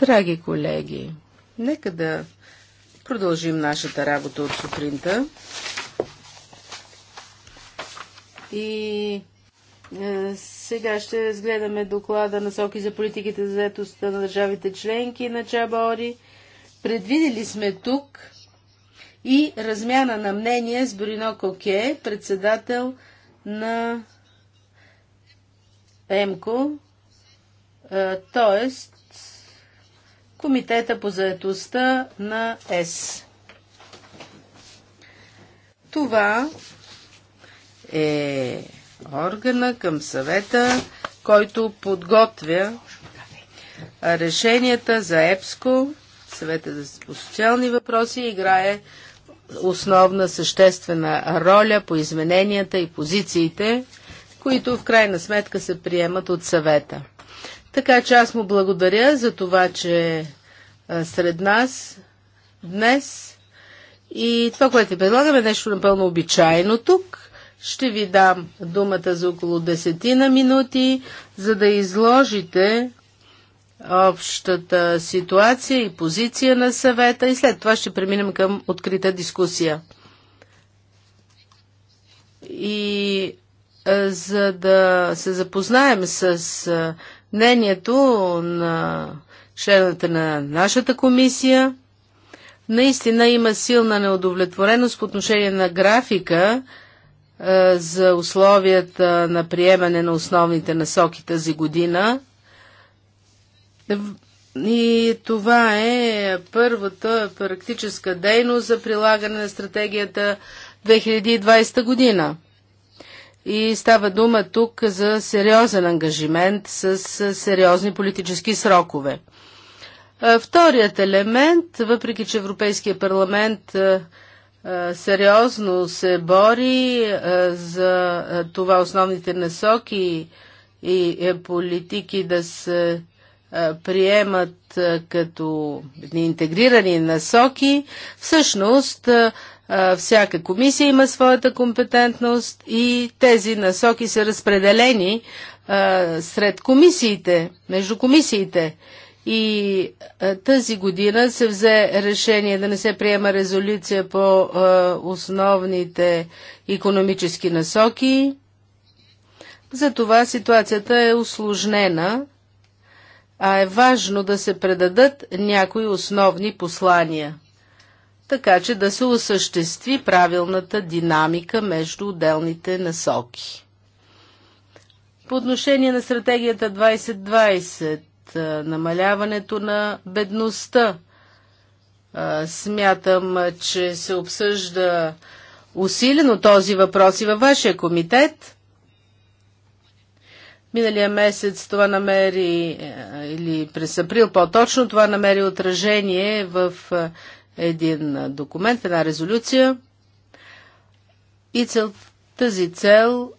Драги колеги, нека да продължим нашата работа от сутринта. И е, сега ще разгледаме доклада на СОКИ за политиките за заедостта на държавите членки на Чабори. Предвидели сме тук и размяна на мнение с Борино Коке, председател на ЕМКО, т.е. Комитета по заедостта на ЕС. Това е органа към съвета, който подготвя решенията за ЕПСКО, съвета за социални въпроси, играе основна съществена роля по измененията и позициите, които в крайна сметка се приемат от съвета. Така че аз му благодаря за това, че е сред нас днес и това, което предлагаме, е нещо напълно обичайно тук. Ще ви дам думата за около десетина минути, за да изложите общата ситуация и позиция на съвета и след това ще преминем към открита дискусия. И за да се запознаем с мнението на членовете на нашата комисия. Наистина има силна неудовлетвореност по отношение на графика е, за условията на приемане на основните насоки тази година. И това е първата практическа дейност за прилагане на стратегията 2020 година. И става дума тук за сериозен ангажимент с сериозни политически срокове. Вторият елемент, въпреки че Европейския парламент сериозно се бори за това основните насоки и политики да се приемат като интегрирани насоки, всъщност всяка комисия има своята компетентност и тези насоки са разпределени сред комисиите, между комисиите. И тази година се взе решение да не се приема резолюция по основните економически насоки. Затова ситуацията е осложнена, а е важно да се предадат някои основни послания така че да се осъществи правилната динамика между отделните насоки. По отношение на стратегията 2020, намаляването на бедността, смятам, че се обсъжда усилено този въпрос и във вашия комитет. Миналия месец това намери, или през април по-точно, това намери отражение в един документ, една резолюция и цел, тази цел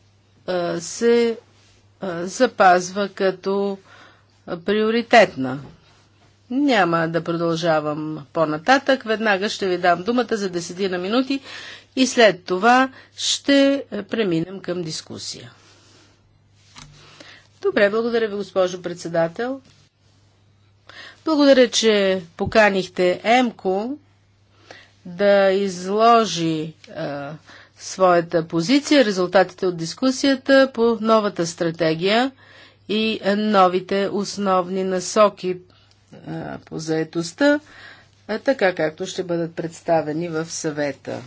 се запазва като приоритетна. Няма да продължавам по-нататък. Веднага ще ви дам думата за десетина минути и след това ще преминем към дискусия. Добре, благодаря ви, госпожо председател. Благодаря, че поканихте ЕМКО да изложи а, е, своята позиция, резултатите от дискусията по новата стратегия и е, новите основни насоки а, е, по заетостта, а, така както ще бъдат представени в съвета.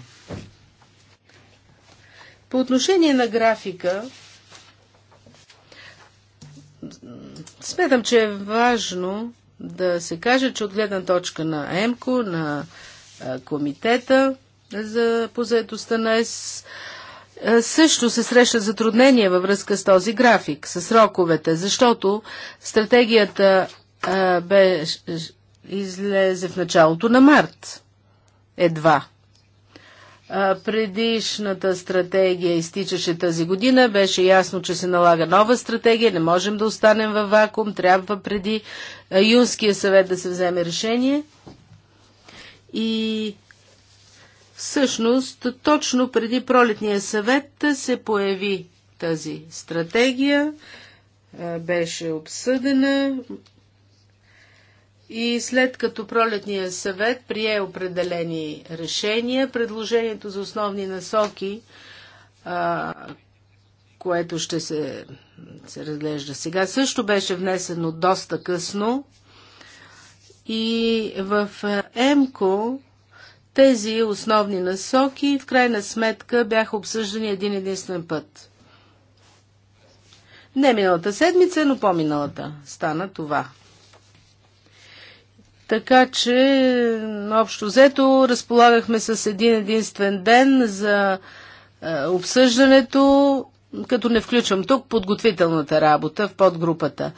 По отношение на графика, смятам, че е важно да се каже, че от гледна точка на ЕМКО, на комитета за позаедостта на ЕС също се среща затруднения във връзка с този график, с сроковете, защото стратегията а, бе, излезе в началото на март. Едва. А, предишната стратегия изтичаше тази година, беше ясно, че се налага нова стратегия, не можем да останем във вакуум, трябва преди Юнския съвет да се вземе решение. И всъщност точно преди пролетния съвет се появи тази стратегия, е, беше обсъдена и след като пролетния съвет прие определени решения, предложението за основни насоки, е, което ще се, се разглежда сега, също беше внесено доста късно и в ЕМКО тези основни насоки в крайна сметка бяха обсъждани един единствен път. Не миналата седмица, но по-миналата стана това. Така че, общо взето, разполагахме с един единствен ден за е, обсъждането, като не включвам тук подготвителната работа в подгрупата.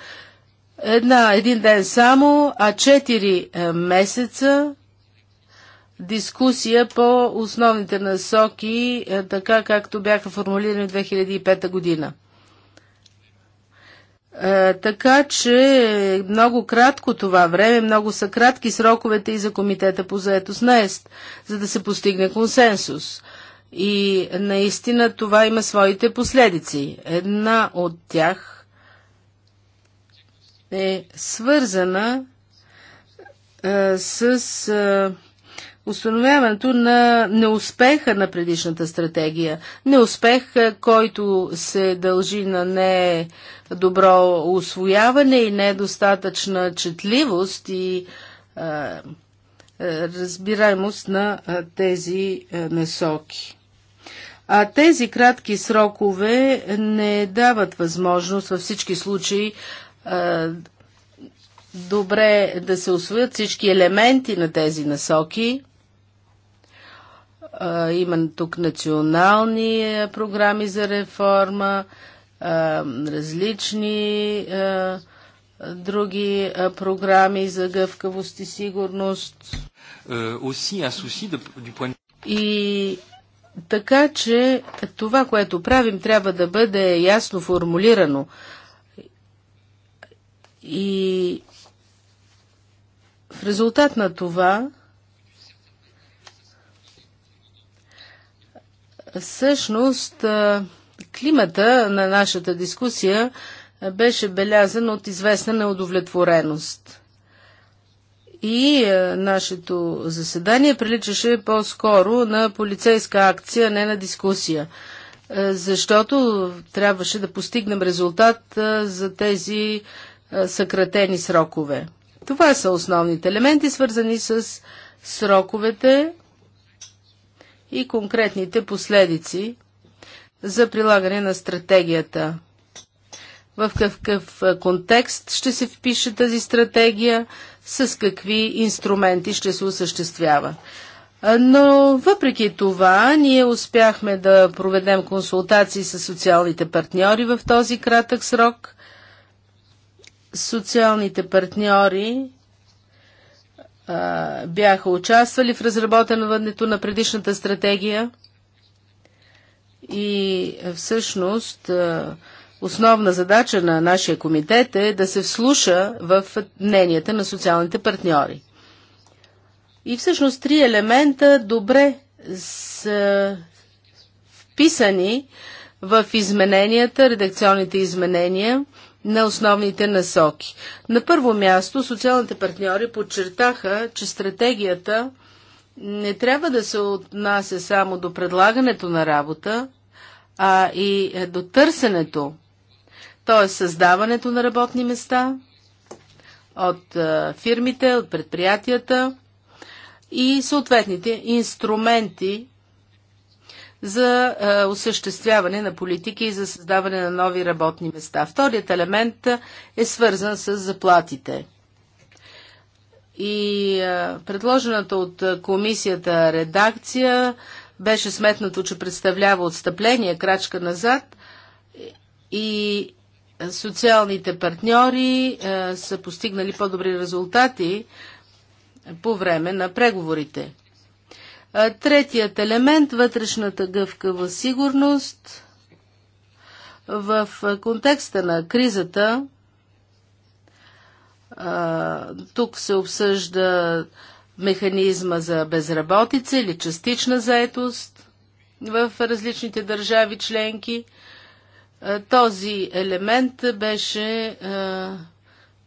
Една, един ден само, а четири е, месеца дискусия по основните насоки, е, така както бяха формулирани в 2005 година. Е, така че много кратко това време, много са кратки сроковете и за комитета по заетост на ЕСТ, за да се постигне консенсус. И наистина това има своите последици. Една от тях е свързана с установяването на неуспеха на предишната стратегия. Неуспех, който се дължи на недобро освояване и недостатъчна четливост и разбираемост на тези насоки. А тези кратки срокове не дават възможност във всички случаи добре да се освоят всички елементи на тези насоки. Има тук национални е, програми за реформа, различни други програми за гъвкавост и сигурност. Е, и така че това, което правим, трябва да бъде ясно формулирано и в резултат на това всъщност климата на нашата дискусия беше белязан от известна неудовлетвореност. И нашето заседание приличаше по-скоро на полицейска акция, не на дискусия, защото трябваше да постигнем резултат за тези съкратени срокове. Това са основните елементи, свързани с сроковете и конкретните последици за прилагане на стратегията. В какъв контекст ще се впише тази стратегия, с какви инструменти ще се осъществява. Но въпреки това, ние успяхме да проведем консултации с социалните партньори в този кратък срок – социалните партньори а, бяха участвали в разработването на предишната стратегия и всъщност а, основна задача на нашия комитет е да се вслуша в мненията на социалните партньори. И всъщност три елемента добре са вписани в измененията, редакционните изменения – на основните насоки. На първо място социалните партньори подчертаха, че стратегията не трябва да се отнася само до предлагането на работа, а и до търсенето, т.е. създаването на работни места от фирмите, от предприятията и съответните инструменти за е, осъществяване на политики и за създаване на нови работни места. Вторият елемент е свързан с заплатите. И е, предложената от е, комисията редакция беше сметнато, че представлява отстъпление, крачка назад и социалните партньори а, са постигнали по-добри резултати по време на преговорите. Третият елемент вътрешната гъвкава сигурност в контекста на кризата. Тук се обсъжда механизма за безработица или частична заетост в различните държави членки. Този елемент беше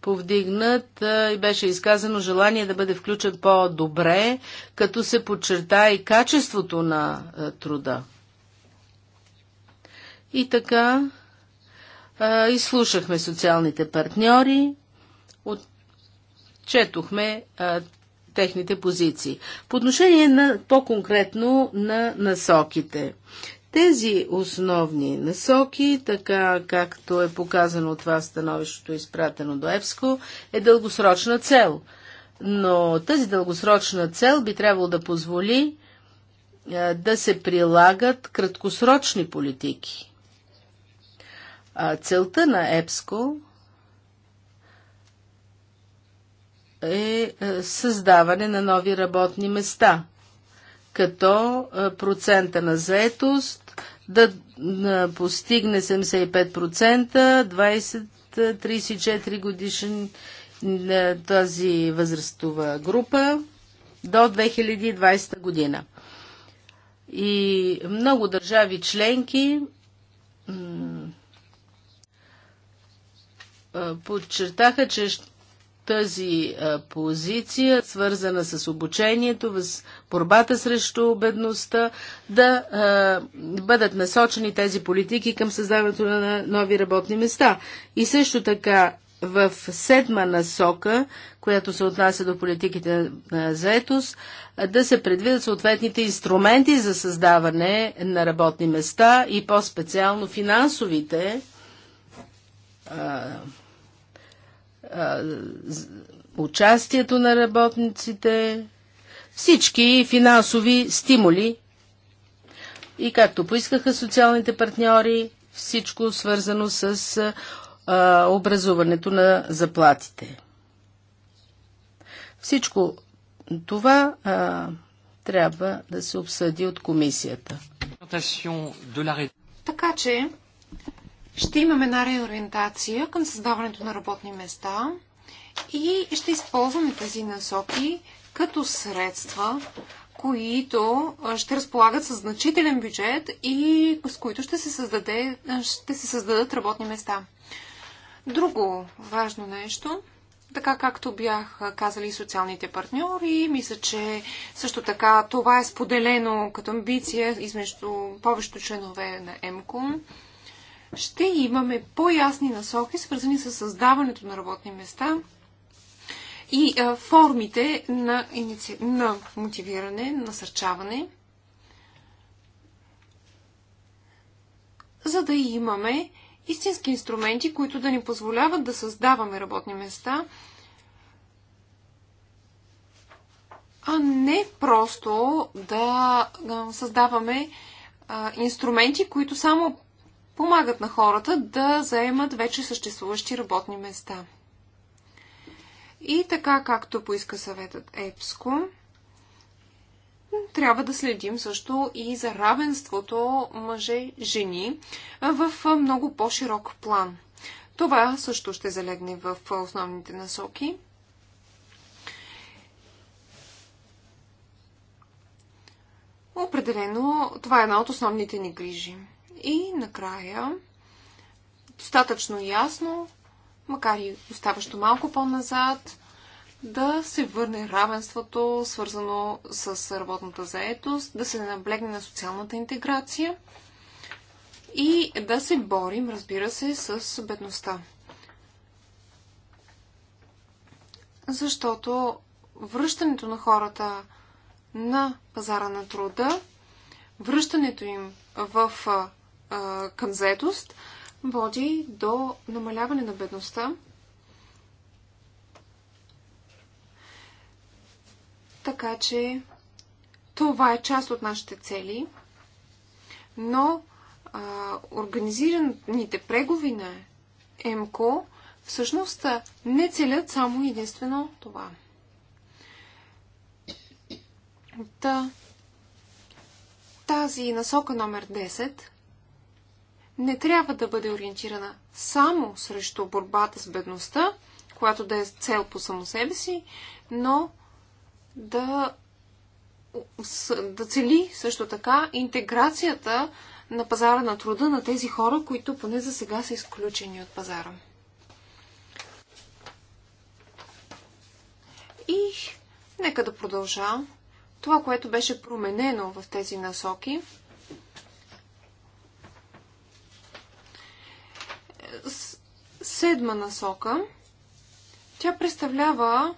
повдигнат и беше изказано желание да бъде включен по-добре, като се подчерта и качеството на труда. И така, изслушахме социалните партньори, отчетохме техните позиции. По отношение на по-конкретно на насоките. Тези основни насоки, така както е показано от това становището, изпратено до ЕПСКО, е дългосрочна цел. Но тази дългосрочна цел би трябвало да позволи е, да се прилагат краткосрочни политики. целта на ЕПСКО е, е създаване на нови работни места, като е, процента на заетост да постигне 75%, 20-34 годишен е, тази възрастова група до 2020 година. И много държави членки е, подчертаха, че тази позиция, свързана с обучението, с борбата срещу бедността, да бъдат насочени тези политики към създаването на нови работни места. И също така в седма насока, която се отнася до политиките на заетост, да се предвидят съответните инструменти за създаване на работни места и по-специално финансовите участието на работниците, всички финансови стимули и както поискаха социалните партньори, всичко свързано с а, образуването на заплатите. Всичко това а, трябва да се обсъди от комисията. Така че ще имаме една реориентация към създаването на работни места и ще използваме тези насоки като средства, които ще разполагат с значителен бюджет и с които ще се, създаде, ще се създадат работни места. Друго важно нещо, така както бях казали и социалните партньори, мисля, че също така това е споделено като амбиция измежду повечето членове на МКУМ ще имаме по-ясни насоки, свързани с създаването на работни места и а, формите на, иници... на мотивиране, насърчаване, за да имаме истински инструменти, които да ни позволяват да създаваме работни места, а не просто да създаваме а, инструменти, които само помагат на хората да заемат вече съществуващи работни места. И така, както поиска съветът ЕПСКО, трябва да следим също и за равенството мъже-жени в много по-широк план. Това също ще залегне в основните насоки. Определено, това е една от основните ни грижи. И накрая, достатъчно ясно, макар и оставащо малко по-назад, да се върне равенството, свързано с работната заетост, да се наблегне на социалната интеграция и да се борим, разбира се, с бедността. Защото връщането на хората на пазара на труда, връщането им в а, към заедост, води до намаляване на бедността. Така че това е част от нашите цели, но а, организираните прегови на МКО всъщност не целят само единствено това. Та, тази насока номер 10 не трябва да бъде ориентирана само срещу борбата с бедността, която да е цел по само себе си, но да, да цели също така интеграцията на пазара на труда на тези хора, които поне за сега са изключени от пазара. И нека да продължа това, което беше променено в тези насоки – седма насока. Тя представлява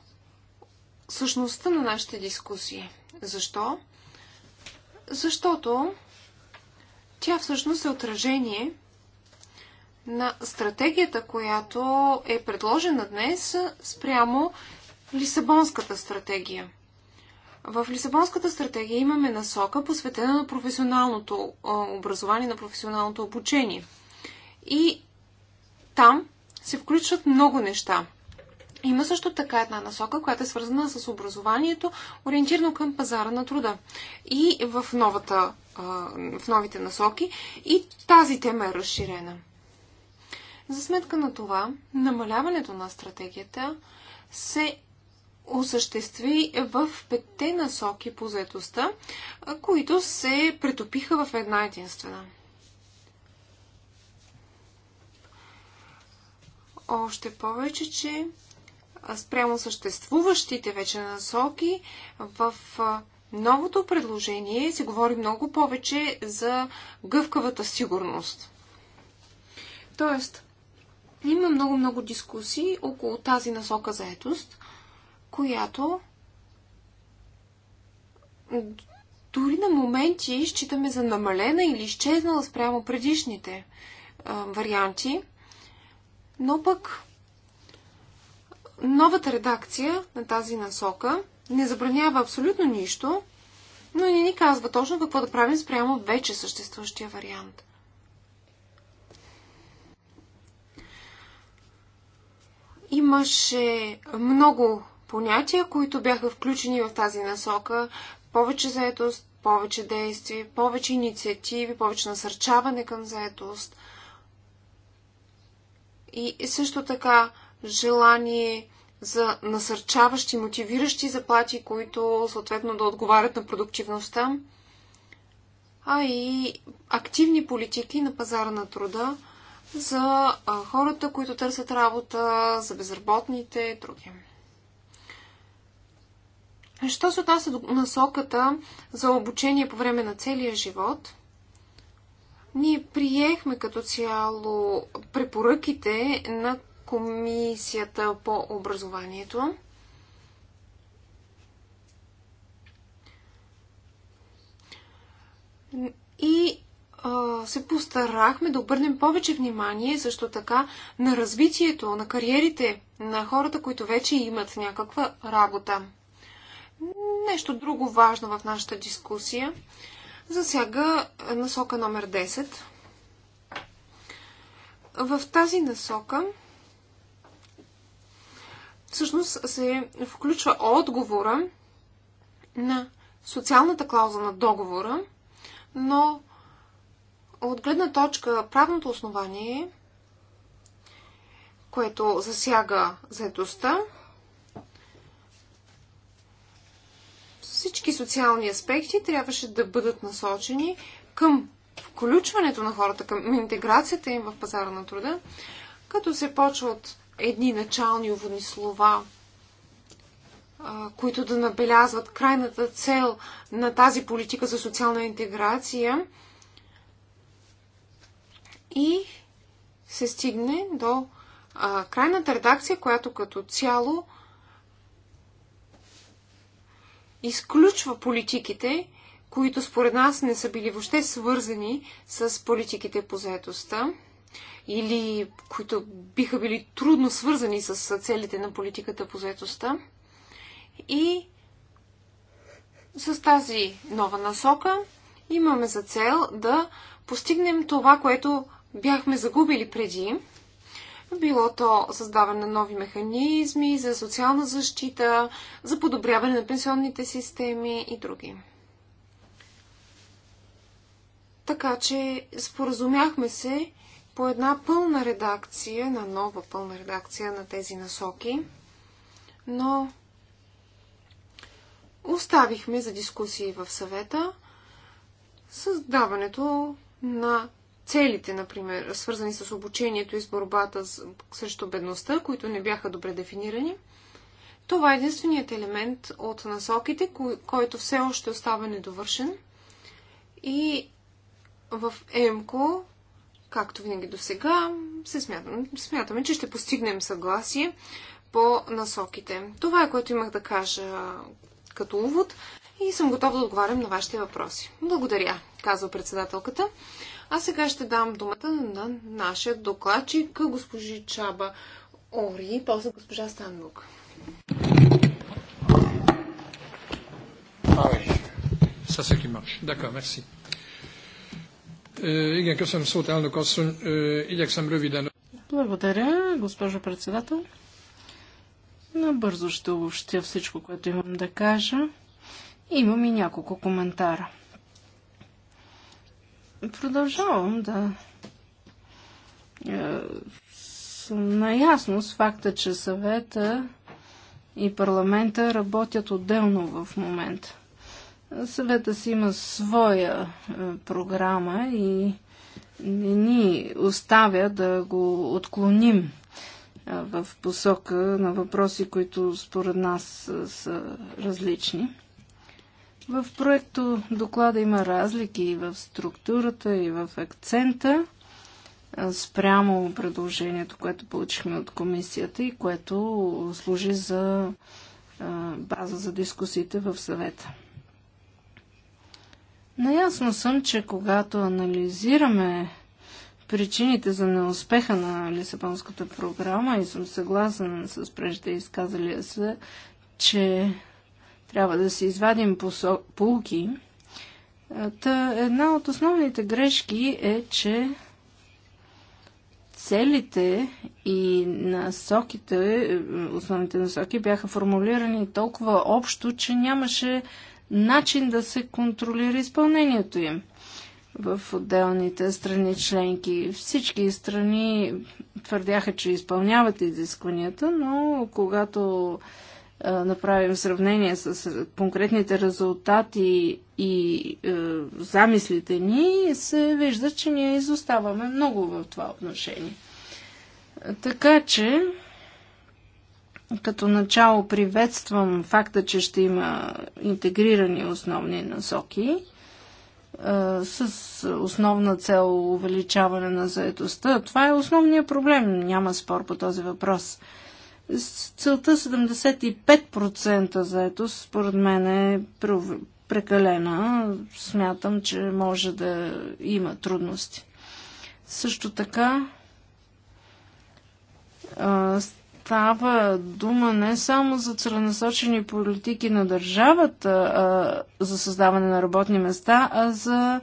същността на нашите дискусии. Защо? Защото тя всъщност е отражение на стратегията, която е предложена днес спрямо Лисабонската стратегия. В Лисабонската стратегия имаме насока, посветена на професионалното образование, на професионалното обучение. И там се включват много неща. Има също така една насока, която е свързана с образованието, ориентирано към пазара на труда. И в, новата, в новите насоки и тази тема е разширена. За сметка на това, намаляването на стратегията се осъществи в петте насоки по заедостта, които се претопиха в една единствена – Още повече, че спрямо съществуващите вече насоки в новото предложение се говори много повече за гъвкавата сигурност. Тоест, има много-много дискусии около тази насока заетост, която дори на моменти считаме за намалена или изчезнала спрямо предишните а, варианти, но пък новата редакция на тази насока не забранява абсолютно нищо, но и не ни казва точно какво да правим спрямо вече съществуващия вариант. Имаше много понятия, които бяха включени в тази насока. Повече заетост, повече действие, повече инициативи, повече насърчаване към заетост – и също така желание за насърчаващи, мотивиращи заплати, които съответно да отговарят на продуктивността, а и активни политики на пазара на труда за хората, които търсят работа, за безработните и други. Що се отнася до насоката за обучение по време на целия живот, ние приехме като цяло препоръките на Комисията по образованието. И а, се постарахме да обърнем повече внимание също така на развитието, на кариерите на хората, които вече имат някаква работа. Нещо друго важно в нашата дискусия засяга насока номер 10. В тази насока всъщност се включва отговора на социалната клауза на договора, но от гледна точка правното основание, което засяга заедостта, всички социални аспекти трябваше да бъдат насочени към включването на хората, към интеграцията им в пазара на труда, като се почва от едни начални уводни слова, които да набелязват крайната цел на тази политика за социална интеграция и се стигне до крайната редакция, която като цяло изключва политиките, които според нас не са били въобще свързани с политиките по заедостта или които биха били трудно свързани с целите на политиката по заедостта. И с тази нова насока имаме за цел да постигнем това, което бяхме загубили преди, било то създаване на нови механизми за социална защита, за подобряване на пенсионните системи и други. Така че споразумяхме се по една пълна редакция, на нова пълна редакция на тези насоки, но оставихме за дискусии в съвета създаването на целите, например, свързани с обучението и с борбата срещу бедността, които не бяха добре дефинирани. Това е единственият елемент от насоките, който все още остава недовършен. И в ЕМКО, както винаги до сега, се смятаме, че ще постигнем съгласие по насоките. Това е което имах да кажа като увод и съм готов да отговарям на вашите въпроси. Благодаря, казва председателката. А сега ще дам думата на нашия докладчик, госпожи Чаба Ори, после госпожа Станбук. Ah ça c'est qui marche. D'accord, merci. Euh, euh, Благодаря, госпожо председател. Набързо ще обобщя всичко, което имам да кажа. Имам и няколко коментара. Продължавам да е, съм наясно с факта, че съвета и парламента работят отделно в момента. Съвета си има своя е, програма и не ни оставя да го отклоним е, в посока на въпроси, които според нас са различни. В проекто доклада има разлики и в структурата, и в акцента спрямо предложението, което получихме от комисията и което служи за база за дискусиите в съвета. Наясно съм, че когато анализираме причините за неуспеха на Лисабонската програма и съм съгласен с прежде изказалия се, че трябва да си извадим полки. Та една от основните грешки е, че целите и насоките, основните насоки бяха формулирани толкова общо, че нямаше начин да се контролира изпълнението им в отделните страни членки. Всички страни твърдяха, че изпълняват изискванията, но когато направим сравнение с конкретните резултати и е, замислите ни, се вижда, че ние изоставаме много в това отношение. Така че, като начало приветствам факта, че ще има интегрирани основни насоки е, с основна цел увеличаване на заедостта. Това е основният проблем. Няма спор по този въпрос. Е, Целта 75% заетост, според мен е прекалена. Смятам, че може да има трудности. Също така става дума не само за целенасочени политики на държавата а, за създаване на работни места, а за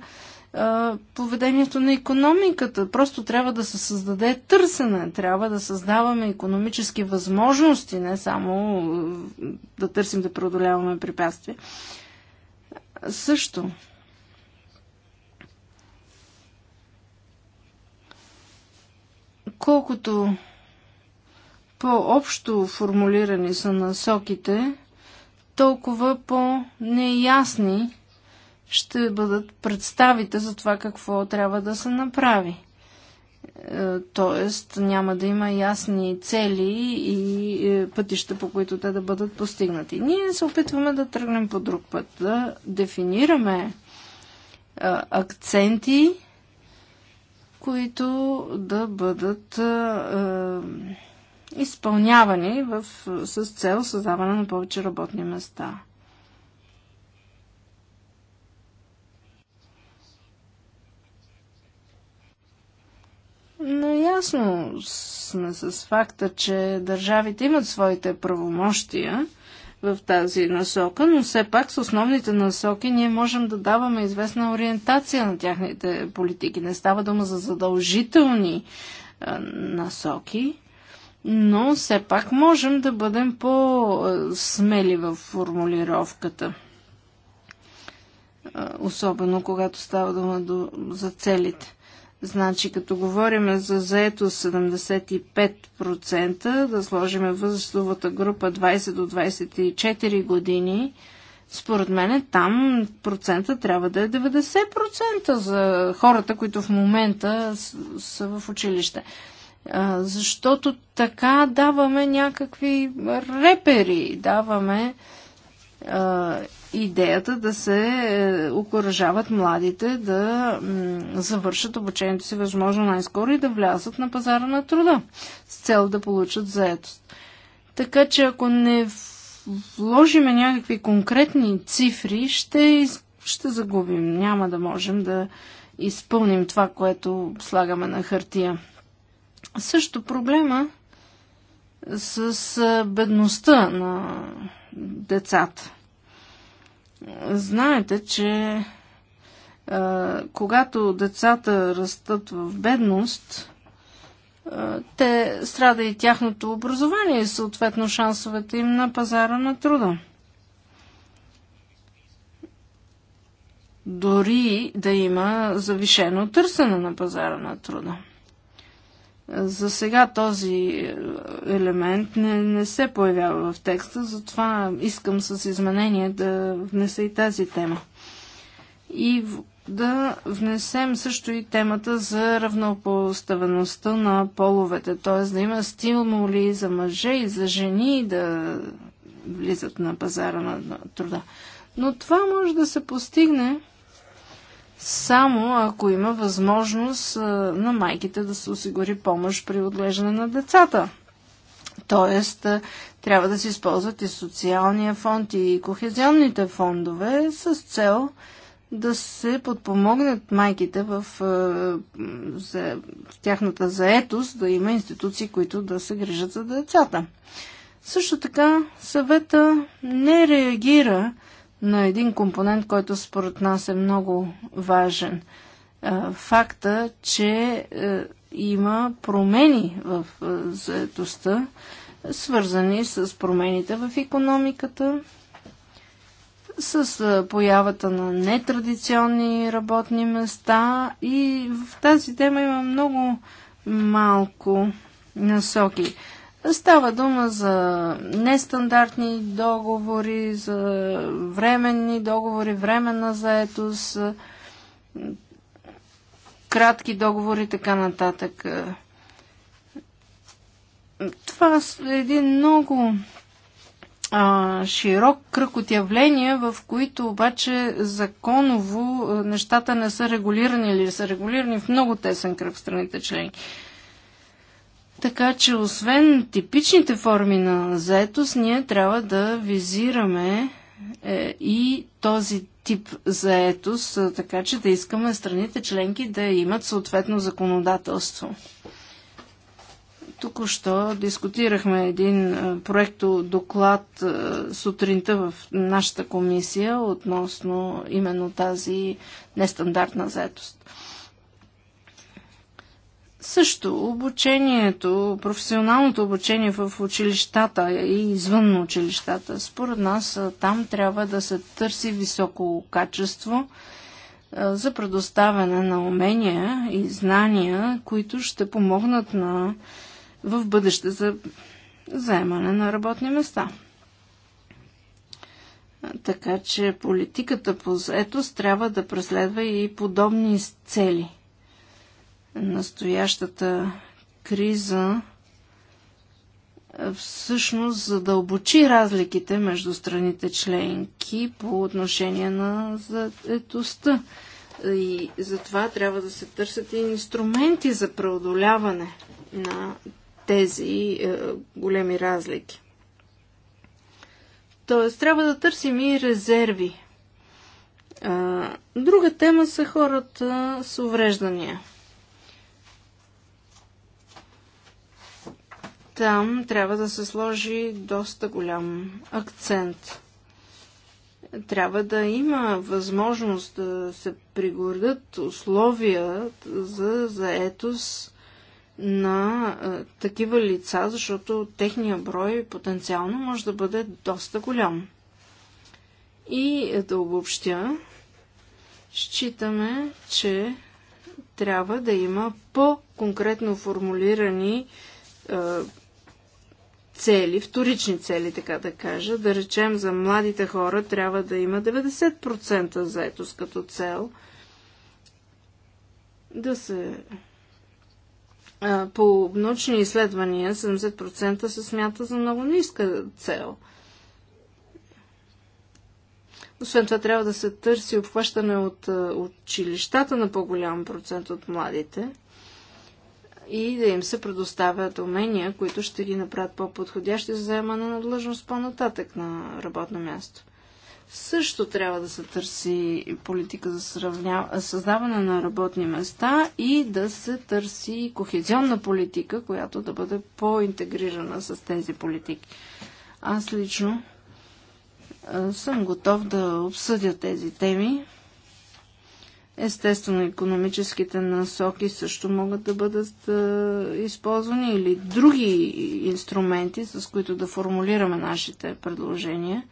поведението на економиката. Просто трябва да се създаде търсене, трябва да създаваме економически възможности, не само да търсим да преодоляваме препятствия. Също. Колкото по-общо формулирани са насоките, толкова по-неясни ще бъдат представите за това какво трябва да се направи. Е, тоест няма да има ясни цели и е, пътища, по които те да бъдат постигнати. Ние се опитваме да тръгнем по друг път, да дефинираме е, акценти, които да бъдат изпълнявани в, с цел създаване на повече работни места – наясно сме с факта, че държавите имат своите правомощия в тази насока, но все пак с основните насоки ние можем да даваме известна ориентация на тяхните политики. Не става дума за задължителни насоки, но все пак можем да бъдем по-смели в формулировката. Особено когато става дума за целите. Значи, като говорим за заето 75%, да сложим възрастовата група 20 до 24 години, според мен там процента трябва да е 90% за хората, които в момента са в училище. Защото така даваме някакви репери, даваме идеята да се е, окоръжават младите да завършат обучението си възможно най-скоро и да влязат на пазара на труда с цел да получат заетост. Така че ако не вложиме някакви конкретни цифри, ще, ще загубим. Няма да можем да изпълним това, което слагаме на хартия. Също проблема с е, бедността на децата. Знаете, че когато децата растат в бедност, те страда и тяхното образование и съответно шансовете им на пазара на труда. Дори да има завишено търсене на пазара на труда. За сега този елемент не, не се появява в текста, затова искам с изменение да внеса и тази тема. И да внесем също и темата за равнопоставеността на половете, т.е. да има стимули за мъже и за жени да влизат на пазара на труда. Но това може да се постигне само ако има възможност на майките да се осигури помощ при отглеждане на децата. Тоест, трябва да се използват и социалния фонд и кохезионните фондове с цел да се подпомогнат майките в, в, в тяхната заетост, да има институции, които да се грижат за децата. Също така съвета не реагира на един компонент, който според нас е много важен. Е, факта, че е, има промени в е, заедостта, свързани с промените в економиката, с появата на нетрадиционни работни места и в тази тема има много малко насоки. Става дума за нестандартни договори, за временни договори, временна заетост, кратки договори и така нататък. Това е един много а, широк кръг от явления, в които обаче законово нещата не са регулирани или са регулирани в много тесен кръг в страните членки. Така че освен типичните форми на заетост, ние трябва да визираме е, и този тип заетост, така че да искаме страните членки да имат съответно законодателство. тук що дискутирахме един проекто доклад сутринта в нашата комисия относно именно тази нестандартна заетост. Също обучението, професионалното обучение в училищата и извън училищата, според нас там трябва да се търси високо качество за предоставяне на умения и знания, които ще помогнат на, в бъдеще за заемане на работни места. Така че политиката по заетост трябва да преследва и подобни цели настоящата криза е, всъщност задълбочи разликите между страните членки по отношение на заетостта. И затова трябва да се търсят и инструменти за преодоляване на тези е, големи разлики. Тоест, трябва да търсим и резерви. Е, друга тема са хората с увреждания. Там трябва да се сложи доста голям акцент. Трябва да има възможност да се пригордат условия за заетост на а, такива лица, защото техния брой потенциално може да бъде доста голям. И е, да обобщя, считаме, че трябва да има по-конкретно формулирани а, цели, вторични цели, така да кажа. Да речем, за младите хора трябва да има 90% заетост като цел. Да се... По научни изследвания 70% се смята за много ниска цел. Освен това трябва да се търси обхващане от училищата на по-голям процент от младите – и да им се предоставят умения, които ще ги направят по-подходящи за заемане на длъжност по-нататък на работно място. Също трябва да се търси политика за сравня... създаване на работни места и да се търси кохезионна политика, която да бъде по-интегрирана с тези политики. Аз лично съм готов да обсъдя тези теми Естествено, економическите насоки също могат да бъдат е, използвани или други инструменти, с които да формулираме нашите предложения,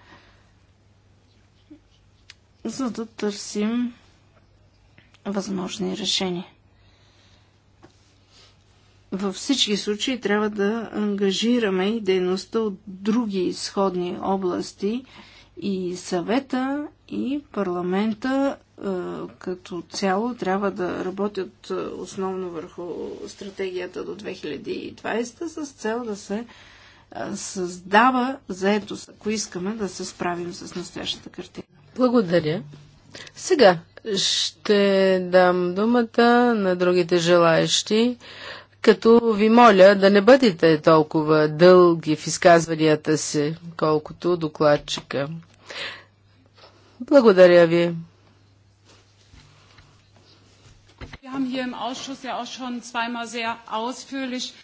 за да търсим възможни решения. Във всички случаи трябва да ангажираме и дейността от други изходни области – и съвета и парламента е, като цяло трябва да работят е, основно върху стратегията до 2020 с цел да се е, създава заетост, ако искаме да се справим с настоящата картина. Благодаря. Сега ще дам думата на другите желаящи като ви моля да не бъдете толкова дълги в изказванията си, колкото докладчика. Благодаря ви.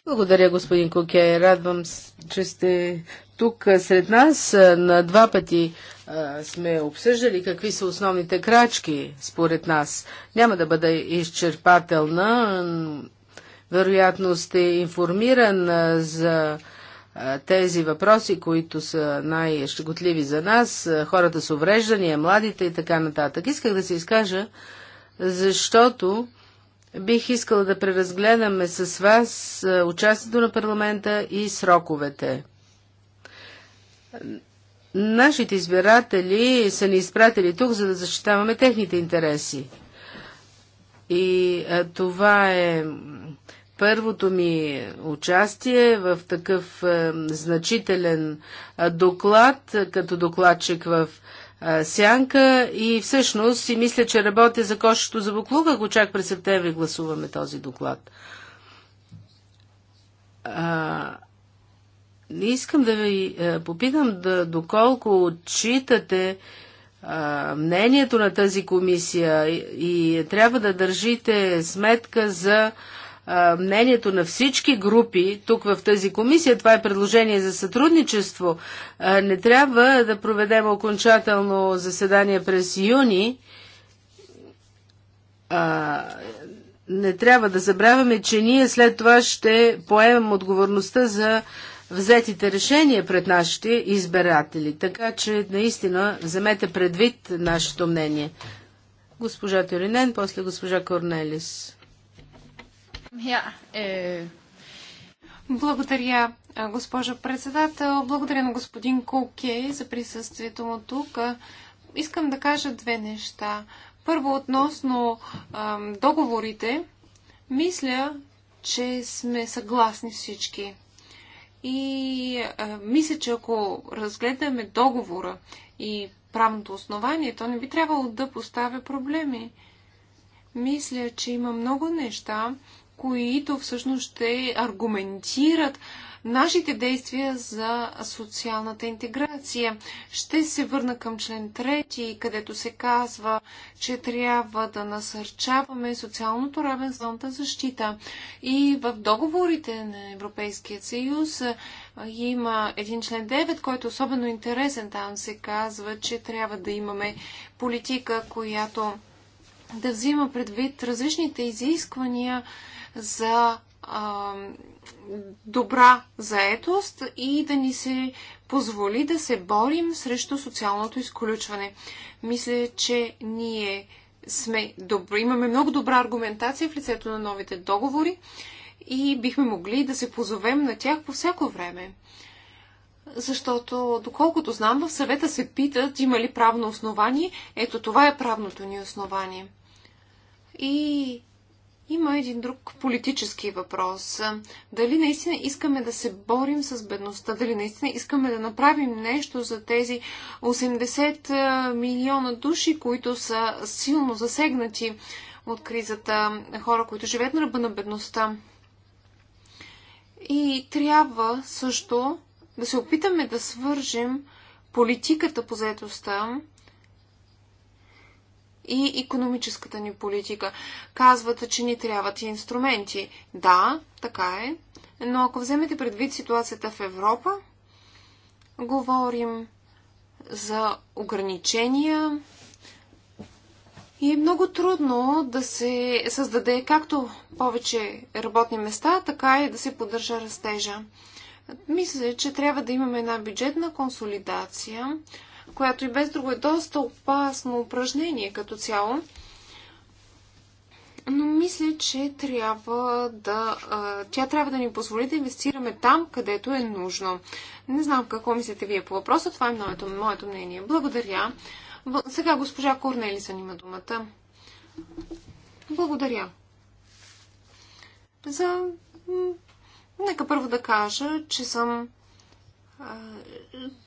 Благодаря, господин Коке. Радвам, че сте тук сред нас. На два пъти сме обсъждали какви са основните крачки, според нас. Няма да бъда изчерпателна вероятно сте информиран за тези въпроси, които са най-щеготливи за нас, хората с увреждания, младите и така нататък. Исках да се изкажа, защото бих искала да преразгледаме с вас участието на парламента и сроковете. Нашите избиратели са ни изпратили тук, за да защитаваме техните интереси. И това е първото ми участие е в такъв е, значителен е, доклад, е, като докладчик в е, Сянка и всъщност си мисля, че работя за кошето за буклука, ако чак през септември гласуваме този доклад. Не искам да ви попитам да, доколко отчитате мнението на тази комисия и, и трябва да държите сметка за мнението на всички групи тук в тази комисия, това е предложение за сътрудничество, не трябва да проведем окончателно заседание през юни. Не трябва да забравяме, че ние след това ще поемем отговорността за взетите решения пред нашите избиратели. Така че наистина вземете предвид нашето мнение. Госпожа Тюринен, после госпожа Корнелис. Yeah. Øh. Благодаря, госпожо председател. Благодаря на господин Коке за присъствието му тук. Искам да кажа две неща. Първо, относно ам, договорите, мисля, че сме съгласни всички. И а, мисля, че ако разгледаме договора и правното основание, то не би трябвало да поставя проблеми. Мисля, че има много неща, които всъщност ще аргументират нашите действия за социалната интеграция. Ще се върна към член 3, където се казва, че трябва да насърчаваме социалното равенство на защита. И в договорите на Европейския съюз има един член 9, който е особено интересен. Там се казва, че трябва да имаме политика, която да взима предвид различните изисквания за а, добра заетост и да ни се позволи да се борим срещу социалното изключване. Мисля, че ние сме добри, имаме много добра аргументация в лицето на новите договори и бихме могли да се позовем на тях по всяко време. Защото, доколкото знам, в съвета се питат има ли правно основание. Ето това е правното ни основание. И има един друг политически въпрос. Дали наистина искаме да се борим с бедността? Дали наистина искаме да направим нещо за тези 80 милиона души, които са силно засегнати от кризата, хора, които живеят на ръба на бедността? И трябва също да се опитаме да свържим политиката по заедостта и економическата ни политика. Казвате, че ни трябват и инструменти. Да, така е. Но ако вземете предвид ситуацията в Европа, говорим за ограничения и е много трудно да се създаде както повече работни места, така и да се поддържа растежа. Мисля, че трябва да имаме една бюджетна консолидация, която и без друго е доста опасно упражнение като цяло. Но мисля, че трябва да. Тя трябва да ни позволи да инвестираме там, където е нужно. Не знам какво мислите вие по въпроса. Това е моето, моето мнение. Благодаря. Сега госпожа Корнелисън има думата. Благодаря. За... Нека първо да кажа, че съм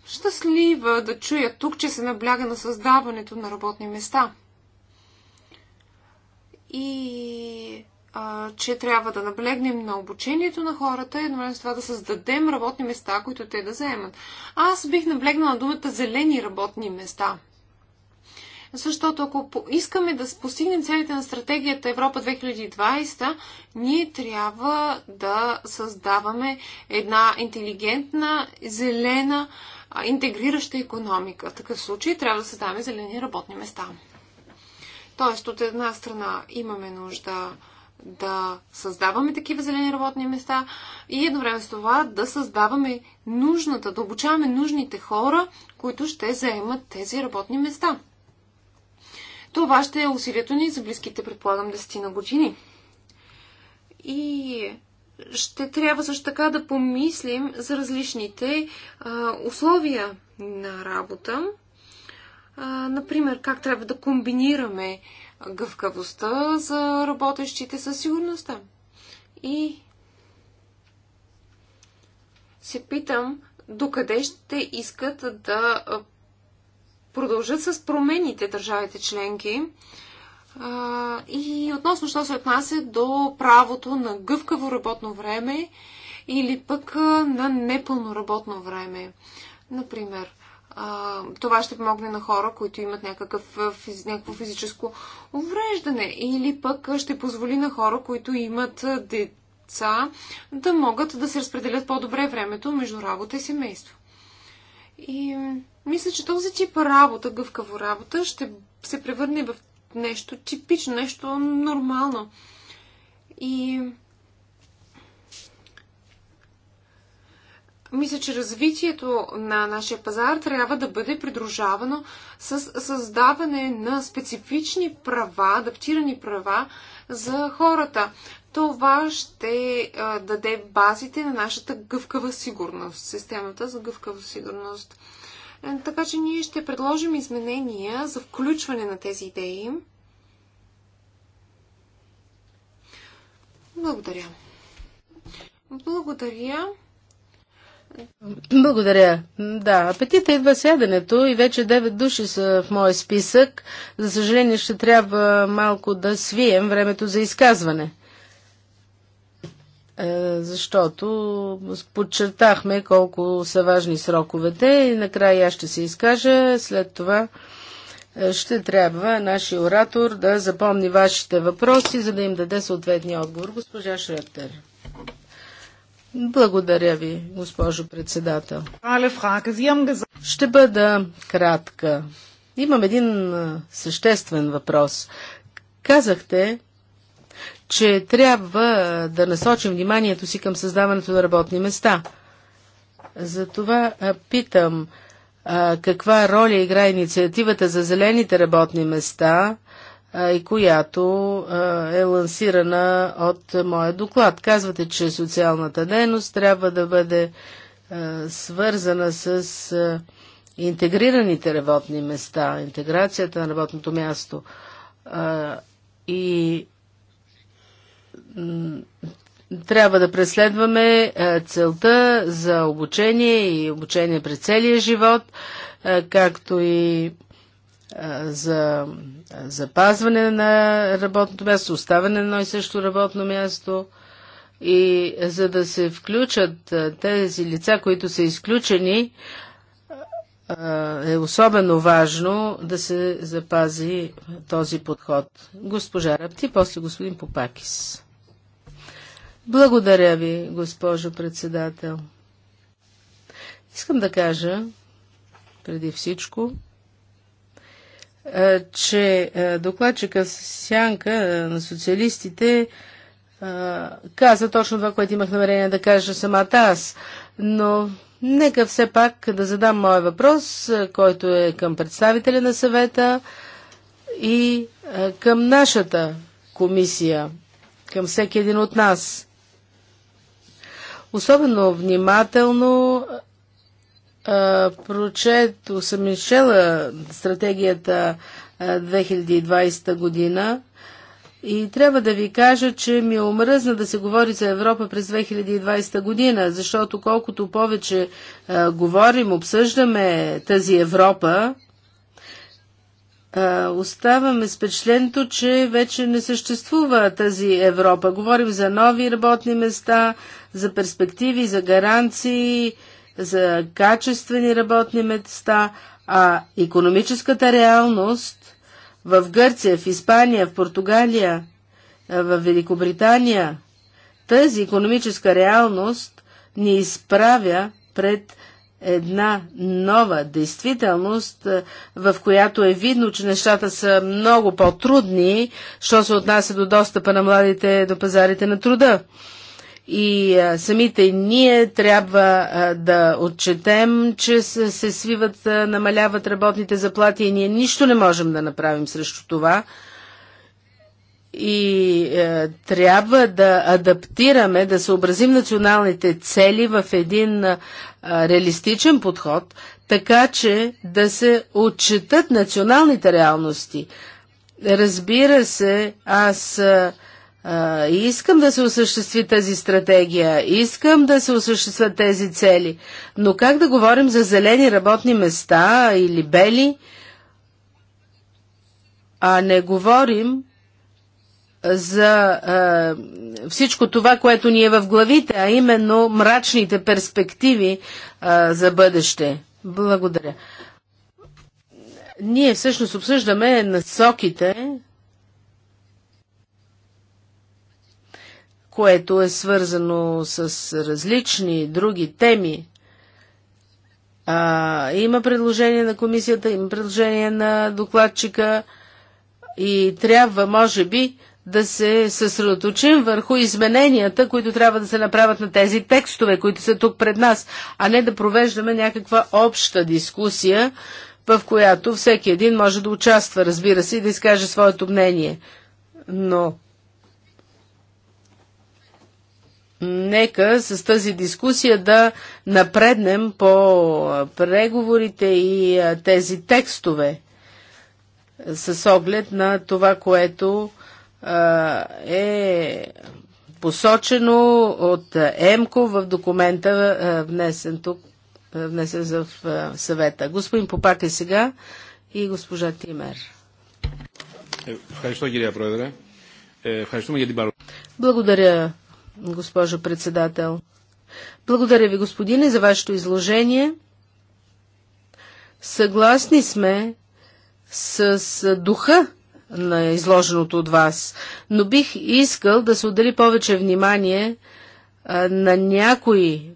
щастлива да чуя тук, че се набляга на създаването на работни места. И а, че трябва да наблегнем на обучението на хората и едновременно с това да създадем работни места, които те да заемат. Аз бих наблегнала на думата зелени работни места – защото ако искаме да постигнем целите на стратегията Европа 2020, ние трябва да създаваме една интелигентна, зелена, интегрираща економика. В такъв случай трябва да създаваме зелени работни места. Тоест, от една страна имаме нужда да създаваме такива зелени работни места и едновременно с това да създаваме нужната, да обучаваме нужните хора, които ще заемат тези работни места. Това ще е усилието ни за близките, предполагам, 10 на години. И ще трябва също така да помислим за различните а, условия на работа. А, например, как трябва да комбинираме гъвкавостта за работещите със сигурността. И се питам докъде ще искат да продължат с промените държавите членки. И относно, що се отнася до правото на гъвкаво работно време или пък на непълно работно време. Например, това ще помогне на хора, които имат някакъв, някакво физическо увреждане. Или пък ще позволи на хора, които имат деца, да могат да се разпределят по-добре времето между работа и семейство. И мисля, че този тип работа, гъвкаво работа, ще се превърне в нещо типично, нещо нормално. И мисля, че развитието на нашия пазар трябва да бъде придружавано с създаване на специфични права, адаптирани права за хората. Това ще даде базите на нашата гъвкава сигурност, системата за гъвкава сигурност. Така че ние ще предложим изменения за включване на тези идеи. Благодаря. Благодаря. Благодаря. Да, апетита идва сяденето и вече 9 души са в моя списък. За съжаление ще трябва малко да свием времето за изказване. Е, защото подчертахме колко са важни сроковете и накрая аз ще се изкажа. След това е, ще трябва нашия оратор да запомни вашите въпроси, за да им даде съответния отговор. Госпожа Шрептер. Благодаря ви, госпожо председател. Ще бъда кратка. Имам един е, съществен въпрос. Казахте, че трябва да насочим вниманието си към създаването на работни места. Затова питам а, каква роля игра инициативата за зелените работни места а, и която а, е лансирана от моя доклад. Казвате, че социалната дейност трябва да бъде свързана с интегрираните работни места, интеграцията на работното място. И трябва да преследваме целта за обучение и обучение през целия живот, както и за запазване на работното място, оставане на едно и също работно място. И за да се включат тези лица, които са изключени, е особено важно да се запази този подход. Госпожа Рапти, после господин Попакис. Благодаря ви, госпожо председател. Искам да кажа, преди всичко, че докладчика Сянка на социалистите каза точно това, което имах намерение да кажа самата аз. Но нека все пак да задам моя въпрос, който е към представителя на съвета и към нашата комисия, към всеки един от нас. Особено внимателно а, прочето съм изчела стратегията а, 2020 година и трябва да ви кажа, че ми е омръзна да се говори за Европа през 2020 година, защото колкото повече а, говорим, обсъждаме тази Европа, оставаме с впечатлението, че вече не съществува тази Европа. Говорим за нови работни места, за перспективи, за гаранции, за качествени работни места, а економическата реалност в Гърция, в Испания, в Португалия, в Великобритания, тази економическа реалност ни изправя пред една нова действителност, в която е видно, че нещата са много по-трудни, що се отнася до достъпа на младите до пазарите на труда. И самите ние трябва да отчетем, че се, свиват, намаляват работните заплати и ние нищо не можем да направим срещу това. И е, трябва да адаптираме, да съобразим националните цели в един е, реалистичен подход, така че да се отчитат националните реалности. Разбира се, аз. Е, а, искам да се осъществи тази стратегия, искам да се осъществят тези цели, но как да говорим за зелени работни места или бели, а не говорим за а, всичко това, което ни е в главите, а именно мрачните перспективи а, за бъдеще. Благодаря. Ние всъщност обсъждаме насоките което е свързано с различни други теми. А, има предложение на комисията, има предложение на докладчика и трябва, може би, да се съсредоточим върху измененията, които трябва да се направят на тези текстове, които са тук пред нас, а не да провеждаме някаква обща дискусия, в която всеки един може да участва, разбира се, и да изкаже своето мнение. Но нека с тази дискусия да напреднем по преговорите и тези текстове с оглед на това, което е посочено от ЕМКО в документа, внесен тук, внесен в съвета. Господин Попак е сега и госпожа Тимер. Е, е, Благодаря, госпожо председател. Благодаря ви, господине, за вашето изложение. Съгласни сме с духа на изложеното от вас, но бих искал да се отдели повече внимание на някои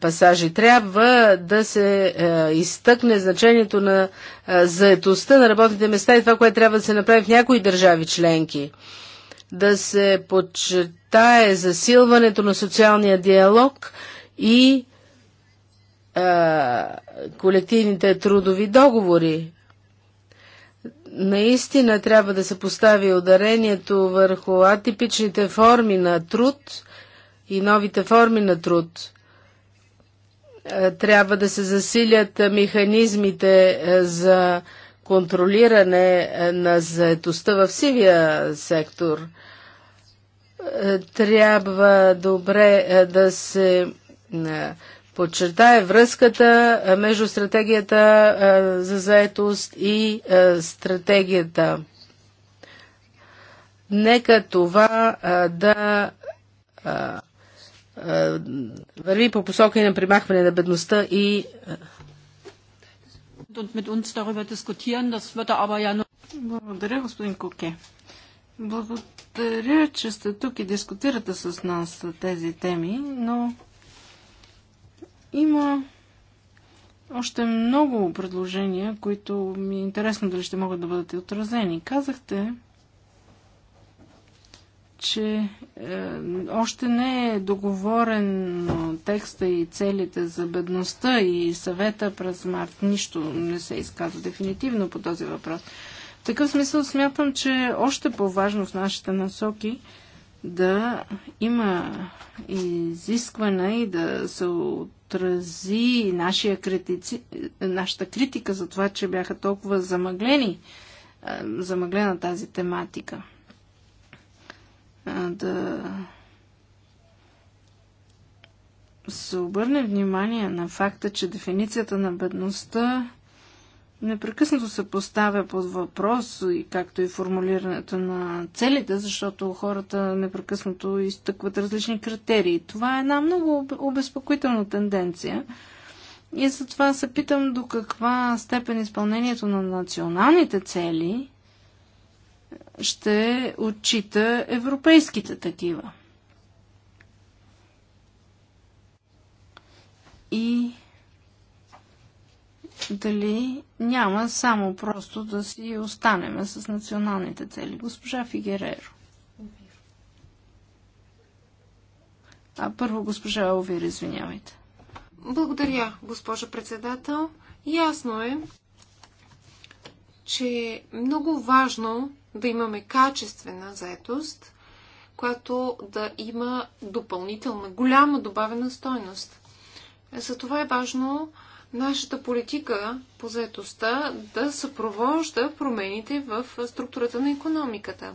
пасажи. Трябва да се изтъкне значението на заетостта на работните места и това, което трябва да се направи в някои държави членки да се почитае засилването на социалния диалог и а, колективните трудови договори. Наистина трябва да се постави ударението върху атипичните форми на труд и новите форми на труд. Трябва да се засилят механизмите за контролиране е, на заетостта в сивия сектор. Е, трябва добре е, да се подчертае връзката между стратегията за заетост и стратегията. Нека това да върви по посока и на примахване на бедността и und mit uns darüber diskutieren. Das wird er aber ja nur... Благодаря, господин Коке. Благодаря, че сте тук и дискутирате с нас тези теми, но има още много предложения, които ми е интересно дали ще могат да бъдат отразени. Казахте, че е, още не е договорен текста и целите за бедността и съвета през март. Нищо не се изказва дефинитивно по този въпрос. В такъв смисъл смятам, че е още по-важно в нашите насоки да има изискване и да се отрази нашия критици, нашата критика за това, че бяха толкова замъглени, е, замъглена тази тематика да се обърне внимание на факта, че дефиницията на бедността непрекъснато се поставя под въпрос, и както и формулирането на целите, защото хората непрекъснато изтъкват различни критерии. Това е една много обезпокоителна тенденция. И затова се питам до каква степен изпълнението на националните цели ще отчита европейските такива. И дали няма само просто да си останеме с националните цели. Госпожа Фигереро. А първо госпожа Овир, извинявайте. Благодаря, госпожа председател. Ясно е, че е много важно да имаме качествена заетост, която да има допълнителна, голяма добавена стойност. За това е важно нашата политика по заетостта да съпровожда промените в структурата на економиката.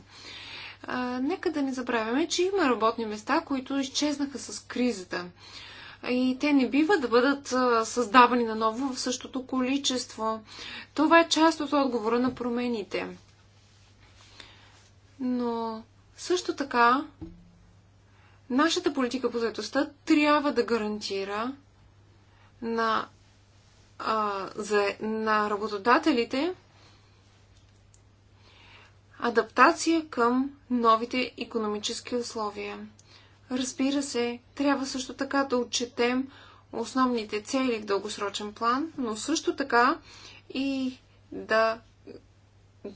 нека да не забравяме, че има работни места, които изчезнаха с кризата. И те не бива да бъдат създавани наново в същото количество. Това е част от отговора на промените. Но също така, нашата политика по заедостта трябва да гарантира на, а, за, на работодателите адаптация към новите економически условия. Разбира се, трябва също така да отчетем основните цели в дългосрочен план, но също така и да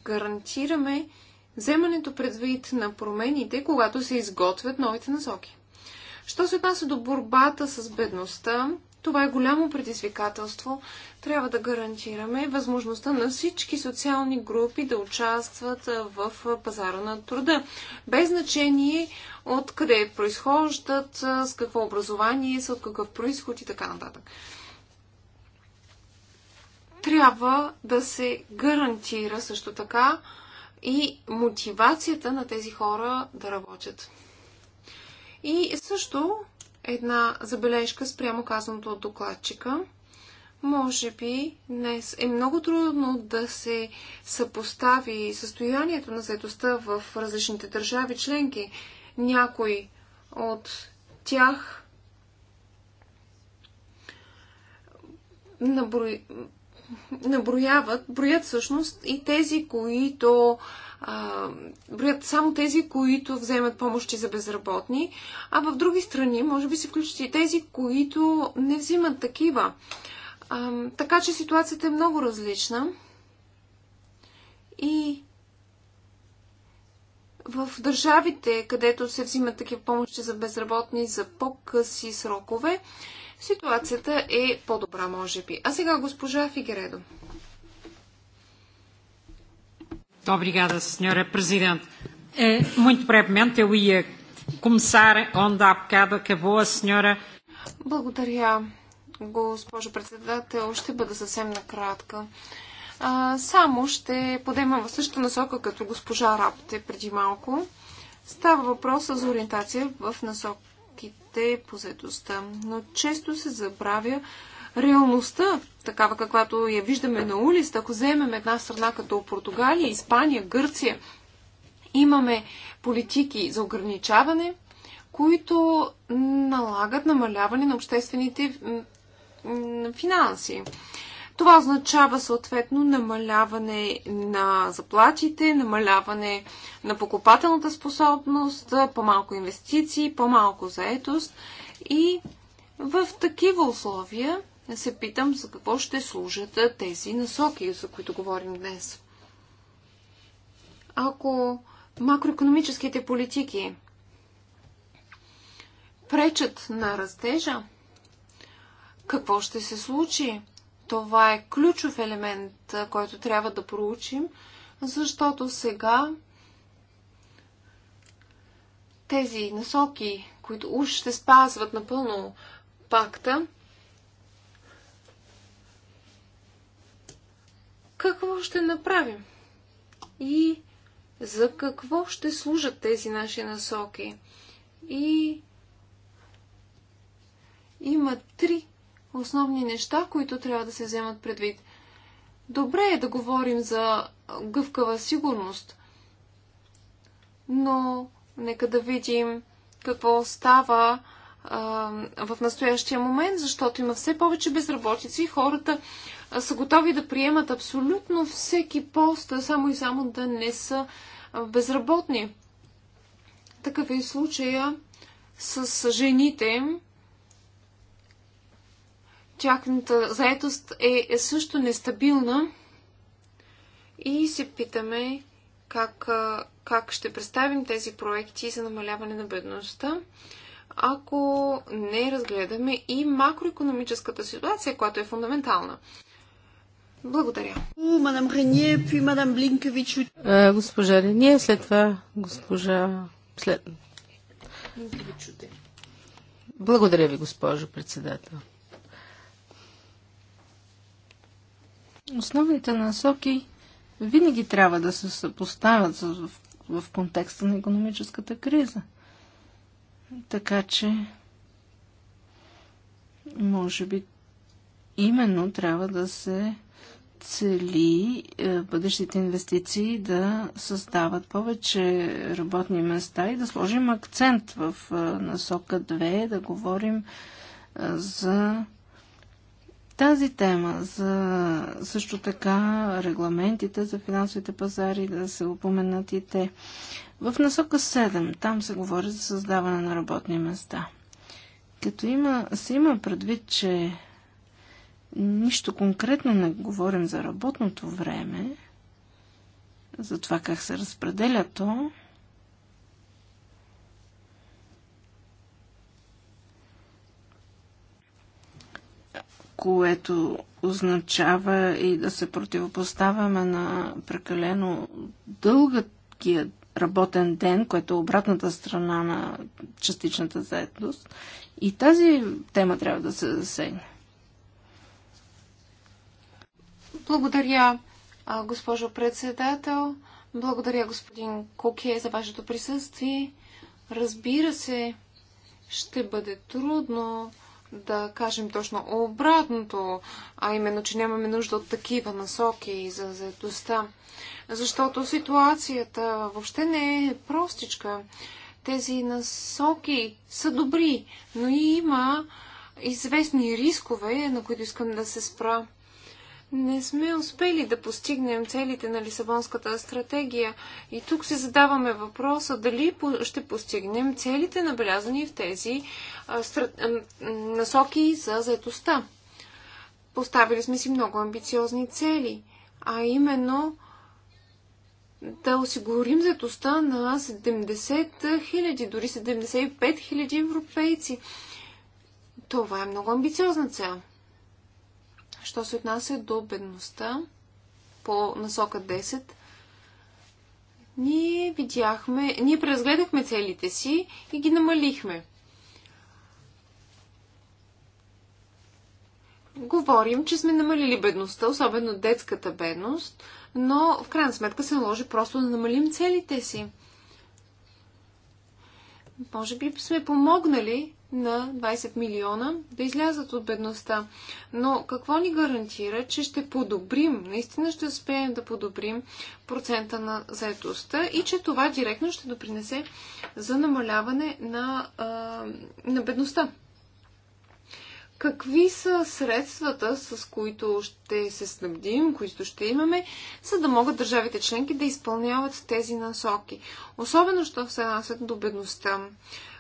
гарантираме вземането предвид на промените, когато се изготвят новите насоки. Що се отнася до борбата с бедността, това е голямо предизвикателство. Трябва да гарантираме възможността на всички социални групи да участват в пазара на труда. Без значение от къде произхождат, с какво образование са, от какъв происход и така нататък. Трябва да се гарантира също така и мотивацията на тези хора да работят. И също една забележка спрямо казаното от докладчика. Може би днес е много трудно да се съпостави състоянието на заедостта в различните държави членки. Някой от тях наброи, наброяват, броят всъщност и тези, които а, броят само тези, които вземат помощи за безработни, а в други страни може би се включат и тези, които не взимат такива. А, така че ситуацията е много различна. И в държавите, където се взимат такива помощи за безработни за по-къси срокове, ситуацията е по-добра, може би. А сега госпожа Фигередо. Obrigada, Sra. Presidente. Е, muito brevemente, eu ia começar onde há bocado acabou a Sra. Благодаря, госпожо председател. Ще бъда съвсем накратка. А, само ще подема в същата насока, като госпожа Рапте преди малко. Става въпроса за ориентация в насок мерките по заедостта. Но често се забравя реалността, такава каквато я виждаме на улицата. Ако вземем една страна като Португалия, Испания, Гърция, имаме политики за ограничаване, които налагат намаляване на обществените финанси. Това означава съответно намаляване на заплатите, намаляване на покупателната способност, по-малко инвестиции, по-малко заетост и в такива условия се питам за какво ще служат тези насоки, за които говорим днес. Ако макроекономическите политики пречат на растежа, какво ще се случи? Това е ключов елемент, който трябва да проучим, защото сега тези насоки, които уж ще спазват напълно пакта, какво ще направим? И за какво ще служат тези наши насоки? И има три основни неща, които трябва да се вземат предвид. Добре е да говорим за гъвкава сигурност, но нека да видим какво става а, в настоящия момент, защото има все повече безработици и хората са готови да приемат абсолютно всеки пост, само и само да не са безработни. Такъв е случая с жените, тяхната заетост е, е също нестабилна и се питаме как, как ще представим тези проекти за намаляване на бедността, ако не разгледаме и макроекономическата ситуация, която е фундаментална. Благодаря. Мадам пи мадам е, Госпожа Рение, след това госпожа... След... Благодаря ви, госпожо председател. Основните насоки винаги трябва да се съпоставят в, в контекста на економическата криза. Така че, може би, именно трябва да се цели е, бъдещите инвестиции да създават повече работни места и да сложим акцент в е, насока 2, да говорим е, за тази тема за също така регламентите за финансовите пазари да се упоменат и те. В насока 7 там се говори за създаване на работни места. Като има, се има предвид, че нищо конкретно не говорим за работното време, за това как се разпределя то, което означава и да се противопоставяме на прекалено дългия работен ден, което е обратната страна на частичната заедност. И тази тема трябва да се засегне. Благодаря, госпожо председател. Благодаря, господин Коке, за вашето присъствие. Разбира се, ще бъде трудно да кажем точно обратното, а именно, че нямаме нужда от такива насоки за заедостта. Защото ситуацията въобще не е простичка. Тези насоки са добри, но и има известни рискове, на които искам да се спра не сме успели да постигнем целите на Лисабонската стратегия. И тук си задаваме въпроса дали ще постигнем целите набелязани в тези насоки за заедостта. Поставили сме си много амбициозни цели, а именно да осигурим заедостта на 70 000, дори 75 000 европейци. Това е много амбициозна цел. Що се отнася до бедността по насока 10, ние видяхме, ние преразгледахме целите си и ги намалихме. Говорим, че сме намалили бедността, особено детската бедност, но в крайна сметка се наложи просто да намалим целите си може би сме помогнали на 20 милиона да излязат от бедността. Но какво ни гарантира, че ще подобрим, наистина ще успеем да подобрим процента на заедостта и че това директно ще допринесе за намаляване на, а, на бедността? какви са средствата, с които ще се снабдим, които ще имаме, за да могат държавите членки да изпълняват тези насоки. Особено, що се насят до бедността.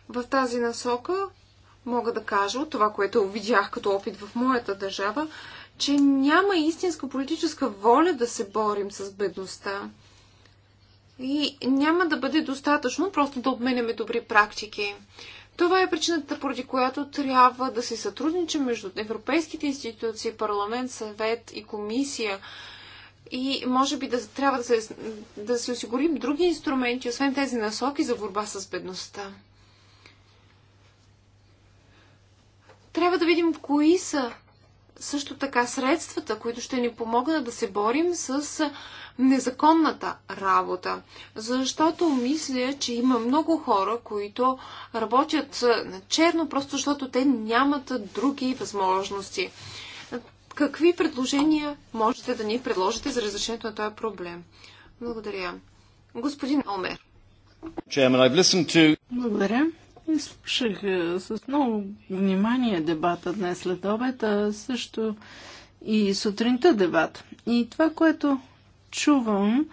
В тази насока мога да кажа от това, което видях като опит в моята държава, че няма истинска политическа воля да се борим с бедността. И няма да бъде достатъчно просто да обменяме добри практики. Това е причината, поради която трябва да се сътрудничим между европейските институции, парламент, съвет и комисия. И може би да трябва да се, да се осигурим други инструменти, освен тези насоки за борба с бедността. Трябва да видим кои са също така средствата, които ще ни помогнат да се борим с незаконната работа. Защото мисля, че има много хора, които работят на черно, просто защото те нямат други възможности. Какви предложения можете да ни предложите за разрешението на този проблем? Благодаря. Господин Омер. Благодаря. И слушах с много внимание дебата днес след обед, а също и сутринта дебат. И това, което чувам,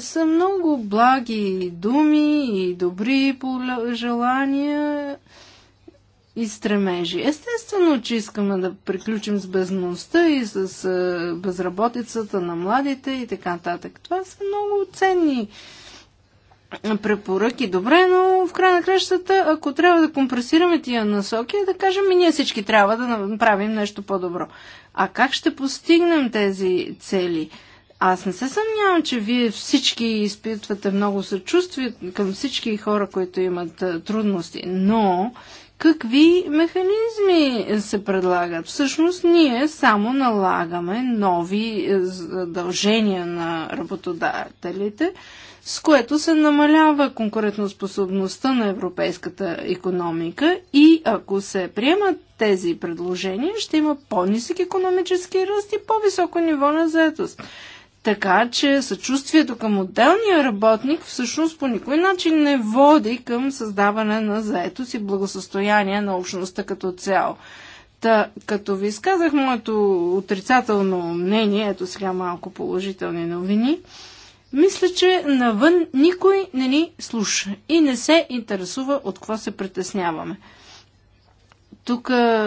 са много благи думи и добри желания и стремежи. Естествено, че искаме да приключим с безмността и с безработицата на младите и така нататък. Това са много ценни препоръки. Добре, но в край на кращата, ако трябва да компресираме тия насоки, да кажем, и ние всички трябва да направим нещо по-добро. А как ще постигнем тези цели? Аз не се съмнявам, че вие всички изпитвате много съчувствие към всички хора, които имат трудности, но какви механизми се предлагат? Всъщност ние само налагаме нови задължения на работодателите, с което се намалява конкурентоспособността на европейската економика и ако се приемат тези предложения, ще има по-нисък економически ръст и по-високо ниво на заетост. Така че съчувствието към отделния работник всъщност по никой начин не води към създаване на заетост и благосъстояние на общността като цяло. Та, като ви изказах моето отрицателно мнение, ето сега малко положителни новини, мисля, че навън никой не ни слуша и не се интересува от какво се притесняваме. Тук е,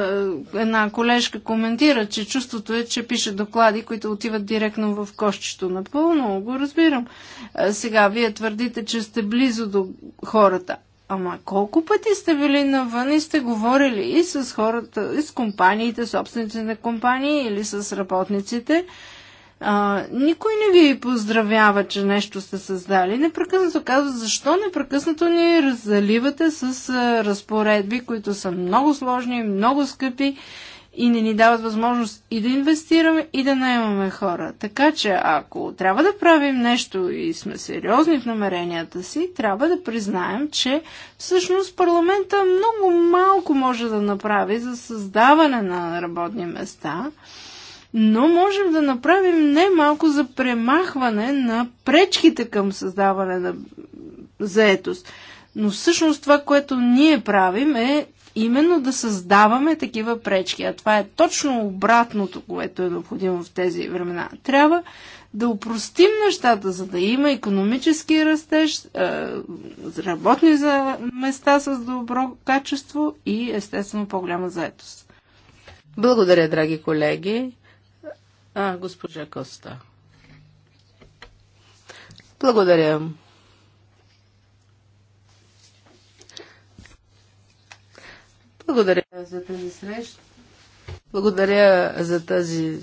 една колежка коментира, че чувството е, че пише доклади, които отиват директно в кощето. Напълно го разбирам. Е, сега вие твърдите, че сте близо до хората. Ама колко пъти сте били навън и сте говорили и с хората, и с компаниите, собствените на компании или с работниците? А, никой не ви поздравява, че нещо сте създали. Непрекъснато казва, защо непрекъснато ни заливате с а, разпоредби, които са много сложни, много скъпи и не ни дават възможност и да инвестираме, и да наемаме хора. Така че, ако трябва да правим нещо и сме сериозни в намеренията си, трябва да признаем, че всъщност парламента много малко може да направи за създаване на работни места – но можем да направим немалко за премахване на пречките към създаване на заетост. Но всъщност това, което ние правим е именно да създаваме такива пречки. А това е точно обратното, което е необходимо в тези времена. Трябва да упростим нещата, за да има економически растеж, е, работни за места с добро качество и естествено по-голяма заетост. Благодаря, драги колеги. А, госпожа Коста. Благодаря. Благодаря за тази среща. Благодаря за тази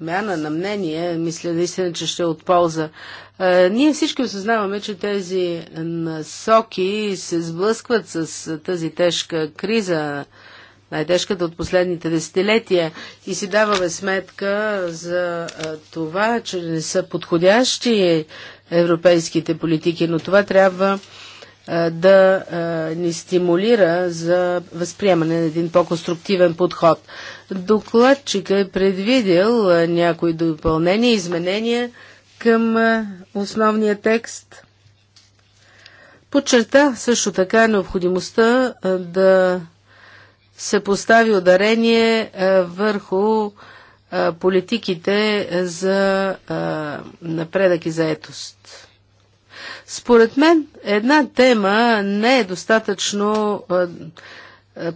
мяна на мнение. Мисля наистина, че ще е от полза. ние всички осъзнаваме, че тези насоки се сблъскват с тази тежка криза най-тежката от последните десетилетия и си даваме сметка за това, че не са подходящи европейските политики, но това трябва да ни стимулира за възприемане на един по-конструктивен подход. Докладчика е предвидел някои допълнения, изменения към основния текст. Подчерта също така необходимостта да се постави ударение е, върху е, политиките за е, напредък и заетост. Според мен една тема не е достатъчно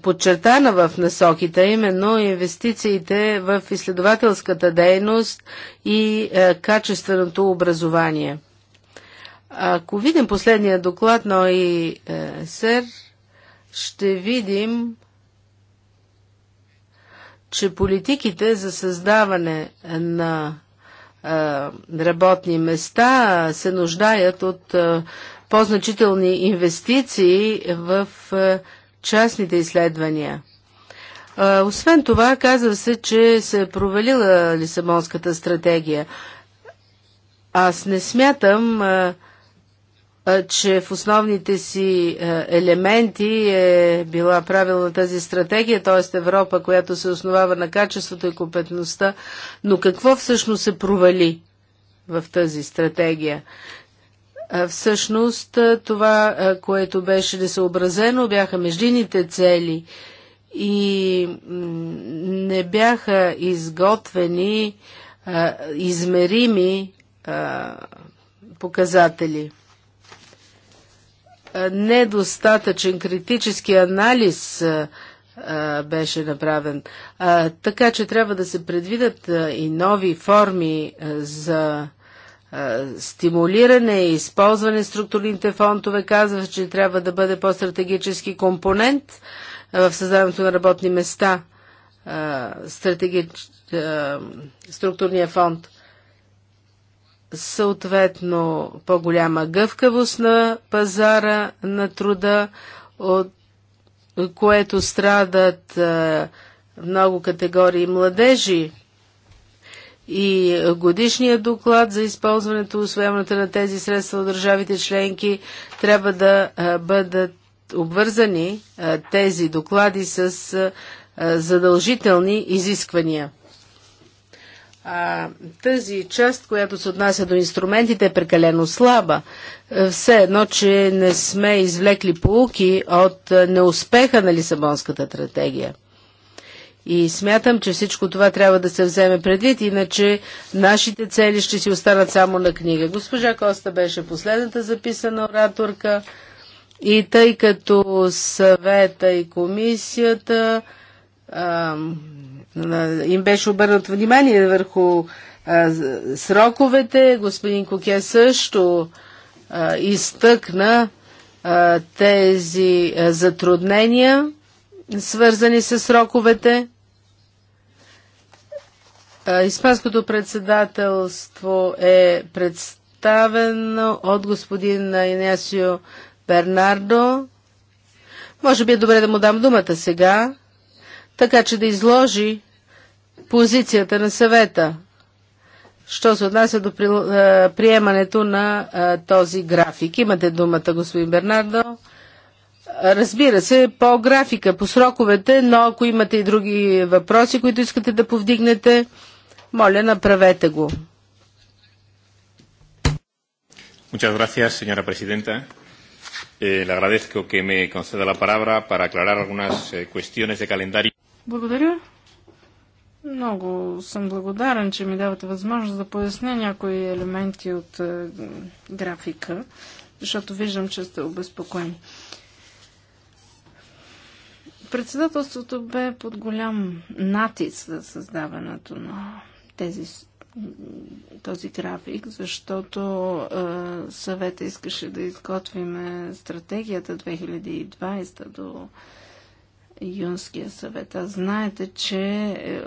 подчертана в насоките, именно инвестициите в изследователската дейност и качественото образование. Ако видим последния доклад на ОИСР, ще видим, че политиките за създаване на работни места се нуждаят от по-значителни инвестиции в частните изследвания. Освен това, казва се, че се е провалила Лисабонската стратегия. Аз не смятам, че в основните си елементи е била правилна тази стратегия, т.е. Европа, която се основава на качеството и компетентността, но какво всъщност се провали в тази стратегия? Всъщност това, което беше несъобразено, бяха междинните цели и не бяха изготвени измерими показатели. Е, недостатъчен критически анализ е, е, беше направен. Така че трябва да се предвидят и нови форми за стимулиране и използване структурните фондове. Казва, че трябва да бъде по-стратегически компонент в създаването на работни места стратегич... структурния фонд съответно по-голяма гъвкавост на пазара на труда, от което страдат много категории младежи. И годишният доклад за използването и освояването на тези средства от държавите членки трябва да бъдат обвързани тези доклади с задължителни изисквания. А, тази част, която се отнася до инструментите, е прекалено слаба. Е, все едно, че не сме извлекли полуки от е, неуспеха на Лисабонската стратегия. И смятам, че всичко това трябва да се вземе предвид, иначе нашите цели ще си останат само на книга. Госпожа Коста беше последната записана ораторка и тъй като съвета и комисията А, им беше обърнато внимание върху а, сроковете. Господин Коке също а, изтъкна а, тези затруднения, свързани с сроковете. Испанското председателство е представено от господин Инесио Бернардо. Може би е добре да му дам думата сега така че да изложи позицията на съвета, що се отнася до е, приемането на е, този график. Имате думата, господин Бернардо. Разбира се, по графика, по сроковете, но ако имате и други въпроси, които искате да повдигнете, моля, направете го. Muchas gracias, señora presidenta. Eh, le agradezco que me conceda la palabra para aclarar algunas eh, cuestiones de calendario. Благодаря. Много съм благодарен, че ми давате възможност да поясня някои елементи от е, графика, защото виждам, че сте обезпокоени. Председателството бе под голям натиск за създаването на тези, този график, защото е, съвета искаше да изготвиме стратегията 2020 до Юнския съвет. А знаете, че е,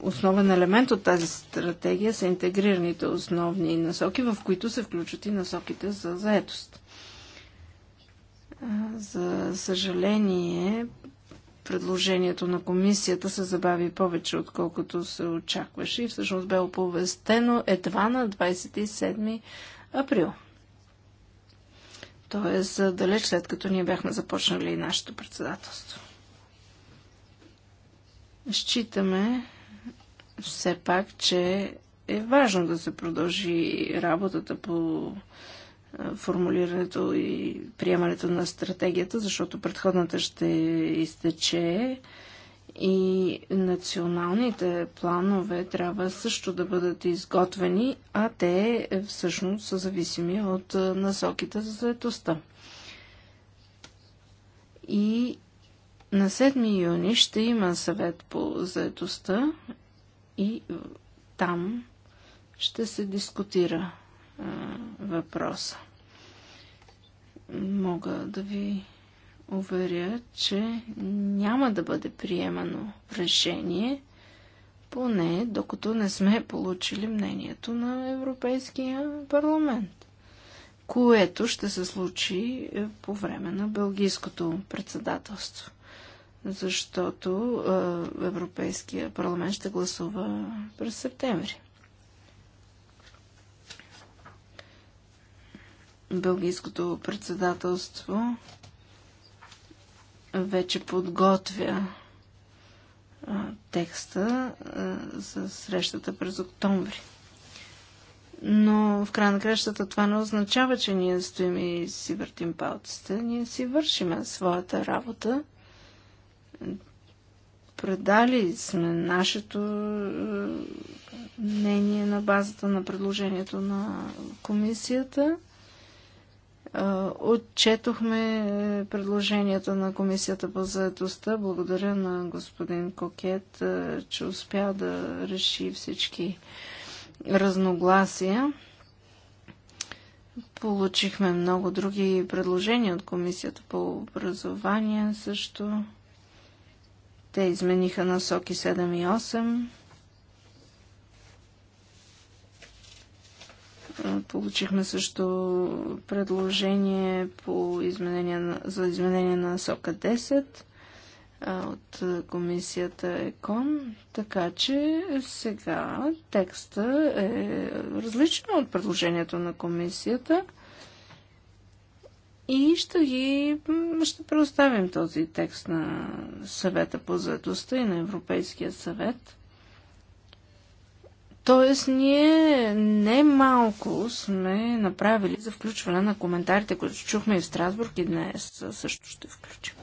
основен елемент от тази стратегия са интегрираните основни насоки, в които се включат и насоките за заетост. За съжаление, предложението на комисията се забави повече, отколкото се очакваше и всъщност бе оповестено едва на 27 април. Тоест, далеч след като ние бяхме започнали нашето председателство. Считаме все пак, че е важно да се продължи работата по формулирането и приемането на стратегията, защото предходната ще изтече и националните планове трябва също да бъдат изготвени, а те е, всъщност са зависими от насоките за заедостта. И на 7 юни ще има съвет по заедостта и там ще се дискутира а, въпроса. Мога да ви уверя, че няма да бъде приемано решение, поне докато не сме получили мнението на Европейския парламент, което ще се случи е, по време на Белгийското председателство защото Европейския парламент ще гласува през септември. Белгийското председателство вече подготвя текста за срещата през октомври. Но в край на кращата това не означава, че ние стоим и си въртим палците. Ние си вършим своята работа предали сме нашето е, мнение на базата на предложението на комисията. Е, отчетохме е, предложенията на комисията по заедостта. Благодаря на господин Кокет, че успя да реши всички разногласия. Получихме много други предложения от комисията по образование също. Те измениха насоки 7 и 8. Получихме също предложение по изменение, за изменение на насока 10 от комисията ЕКОН, така че сега текста е различен от предложението на комисията – и ще ги ще предоставим този текст на съвета по заедостта и на Европейския съвет. Тоест, ние не малко сме направили за включване на коментарите, които чухме и в Страсбург и днес също ще включим.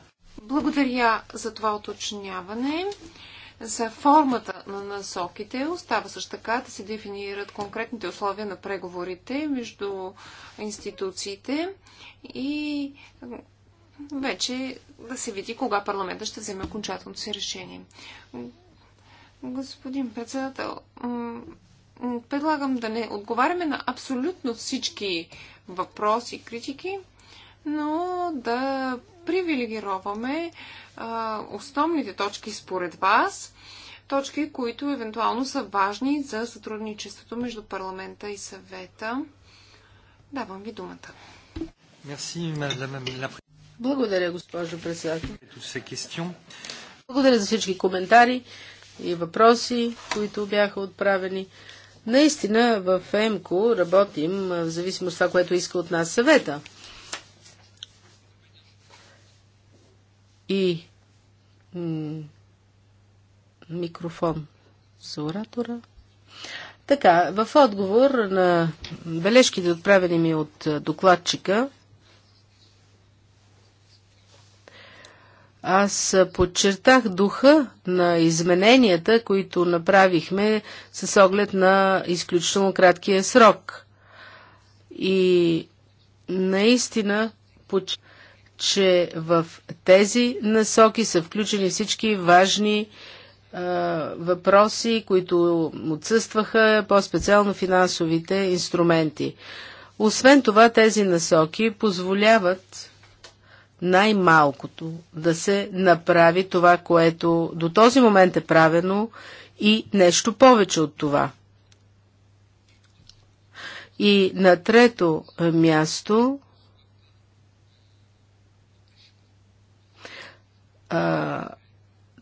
Благодаря за това уточняване. За формата на насоките остава също така да се дефинират конкретните условия на преговорите между институциите и вече да се види кога парламента ще вземе окончателното си решение. Господин председател, предлагам да не отговаряме на абсолютно всички въпроси, критики, но да привилегироваме а, основните точки според вас, точки, които евентуално са важни за сътрудничеството между парламента и съвета. Давам ви думата. Благодаря, госпожо председател. Благодаря за всички коментари и въпроси, които бяха отправени. Наистина в ЕМКО работим в зависимост от това, което иска от нас съвета. и микрофон за оратора. Така, в отговор на бележките, отправени ми от докладчика, аз подчертах духа на измененията, които направихме с оглед на изключително краткия срок. И наистина подчертах, че в тези насоки са включени всички важни а, въпроси, които отсъстваха, по-специално финансовите инструменти. Освен това, тези насоки позволяват най-малкото да се направи това, което до този момент е правено и нещо повече от това. И на трето място а,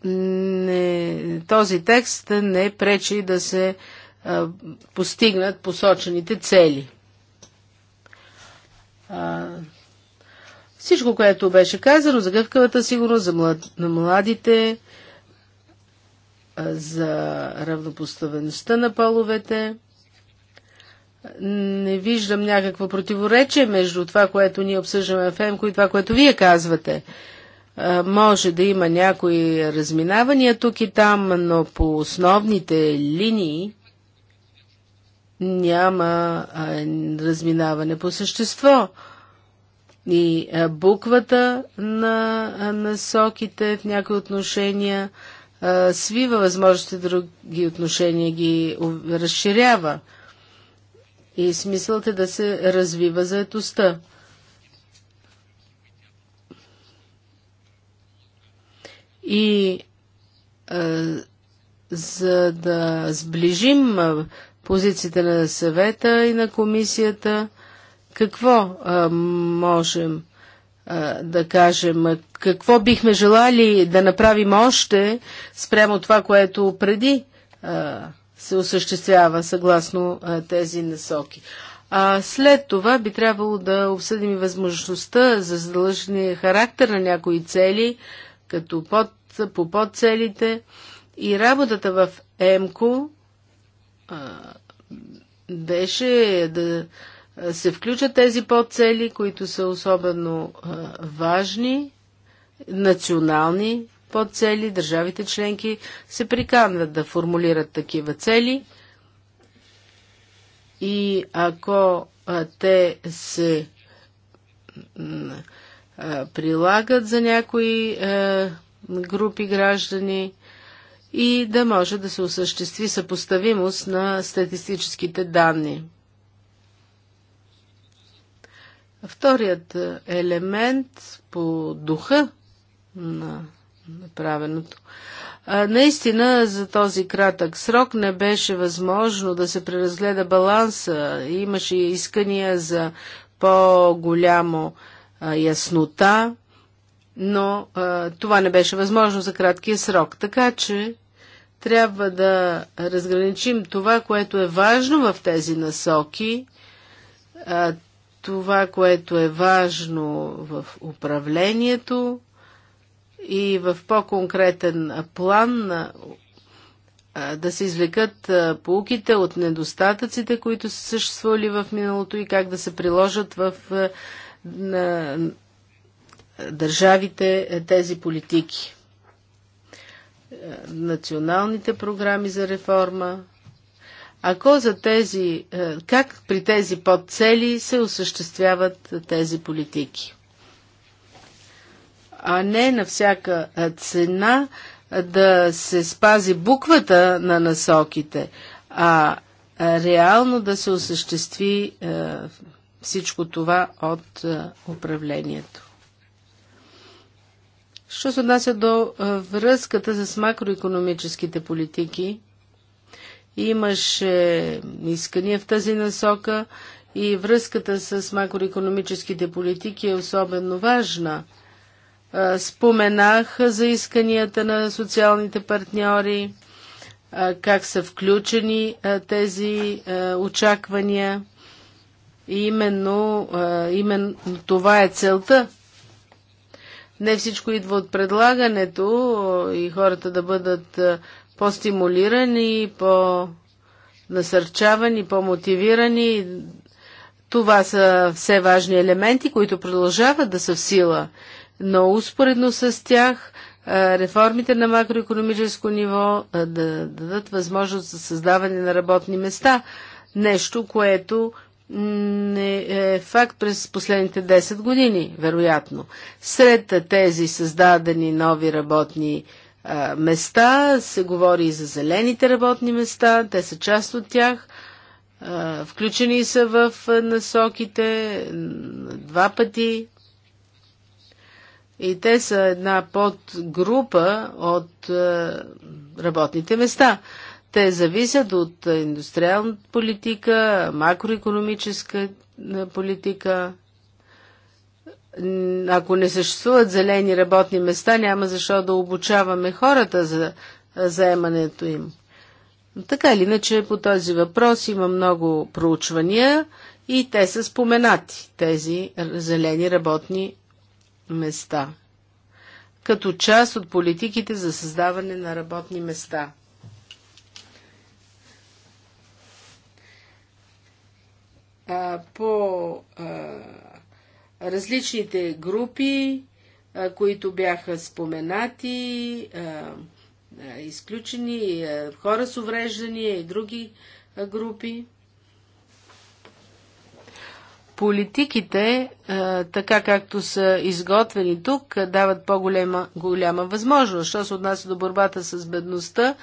не, този текст не пречи да се а, постигнат посочените цели. А, всичко, което беше казано за гъвкавата сигурност, за млад, на младите, за равнопоставеността на половете, не виждам някакво противоречие между това, което ние обсъждаме в ЕМКО и това, което вие казвате. Е, може да има някои разминавания тук и там, но по основните линии няма разминаване по същество. И буквата на насоките в някои отношения свива възможности, други отношения ги разширява. И смисълът е да се развива заедостта. И е, за да сближим е, позициите на съвета и на комисията, какво е, можем е, да кажем, какво бихме желали да направим още спрямо това, което преди е, се осъществява съгласно е, тези насоки. А след това би трябвало да обсъдим и възможността за задължения характер на някои цели, като под, по подцелите и работата в ЕМКО а, беше да се включат тези подцели, които са особено а, важни, национални подцели. Държавите членки се приканват да формулират такива цели. И ако а, те се прилагат за някои групи граждани и да може да се осъществи съпоставимост на статистическите данни. Вторият елемент по духа на направеното. наистина за този кратък срок не беше възможно да се преразгледа баланса. Имаше искания за по-голямо яснота, но това не беше възможно за краткия срок. Така че трябва да разграничим това, което е важно в тези насоки, това, което е важно в управлението и в по-конкретен план да се извлекат полуките от недостатъците, които са съществували в миналото и как да се приложат в на държавите тези политики. Националните програми за реформа. Ако за тези, е, как при тези подцели се осъществяват тези политики? А не на всяка цена да се спази буквата на насоките, а реално да се осъществи е, всичко това от е, управлението. Що се отнася до е, връзката с макроекономическите политики, имаше искания в тази насока и връзката с макроекономическите политики е особено важна. Е, Споменах за исканията на социалните партньори, как са включени тези очаквания и именно, именно това е целта. Не всичко идва от предлагането и хората да бъдат по-стимулирани, по-насърчавани, по-мотивирани. Това са все важни елементи, които продължават да са в сила. Но успоредно с тях реформите на макроекономическо ниво да дадат възможност за създаване на работни места. Нещо, което не е факт през последните 10 години, вероятно. Сред тези създадени нови работни а, места се говори и за зелените работни места, те са част от тях. включени са в насоките два пъти. И те са една подгрупа от работните места. Те зависят от индустриална политика, макроекономическа политика. Ако не съществуват зелени работни места, няма защо да обучаваме хората за заемането им. Така или иначе, по този въпрос има много проучвания и те са споменати, тези зелени работни места, като част от политиките за създаване на работни места. по различните групи, които бяха споменати, изключени, хора с увреждания и други групи. Политиките, така както са изготвени тук, дават по-голяма възможност. Що се отнася до борбата с бедността,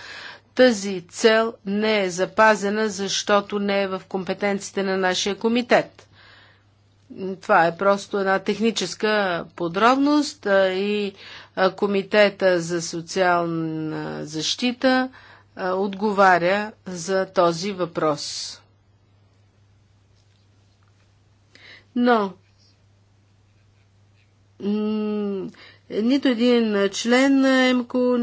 тази цел не е запазена, защото не е в компетенциите на нашия комитет. Това е просто една техническа подробност и Комитета за социална защита отговаря за този въпрос. Но нито един член на МКО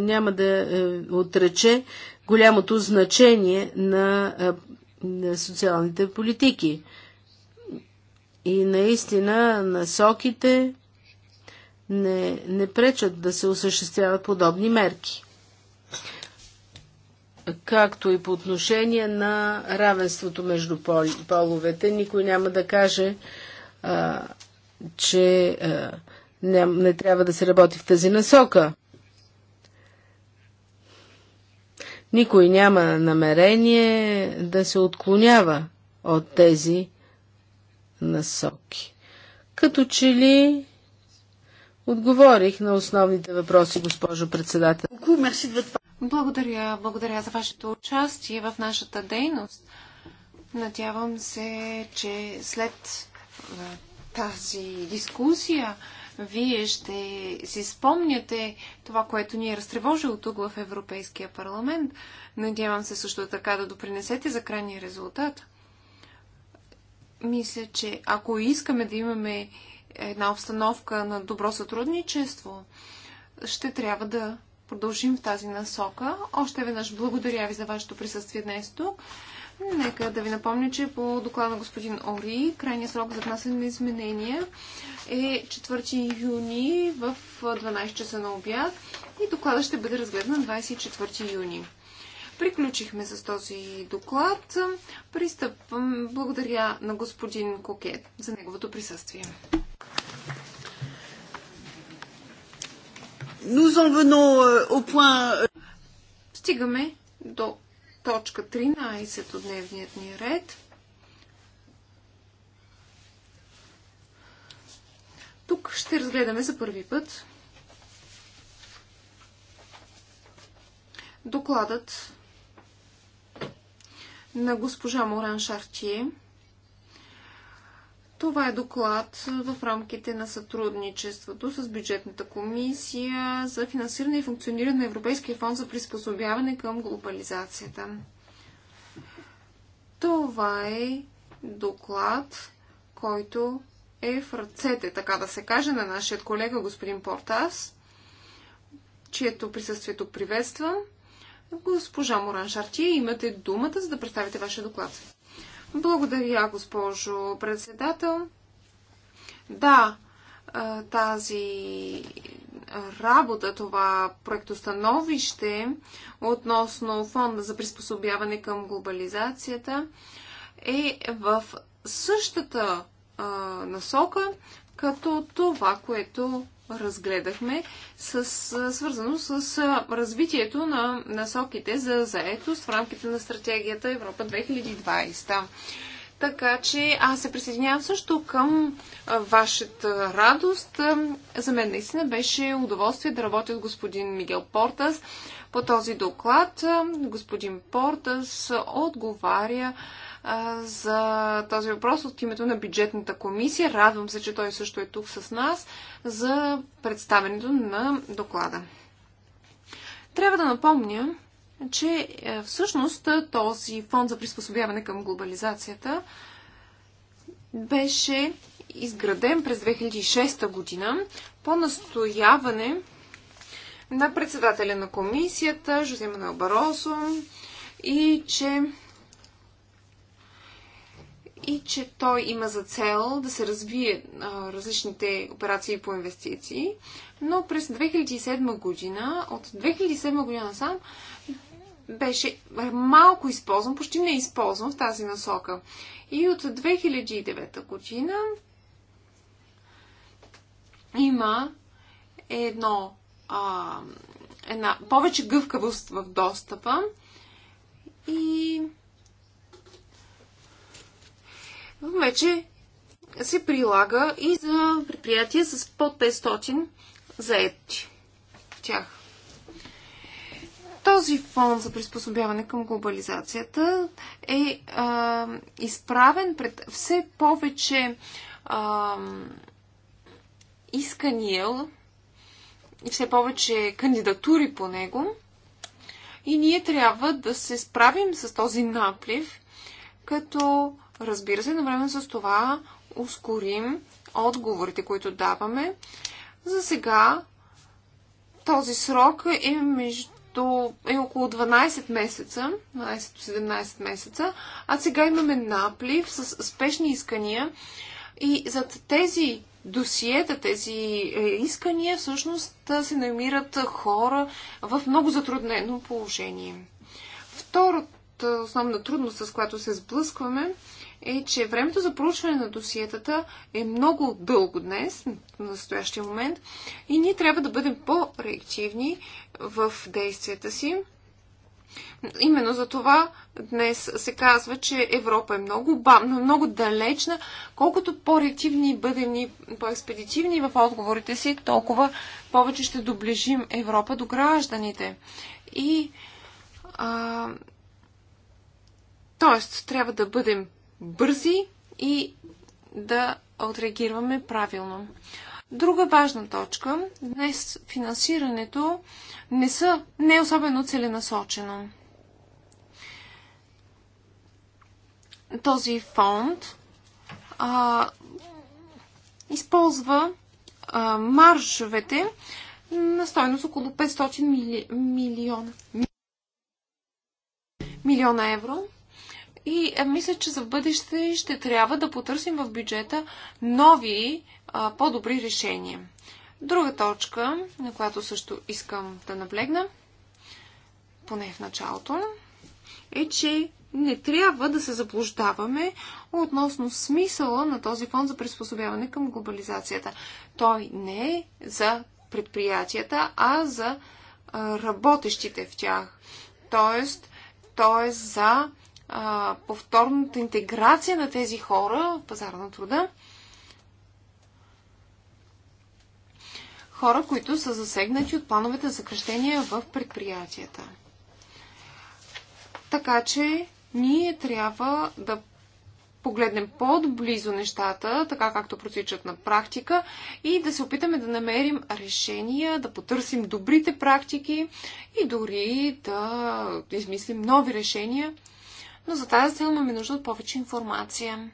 няма да отрече голямото значение на, на социалните политики. И наистина насоките не, не пречат да се осъществяват подобни мерки. Както и по отношение на равенството между половете, никой няма да каже, а, че а, не, не трябва да се работи в тази насока. Никой няма намерение да се отклонява от тези насоки. Като че ли отговорих на основните въпроси, госпожо председател. Благодаря, благодаря за вашето участие в нашата дейност. Надявам се, че след тази дискусия вие ще си спомняте това, което ни е разтревожило тук в Европейския парламент. Надявам се също така да допринесете за крайния резултат. Мисля, че ако искаме да имаме една обстановка на добро сътрудничество, ще трябва да продължим в тази насока. Още веднъж благодаря ви за вашето присъствие днес тук. Нека да ви напомня, че по доклада на господин Ори, крайният срок за внасяне на изменения е 4 юни в 12 часа на обяд и докладът ще бъде разгледан на 24 юни. Приключихме с този доклад. Пристъпвам. Благодаря на господин Кокет за неговото присъствие. Nous en venons euh, au point... Euh, Стигаме до точка 13 от дневният ни ред. Тук ще разгледаме за първи път докладът на госпожа Моран Шартие – това е доклад в рамките на сътрудничеството с бюджетната комисия за финансиране и функциониране на Европейския фонд за приспособяване към глобализацията. Това е доклад, който е в ръцете, така да се каже, на нашия колега господин Портас, чието присъствието приветства. Госпожа Моран Шартия, имате думата, за да представите вашия доклад. Благодаря, госпожо председател. Да, тази работа, това проектостановище относно фонда за приспособяване към глобализацията е в същата насока, като това, което разгледахме, с, свързано с развитието на насоките за заетост в рамките на стратегията Европа 2020. Така че аз се присъединявам също към вашата радост. За мен наистина беше удоволствие да работя с господин Мигел Портас по този доклад. Господин Портас отговаря за този въпрос от името на бюджетната комисия. Радвам се, че той също е тук с нас за представенето на доклада. Трябва да напомня, че е, всъщност този фонд за приспособяване към глобализацията беше изграден през 2006 година по настояване на председателя на комисията Жозе Манел Баросо и че и че той има за цел да се развие а, различните операции по инвестиции, но през 2007 година, от 2007 година сам, беше малко използван, почти не използван в тази насока. И от 2009 година има едно, а, една повече гъвкавост в достъпа и вече се прилага и за предприятия с под 500 заети тях. Този фонд за приспособяване към глобализацията е а, изправен пред все повече а, искания и все повече кандидатури по него. И ние трябва да се справим с този наплив, като Разбира се, време с това ускорим отговорите, които даваме. За сега този срок е между е около 12 месеца, 12-17 месеца, а сега имаме наплив с спешни искания и зад тези досиета, тези е, искания всъщност се намират хора в много затруднено положение. Втората основна трудност, с която се сблъскваме, е, че времето за проучване на досиетата е много дълго днес, в настоящия момент, и ние трябва да бъдем по-реактивни в действията си. Именно за това днес се казва, че Европа е много бавна, е много далечна. Колкото по-реактивни бъдем ни, по-експедитивни в отговорите си, толкова повече ще доближим Европа до гражданите. И а, Тоест, трябва да бъдем бързи и да отреагираме правилно. Друга важна точка. Днес финансирането не, са, не е особено целенасочено. Този фонд а, използва а, маржовете на стойност около 500 мили, милион, милиона евро и е, мисля, че за бъдеще ще трябва да потърсим в бюджета нови, по-добри решения. Друга точка, на която също искам да наблегна, поне в началото, е, че не трябва да се заблуждаваме относно смисъла на този фонд за приспособяване към глобализацията. Той не е за предприятията, а за работещите в тях. Тоест, той е за а, повторната интеграция на тези хора в пазара на труда. Хора, които са засегнати от плановете за съкрещения в предприятията. Така че ние трябва да погледнем по-близо нещата, така както протичат на практика и да се опитаме да намерим решения, да потърсим добрите практики и дори да измислим нови решения, но за тази цел имаме нужда от повече информация.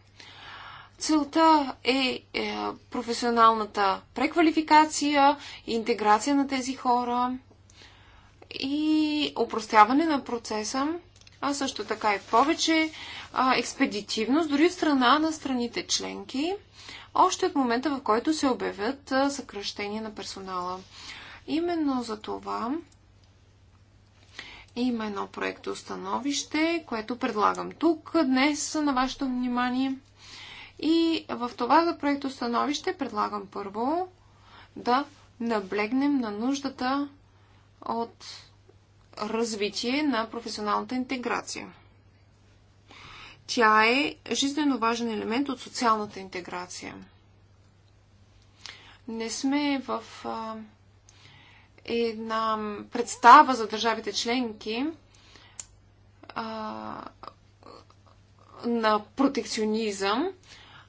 Целта е, е професионалната преквалификация, интеграция на тези хора и упростяване на процеса, а също така и повече а, експедитивност, дори от страна на страните членки, още от момента, в който се обявят съкръщения на персонала. Именно за това има едно проекто установище, което предлагам тук днес на вашето внимание. И в това за проекто установище предлагам първо да наблегнем на нуждата от развитие на професионалната интеграция. Тя е жизненно важен елемент от социалната интеграция. Не сме в а, една представа за държавите членки а, на протекционизъм,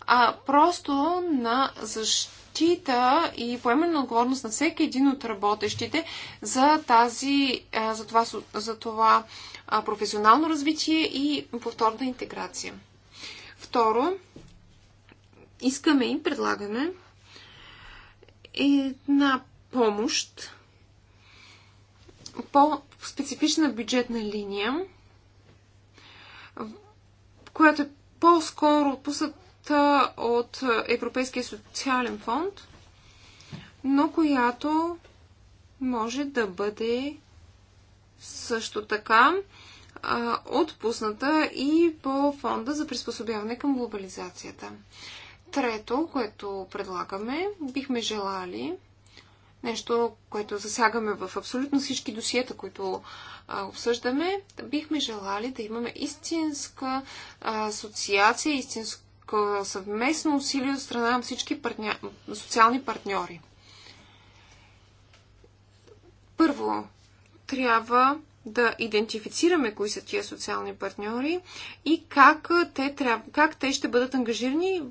а просто на защита и поемане на отговорност на всеки един от работещите за, тази, за това, за това професионално развитие и повторна интеграция. Второ, искаме и предлагаме една помощ по-специфична бюджетна линия, която е по-скоро отпусната от Европейския социален фонд, но която може да бъде също така отпусната и по фонда за приспособяване към глобализацията. Трето, което предлагаме, бихме желали нещо, което засягаме в абсолютно всички досиета, които обсъждаме, бихме желали да имаме истинска асоциация, истинско съвместно усилие от страна на всички партня... социални партньори. Първо, трябва да идентифицираме кои са тия социални партньори и как те, тряб... как те ще бъдат ангажирани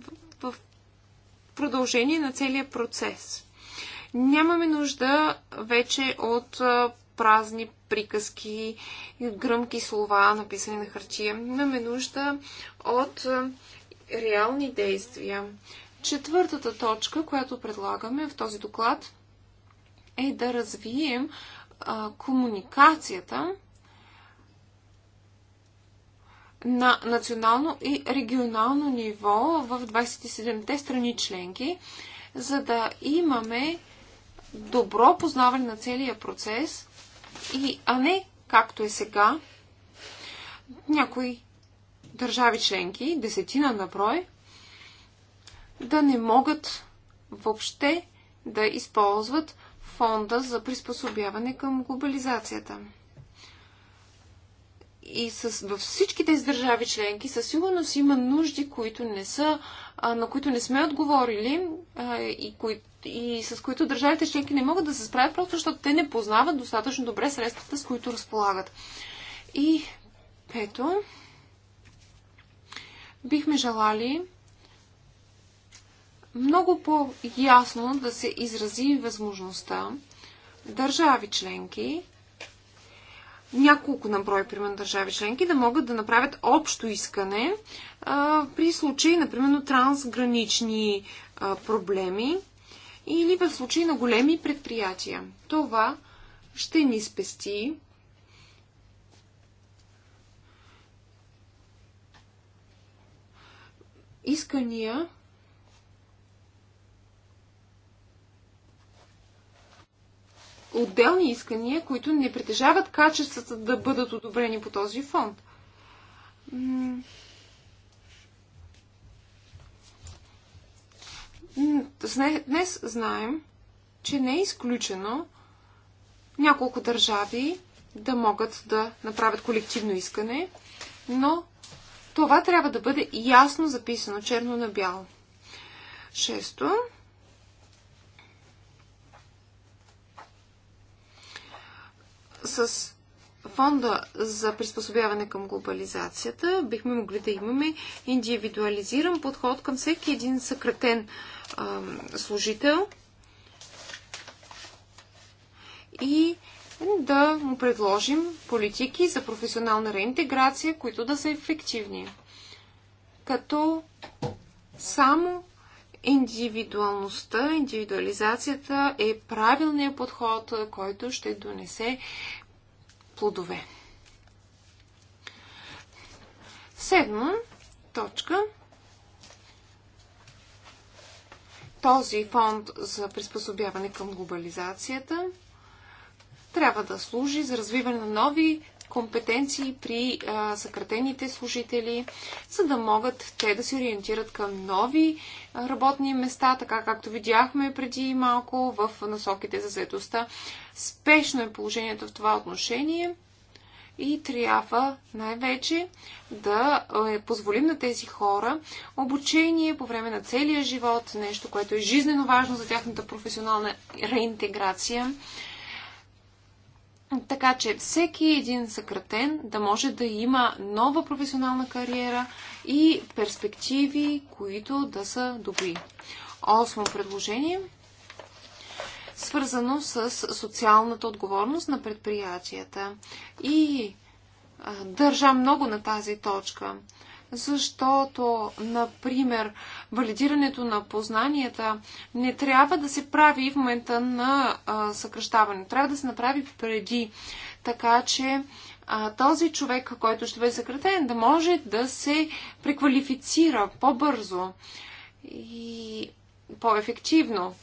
в, в продължение на целия процес. Нямаме нужда вече от празни приказки гръмки слова, написани на хартия. Имаме нужда от реални действия. Четвъртата точка, която предлагаме в този доклад, е да развием а, комуникацията на национално и регионално ниво в 27-те страни членки, за да имаме добро познаване на целия процес, и, а не както е сега, някои държави членки, десетина на брой, да не могат въобще да използват фонда за приспособяване към глобализацията. И с, във всички тези държави членки със сигурност има нужди, които не са, а, на които не сме отговорили а, и кои, и с които държавите членки не могат да се справят, просто защото те не познават достатъчно добре средствата, с които разполагат. И пето, бихме желали много по-ясно да се изрази възможността държави членки, няколко на брой, примерно, държави членки, да могат да направят общо искане а, при случаи, например, трансгранични а, проблеми, или в случай на големи предприятия. Това ще ни спести искания отделни искания, които не притежават качествата да бъдат одобрени по този фонд. Днес знаем, че не е изключено няколко държави да могат да направят колективно искане, но това трябва да бъде ясно записано, черно на бяло. Шесто. С фонда за приспособяване към глобализацията бихме могли да имаме индивидуализиран подход към всеки един съкратен служител и да му предложим политики за професионална реинтеграция, които да са ефективни. Като само индивидуалността, индивидуализацията е правилният подход, който ще донесе плодове. Седма точка този фонд за приспособяване към глобализацията трябва да служи за развиване на нови компетенции при а, съкратените служители, за да могат те да се ориентират към нови работни места, така както видяхме преди малко в насоките за заедостта. Спешно е положението в това отношение и трябва най-вече да е, позволим на тези хора обучение по време на целия живот, нещо, което е жизнено важно за тяхната професионална реинтеграция. Така че всеки един съкратен да може да има нова професионална кариера и перспективи, които да са добри. Осмо предложение – свързано с социалната отговорност на предприятията. И държа много на тази точка, защото, например, валидирането на познанията не трябва да се прави в момента на съкръщаване. Трябва да се направи преди. Така че а, този човек, който ще бъде съкратен, да може да се преквалифицира по-бързо и по-ефективно.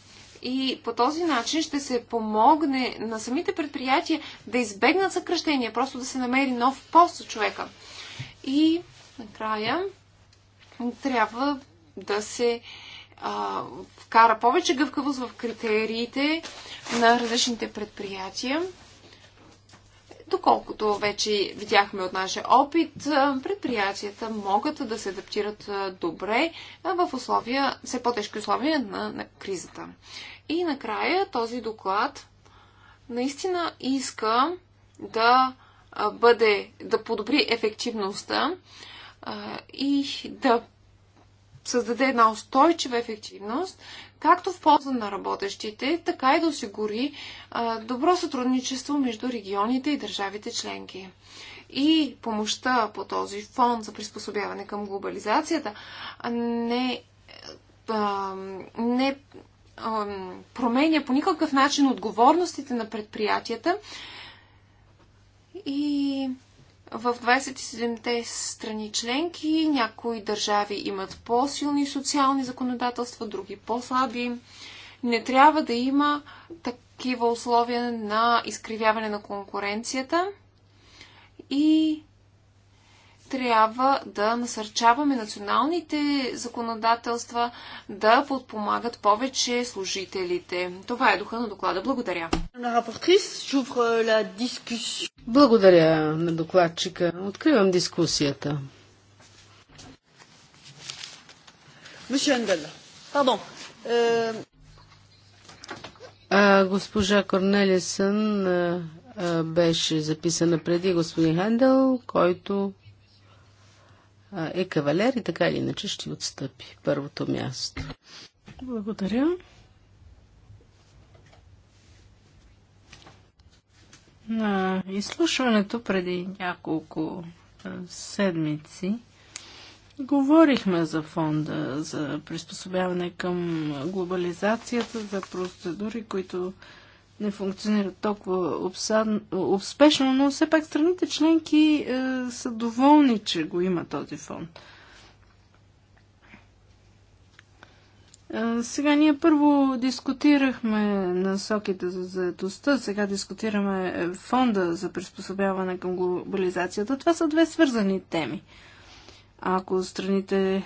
И по този начин ще се помогне на самите предприятия да избегнат съкръщения, просто да се намери нов пост от човека. И накрая трябва да се а, вкара повече гъвкавост в критериите на различните предприятия Доколкото вече видяхме от нашия опит, предприятията могат да се адаптират добре в условия, все по-тежки условия на, на кризата. И накрая този доклад наистина иска да бъде, да подобри ефективността и да създаде една устойчива ефективност, както в полза на работещите, така и да осигури добро сътрудничество между регионите и държавите членки. И помощта по този фонд за приспособяване към глобализацията не, не променя по никакъв начин отговорностите на предприятията и в 27-те страни членки някои държави имат по-силни социални законодателства, други по-слаби. Не трябва да има такива условия на изкривяване на конкуренцията и трябва да насърчаваме националните законодателства да подпомагат повече служителите. Това е духа на доклада. Благодаря. Благодаря на докладчика. Откривам дискусията. Е, а, госпожа Корнелисън е, е, беше записана преди господин Хендел, който е кавалер и така или иначе ще отстъпи първото място. Благодаря. На изслушването преди няколко седмици говорихме за фонда за приспособяване към глобализацията, за процедури, които не функционират толкова успешно, но все пак страните членки е, са доволни, че го има този фонд. Е, сега ние първо дискутирахме насоките за заедостта, сега дискутираме е, фонда за приспособяване към глобализацията. Това са две свързани теми. Ако страните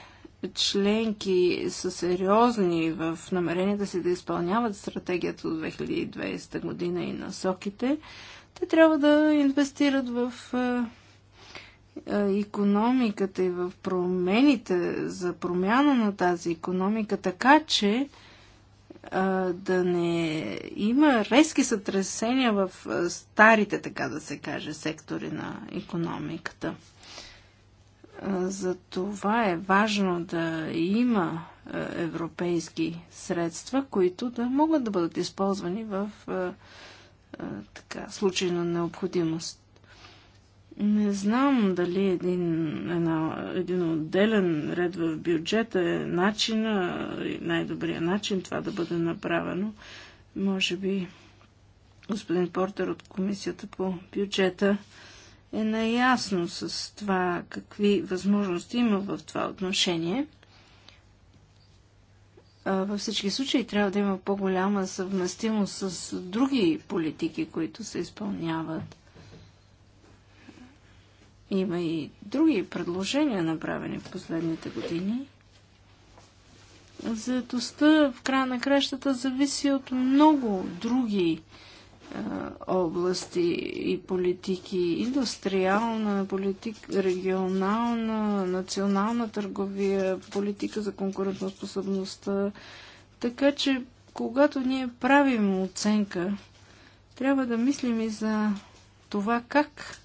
членки са сериозни в намеренията си да изпълняват стратегията от 2020 година и насоките, те трябва да инвестират в економиката е, и в промените за промяна на тази економика, така че е, да не има резки сътресения в е, старите, така да се каже, сектори на економиката. За това е важно да има европейски средства, които да могат да бъдат използвани в така, случай на необходимост. Не знам дали един, една, един отделен ред в бюджета е начина, най добрият начин това да бъде направено. Може би господин Портер от Комисията по бюджета е наясно с това какви възможности има в това отношение. Във всички случаи трябва да има по-голяма съвместимост с други политики, които се изпълняват. Има и други предложения, направени в последните години. Заедостта в края на кращата зависи от много други области и политики, индустриална политика, регионална, национална търговия, политика за конкурентоспособността. Така че, когато ние правим оценка, трябва да мислим и за това как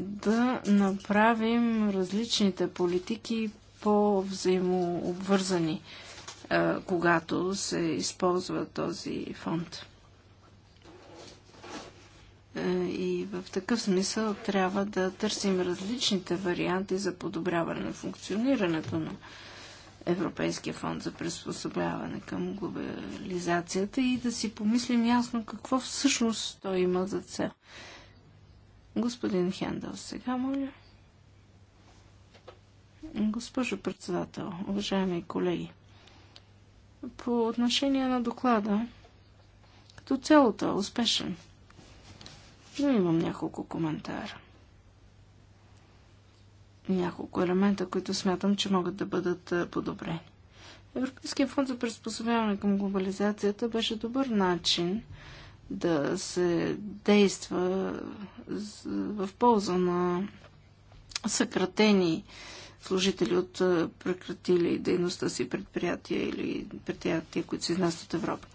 да направим различните политики по-взаимообвързани, когато се използва този фонд. Е, и в такъв смисъл трябва да търсим различните варианти за подобряване на функционирането на Европейския фонд за приспособяване към глобализацията и да си помислим ясно какво всъщност той има за цел. Господин Хендъл, сега моля. Госпожо председател, уважаеми колеги, по отношение на доклада, като цялото е успешен – но имам няколко коментара. Няколко елемента, които смятам, че могат да бъдат подобрени. Европейския фонд за приспособяване към глобализацията беше добър начин да се действа в полза на съкратени служители от прекратили дейността си предприятия или предприятия, които се изнасят от Европа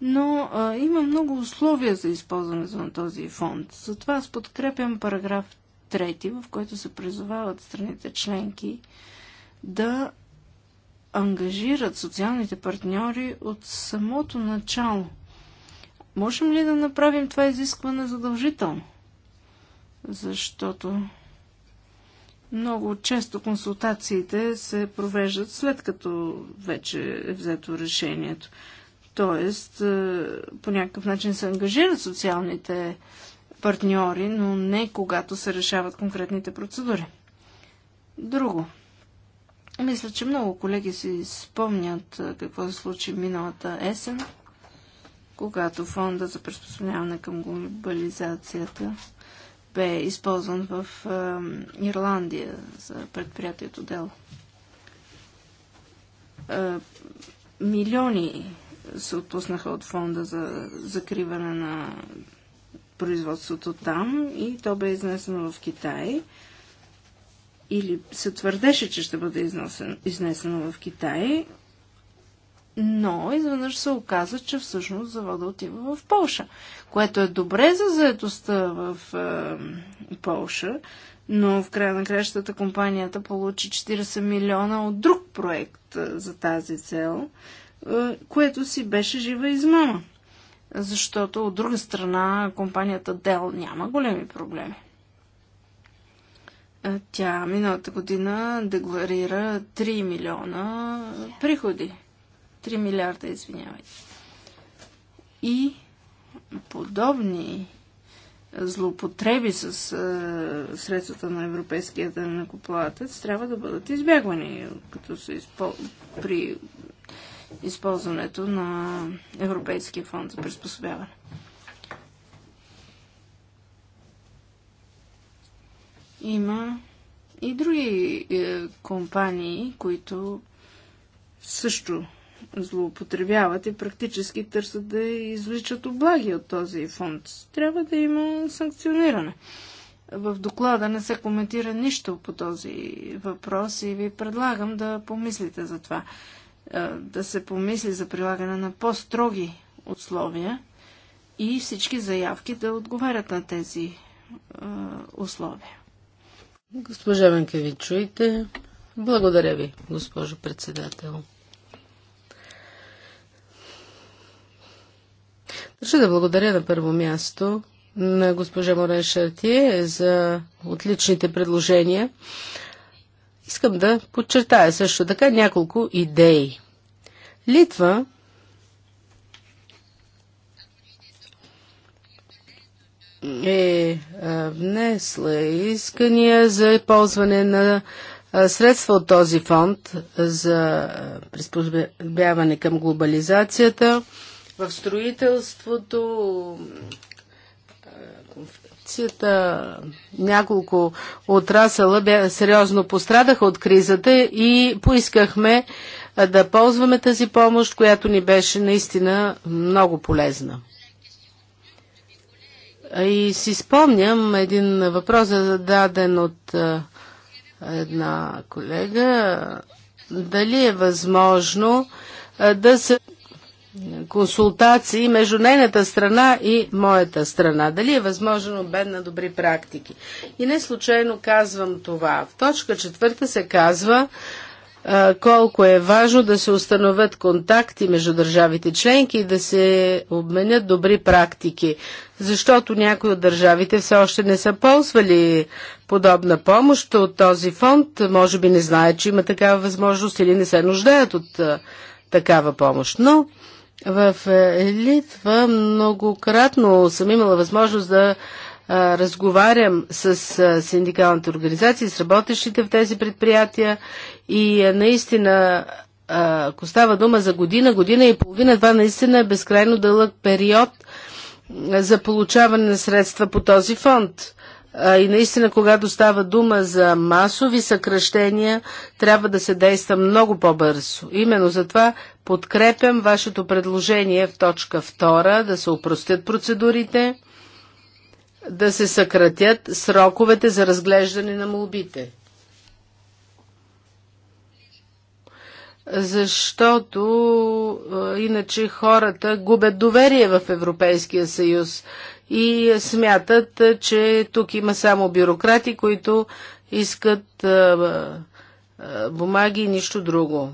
но а, има много условия за използването на този фонд. Затова аз подкрепям параграф 3, в който се призовават страните членки да ангажират социалните партньори от самото начало. Можем ли да направим това изискване задължително? Защото много често консултациите се провеждат след като вече е взето решението. Тоест, е, по някакъв начин се ангажират социалните партньори, но не когато се решават конкретните процедури. Друго. Мисля, че много колеги си спомнят е, какво се случи миналата есен, когато фонда за приспособяване към глобализацията бе използван в е, Ирландия за предприятието дело. милиони се отпуснаха от фонда за закриване на производството там и то бе изнесено в Китай. Или се твърдеше, че ще бъде износен, изнесено в Китай, но изведнъж се оказа, че всъщност завода отива в Полша, което е добре за заедостта в е, Полша, но в края на кращата компанията получи 40 милиона от друг проект е, за тази цел. Е, което си беше жива измама. Защото от друга страна компанията Дел няма големи проблеми. Е, тя миналата година декларира 3 милиона приходи. 3 милиарда, извинявайте. И подобни злоупотреби с е, средствата на европейския на трябва да бъдат избягвани, като се изпол... при използването на Европейския фонд за приспособяване. Има и други е, компании, които също злоупотребяват и практически търсят да извличат облаги от този фонд. Трябва да има санкциониране. В доклада не се коментира нищо по този въпрос и ви предлагам да помислите за това да се помисли за прилагане на по-строги условия и всички заявки да отговарят на тези условия. Госпожа Венка, ви чуете. Благодаря ви, госпожо председател. Държа да благодаря на първо място на госпожа Морен Шартие за отличните предложения. Искам да подчертая също така няколко идеи. Литва е внесла искания за ползване на средства от този фонд за приспособяване към глобализацията в строителството, авиацията, няколко отрасъла бе, сериозно пострадаха от кризата и поискахме да ползваме тази помощ, която ни беше наистина много полезна. И си спомням един въпрос, зададен от една колега. Дали е възможно да се консултации между нейната страна и моята страна. Дали е възможен обмен на добри практики? И не случайно казвам това. В точка четвърта се казва колко е важно да се установят контакти между държавите членки и да се обменят добри практики, защото някои от държавите все още не са ползвали подобна помощ от този фонд, може би не знаят, че има такава възможност или не се нуждаят от такава помощ. Но в е, Литва многократно съм имала възможност да разговарям с синдикалните организации, с работещите в тези предприятия и наистина, ако става дума за година, година и половина, това наистина е безкрайно дълъг период за получаване на средства по този фонд. И наистина, когато става дума за масови съкръщения, трябва да се действа много по-бързо. Именно затова подкрепям вашето предложение в точка 2 да се упростят процедурите, да се съкратят сроковете за разглеждане на молбите. защото иначе хората губят доверие в Европейския съюз и смятат, че тук има само бюрократи, които искат бумаги и нищо друго.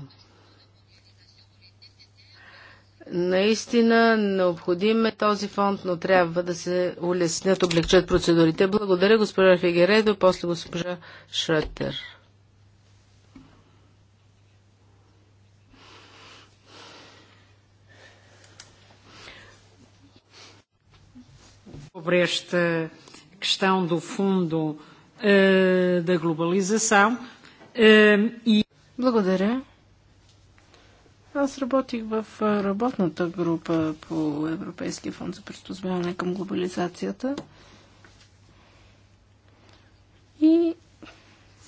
Наистина необходим е този фонд, но трябва да се улеснят, облегчат процедурите. Благодаря, госпожа Фигередо, после госпожа Шреттер. Sobre esta questão do fundo uh, da globalização uh, e... Благодаря. Аз работих в работната група по Европейския фонд за приспособяване към глобализацията и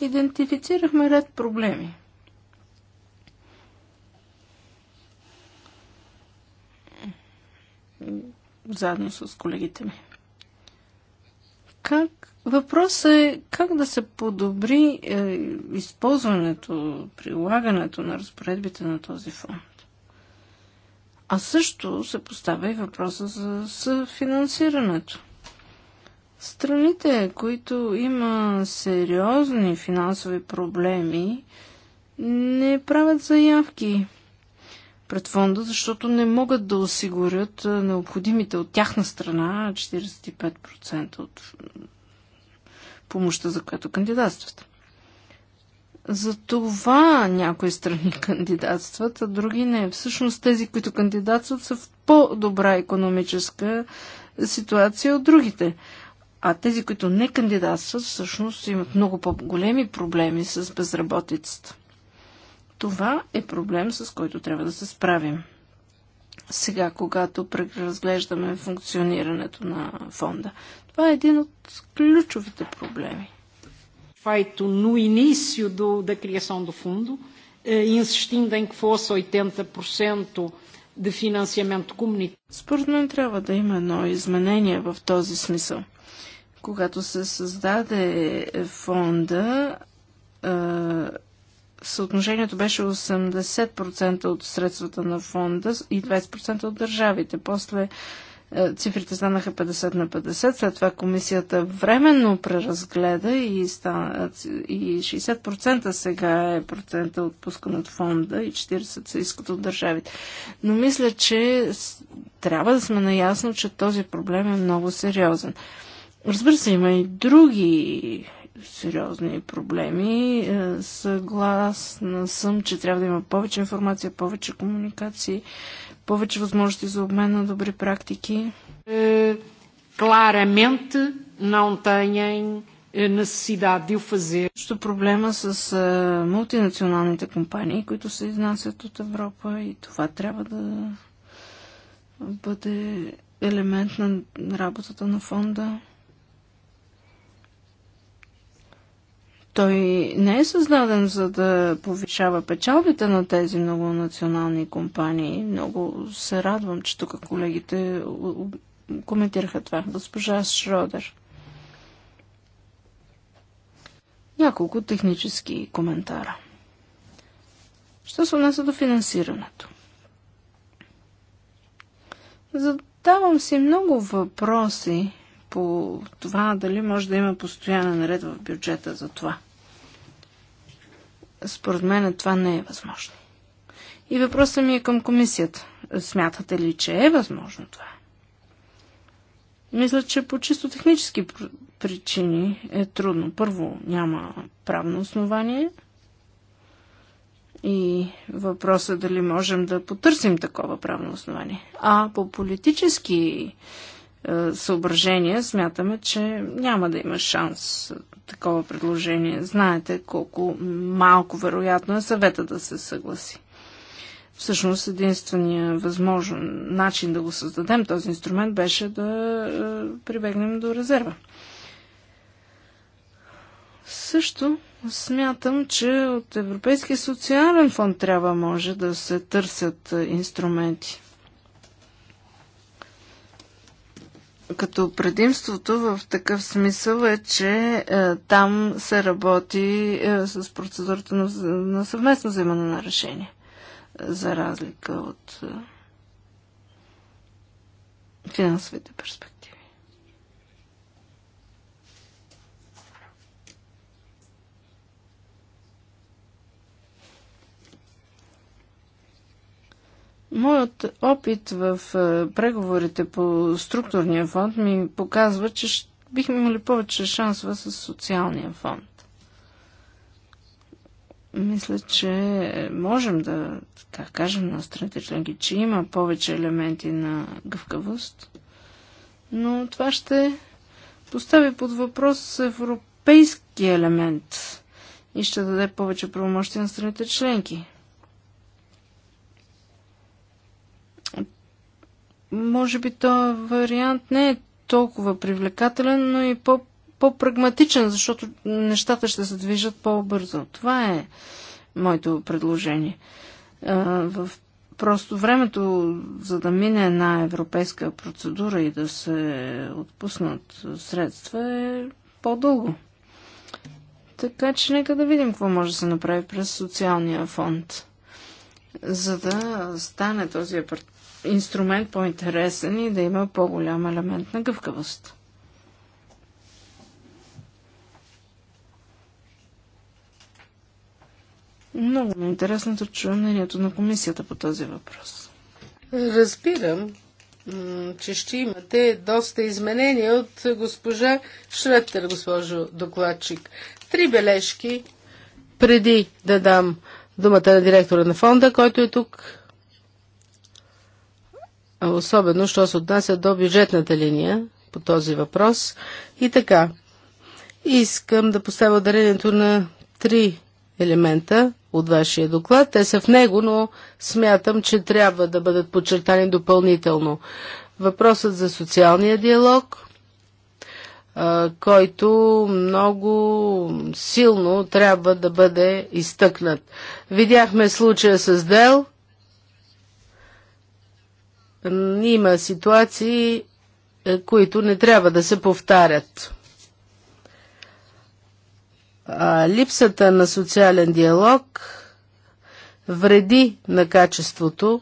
идентифицирахме ред проблеми. Заедно с колегите ми. Как Въпросът е как да се подобри е, използването, прилагането на разпоредбите на този фонд. А също се поставя и въпроса за съфинансирането. Страните, които има сериозни финансови проблеми, не правят заявки пред фонда, защото не могат да осигурят необходимите от тяхна страна 45% от помощта, за която кандидатстват. За това някои страни кандидатстват, а други не. Всъщност тези, които кандидатстват, са в по-добра економическа ситуация от другите. А тези, които не кандидатстват, всъщност имат много по-големи проблеми с безработицата. Това е проблем, с който трябва да се справим. Сега, когато преразглеждаме функционирането на фонда. Това е един от ключовите проблеми. Feito no início do, da criação do fundo, eh, insistindo em que fosse 80% de financiamento comunitário. Според мен трябва да има едно изменение в този смисъл. Когато се създаде фонда, съотношението беше 80% от средствата на фонда и 20% от държавите. После е, цифрите станаха 50 на 50, след това комисията временно преразгледа и, стана, и 60% сега е процента отпускан от фонда и 40% се искат от държавите. Но мисля, че трябва да сме наясно, че този проблем е много сериозен. Разбира се, има и други сериозни проблеми. Е, съгласна съм, че трябва да има повече информация, повече комуникации, повече възможности за обмен на добри практики. Е, Claramente não têm е, necessidade de o fazer. Също проблема с мултинационалните компании, които се изнасят от Европа и това трябва да бъде елемент на работата на фонда. Той не е създаден за да повишава печалбите на тези многонационални компании. Много се радвам, че тук колегите коментираха това. Госпожа Шродер. Няколко технически коментара. Що се отнася до финансирането? Задавам си много въпроси по това дали може да има постоянен ред в бюджета за това. Според мен това не е възможно. И въпросът ми е към комисията. Смятате ли, че е възможно това? Мисля, че по чисто технически причини е трудно. Първо, няма правно основание. И въпросът е дали можем да потърсим такова правно основание. А по политически е, съображения, смятаме, че няма да има шанс е, такова предложение. Знаете колко малко вероятно е съвета да се съгласи. Всъщност единствения възможен начин да го създадем този инструмент беше да е, прибегнем до резерва. Също смятам, че от Европейския социален фонд трябва може да се търсят инструменти. като предимството в такъв смисъл е, че е, там се работи е, с процедурата на, на съвместно вземане на решение, за разлика от е, финансовите перспективи. Моят опит в е, преговорите по структурния фонд ми показва, че бихме имали повече шансове с социалния фонд. Мисля, че можем да така кажем на страните членки, че има повече елементи на гъвкавост, но това ще постави под въпрос европейски елемент и ще даде повече правомощи на страните членки. Може би този вариант не е толкова привлекателен, но и по- по-прагматичен, защото нещата ще се движат по-бързо. Това е моето предложение. В просто времето, за да мине една европейска процедура и да се отпуснат средства, е по-дълго. Така че нека да видим какво може да се направи през социалния фонд, за да стане този инструмент по-интересен и да има по-голям елемент на гъвкавост. Много ме е интересно да чуя мнението на комисията по този въпрос. Разбирам, че ще имате доста изменения от госпожа Шреттер, госпожо докладчик. Три бележки преди да дам думата на директора на фонда, който е тук особено, що се отнася до бюджетната линия по този въпрос. И така, искам да поставя дарението на три елемента от вашия доклад. Те са в него, но смятам, че трябва да бъдат подчертани допълнително. Въпросът за социалния диалог, който много силно трябва да бъде изтъкнат. Видяхме случая с Дел, има ситуации, е, които не трябва да се повтарят. А липсата на социален диалог вреди на качеството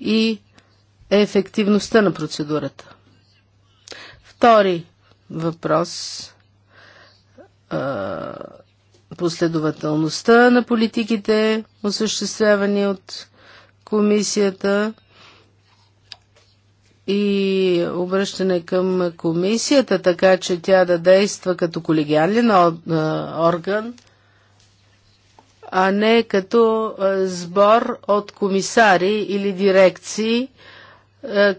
и ефективността на процедурата. Втори въпрос – последователността на политиките, осъществявани от комисията и обръщане към комисията, така че тя да действа като колегиален орган, а не като сбор от комисари или дирекции,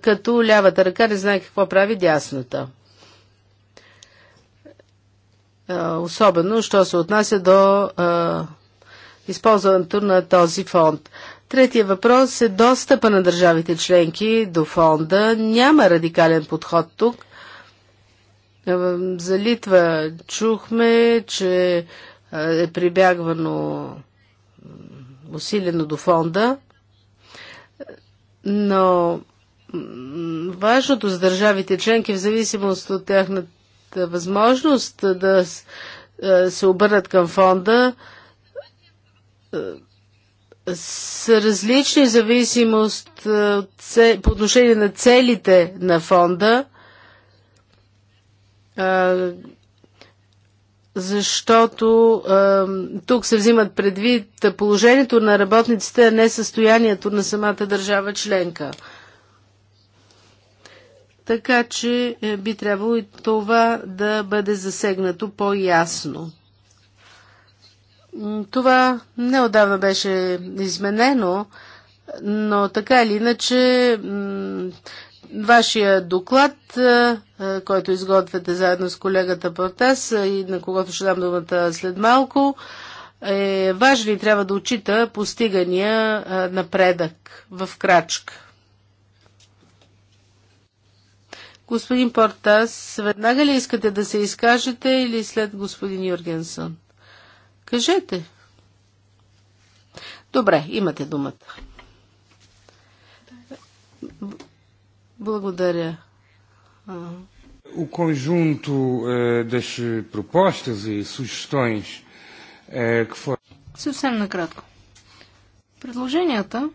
като лявата ръка не знае какво прави дясната особено, що се отнася до използването на този фонд. Третия въпрос е достъпа на държавите членки до фонда. Няма радикален подход тук. За Литва чухме, че е прибягвано усилено до фонда, но важното за държавите членки, в зависимост от тяхната възможност да се обърнат към фонда са различни в зависимост по отношение на целите на фонда, защото тук се взимат предвид положението на работниците, а не състоянието на самата държава членка. Така че е, би трябвало и това да бъде засегнато по-ясно. Това неодавна беше изменено, но така или иначе вашия доклад, е, е, който изготвяте заедно с колегата Портас и на когото ще дам думата след малко, е важен и трябва да очита постигания напредък в крачка. Господин Портас, веднага ли искате да се изкажете или след господин Юргенсън? Кажете. Добре, имате думата. Благодаря. O conjunto uh, das propostas e sugestões uh, que foram. Съвсем накратко. Предложенията,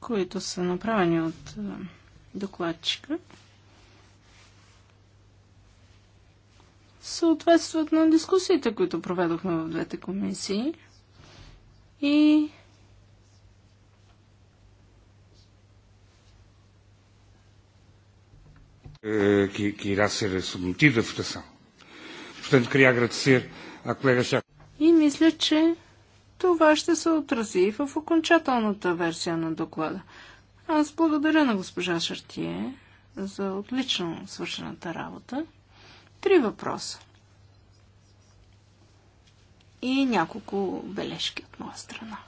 които са направени от uh, докладчика съответстват на дискусиите, които проведохме в двете комисии. И е, И мисля, че това ще се отрази в окончателната версия на доклада. Аз благодаря на госпожа Шартие за отлично свършената работа. Три въпроса. И няколко бележки от моя страна.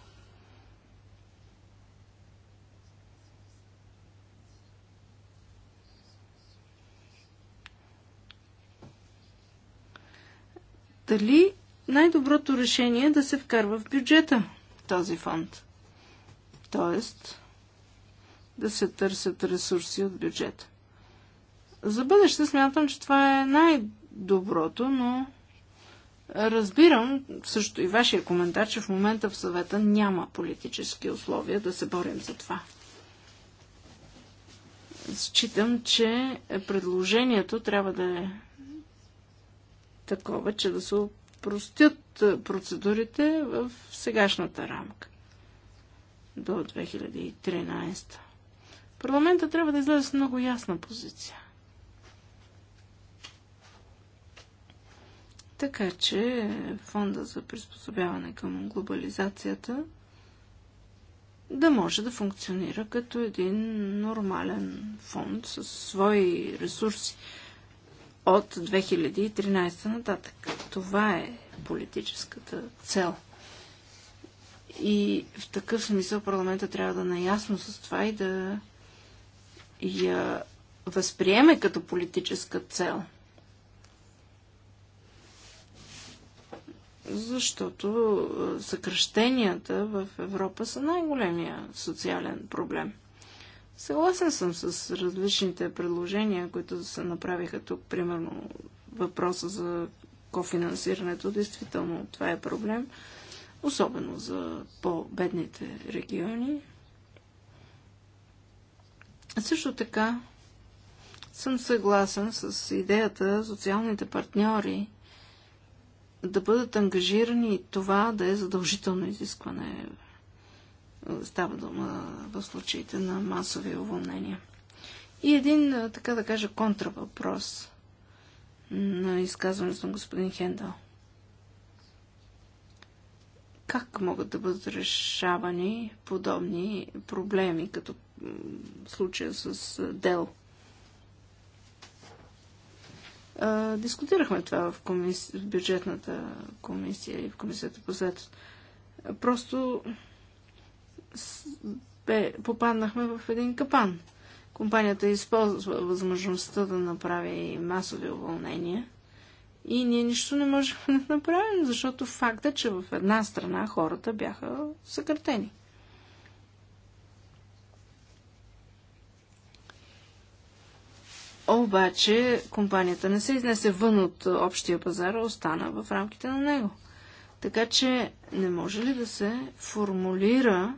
дали най-доброто решение е да се вкарва в бюджета този фонд. Тоест, да се търсят ресурси от бюджета. За бъдеще смятам, че това е най-доброто, но разбирам също и вашия коментар, че в момента в съвета няма политически условия да се борим за това. Считам, че предложението трябва да е такова, че да се простят процедурите в сегашната рамка до 2013. Парламента трябва да излезе с много ясна позиция. Така че фонда за приспособяване към глобализацията да може да функционира като един нормален фонд със свои ресурси от 2013 нататък. Това е политическата цел. И в такъв смисъл парламента трябва да е наясно с това и да я възприеме като политическа цел. Защото съкръщенията в Европа са най-големия социален проблем. Съгласен съм с различните предложения, които се направиха тук, примерно въпроса за кофинансирането. Действително, това е проблем, особено за по-бедните региони. Също така съм съгласен с идеята социалните партньори да бъдат ангажирани и това да е задължително изискване. Става дума в случаите на масови уволнения. И един, така да кажа, контравъпрос на изказването на господин Хендал. Как могат да бъдат решавани подобни проблеми, като случая с Дел. Дискутирахме това в, комисия, в бюджетната комисия и в комисията по заедост. Просто бе, попаднахме в един капан. Компанията използва възможността да направи масови уволнения и ние нищо не можехме да направим, защото факта, че в една страна хората бяха съкратени. обаче компанията не се изнесе вън от общия пазар, а остана в рамките на него. Така че не може ли да се формулира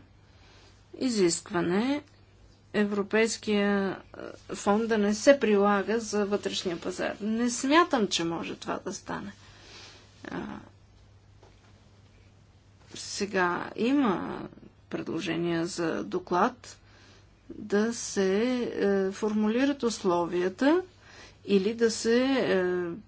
изискване Европейския е, фонд да не се прилага за вътрешния пазар? Не смятам, че може това да стане. Сега има предложения за доклад да се е, формулират условията или да се е,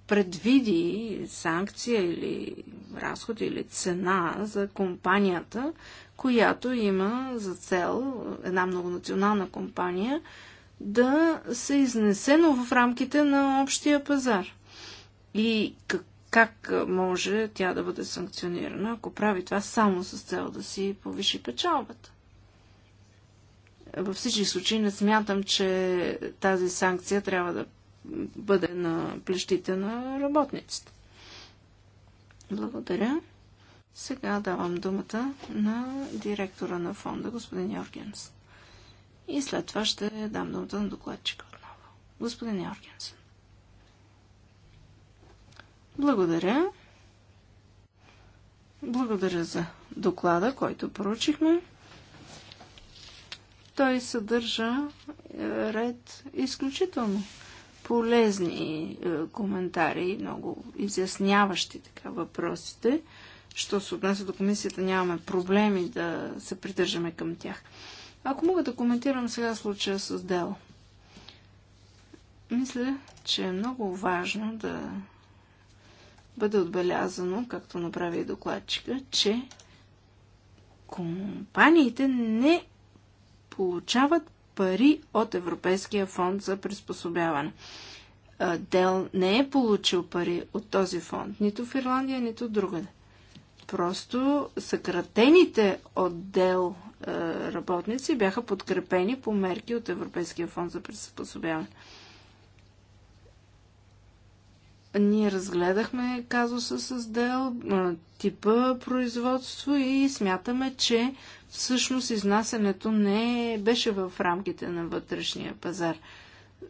предвиди санкция или разход или цена за компанията, която има за цел една многонационална компания да се изнесе, но в рамките на общия пазар. И как, как може тя да бъде санкционирана, ако прави това само с цел да си повиши печалбата? Във всички случаи не смятам, че тази санкция трябва да бъде на плещите на работниците. Благодаря. Сега давам думата на директора на фонда, господин Йоргенс. И след това ще дам думата на докладчика отново. Господин Йоргенс. Благодаря. Благодаря за доклада, който поручихме. Той съдържа е, ред изключително полезни е, коментари, много изясняващи така въпросите. Що се отнася до комисията, нямаме проблеми да се придържаме към тях. Ако мога да коментирам сега случая с дел, Мисля, че е много важно да бъде отбелязано, както направи и докладчика, че компаниите не получават пари от Европейския фонд за приспособяване. Дел не е получил пари от този фонд, нито в Ирландия, нито другаде. Просто съкратените от Дел работници бяха подкрепени по мерки от Европейския фонд за приспособяване. Ние разгледахме казуса с Дел, типа производство и смятаме, че всъщност изнасянето не беше в рамките на вътрешния пазар.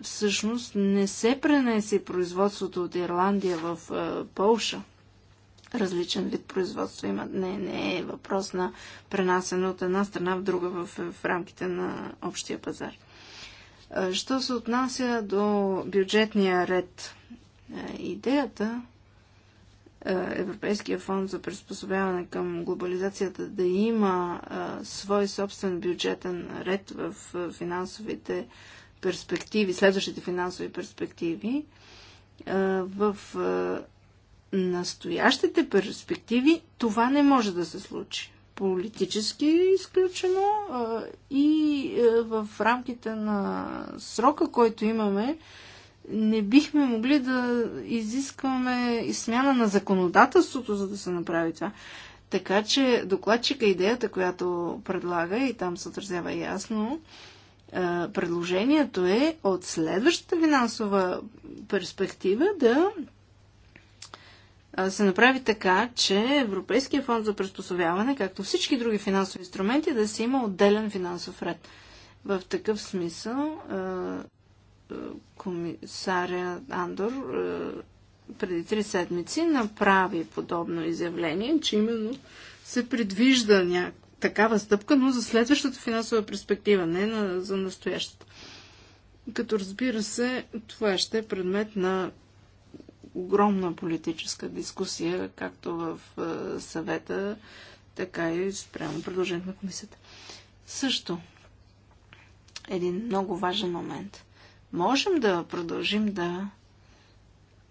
Всъщност не се пренесе производството от Ирландия в е, Полша. Различен вид производство има. Не, не е въпрос на пренасене от една страна в друга в, е, в рамките на общия пазар. Е, що се отнася до бюджетния ред, идеята е, Европейския фонд за приспособяване към глобализацията да има е, свой собствен бюджетен ред в е, финансовите перспективи, следващите финансови перспективи, в настоящите перспективи това не може да се случи. Политически е изключено и в рамките на срока, който имаме, не бихме могли да изискваме и смяна на законодателството, за да се направи това. Така че докладчика идеята, която предлага, и там се отразява ясно, е, предложението е от следващата финансова перспектива да е, се направи така, че Европейския фонд за приспособяване, както всички други финансови инструменти, да се има отделен финансов ред. В такъв смисъл е, комисаря Андор е, преди три седмици направи подобно изявление, че именно се предвижда такава стъпка, но за следващата финансова перспектива, не на, за настоящата. Като разбира се, това ще е предмет на огромна политическа дискусия, както в е, съвета, така и спрямо предложението на комисията. Също един много важен момент можем да продължим да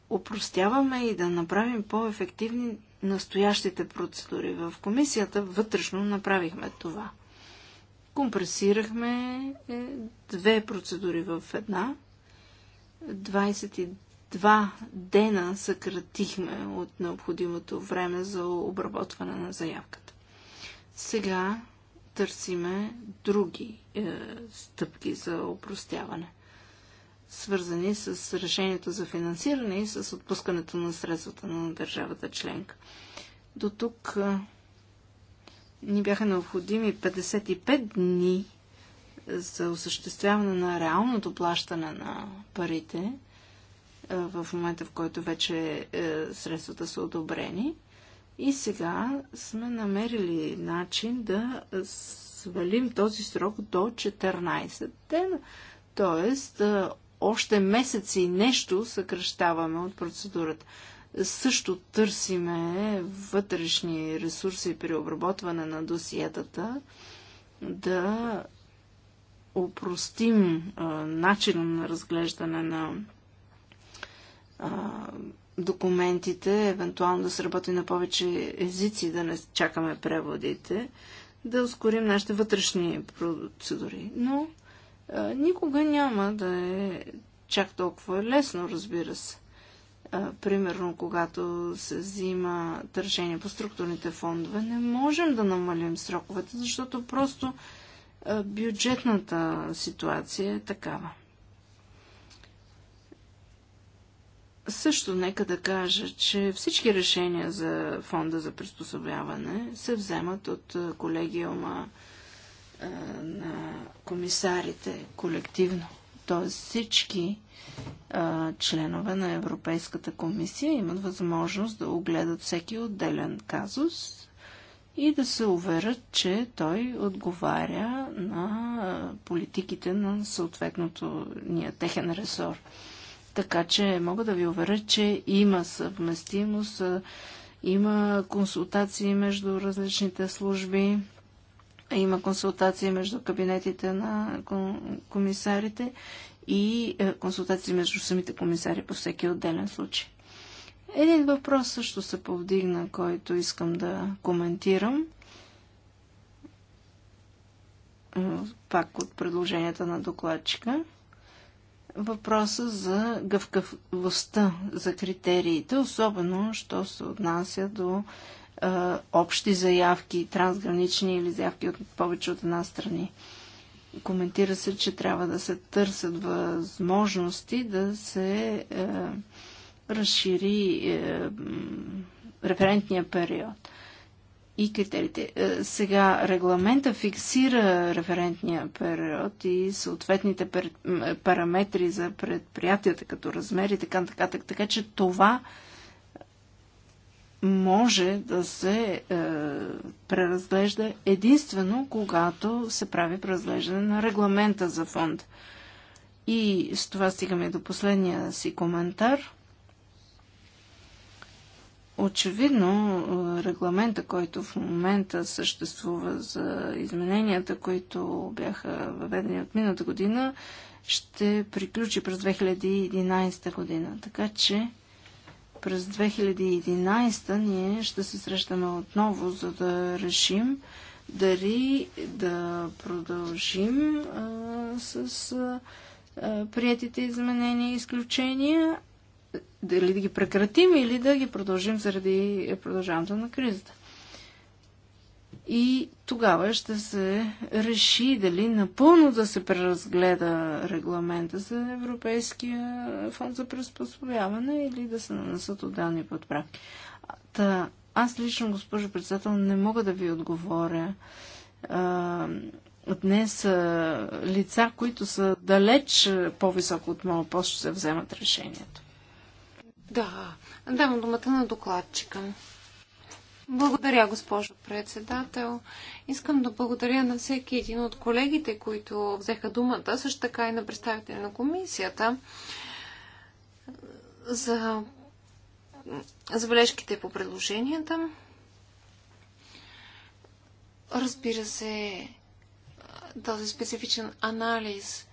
упростяваме и да направим по-ефективни настоящите процедури. В комисията вътрешно направихме това. Компресирахме е, две процедури в една. 22 дена съкратихме от необходимото време за обработване на заявката. Сега търсиме други е, стъпки за упростяване свързани с решението за финансиране и с отпускането на средствата на държавата членка. До тук ни бяха необходими 55 дни за осъществяване на реалното плащане на парите в момента, в който вече е, средствата са одобрени. И сега сме намерили начин да свалим този срок до 14 дена. Тоест, още месеци нещо съкръщаваме от процедурата. Също търсиме вътрешни ресурси при обработване на досиетата да упростим а, начина на разглеждане на а, документите, евентуално да се работи на повече езици, да не чакаме преводите, да ускорим нашите вътрешни процедури. Но никога няма да е чак толкова лесно, разбира се. Примерно, когато се взима тържение по структурните фондове, не можем да намалим сроковете, защото просто бюджетната ситуация е такава. Също нека да кажа, че всички решения за фонда за приспособяване се вземат от колегиума на комисарите колективно. Т.е. всички а, членове на Европейската комисия имат възможност да огледат всеки отделен казус и да се уверят, че той отговаря на политиките на съответното ния техен ресор. Така че мога да ви уверя, че има съвместимост, има консултации между различните служби има консултации между кабинетите на комисарите и е, консултации между самите комисари по всеки отделен случай. Един въпрос също се повдигна, който искам да коментирам. Е, пак от предложенията на докладчика. Въпроса за гъвкавостта, за критериите, особено, що се отнася до общи заявки, трансгранични или заявки от повече от една страни. Коментира се, че трябва да се търсят възможности да се е, разшири е, референтния период и критериите. Е, сега регламента фиксира референтния период и съответните пер... параметри за предприятията като размери и така, така, така, така, че това може да се е, преразглежда единствено, когато се прави преразглеждане на регламента за фонд. И с това стигаме до последния си коментар. Очевидно, е, регламента, който в момента съществува за измененията, които бяха въведени от миналата година, ще приключи през 2011 година. Така че през 2011 ние ще се срещаме отново, за да решим дали да продължим а, с а, приятите изменения и изключения, дали да ги прекратим или да ги продължим заради продължаването на кризата. И тогава ще се реши дали напълно да се преразгледа регламента за Европейския фонд за приспособяване или да се нанесат отделни подправки. Та, аз лично, госпожо председател, не мога да ви отговоря. днес лица, които са далеч по-високо от моя пост, ще се вземат решението. Да, давам думата на докладчика. Благодаря, госпожо председател. Искам да благодаря на всеки един от колегите, които взеха думата, също така и на представители на комисията за забележките по предложенията. Разбира се, този специфичен анализ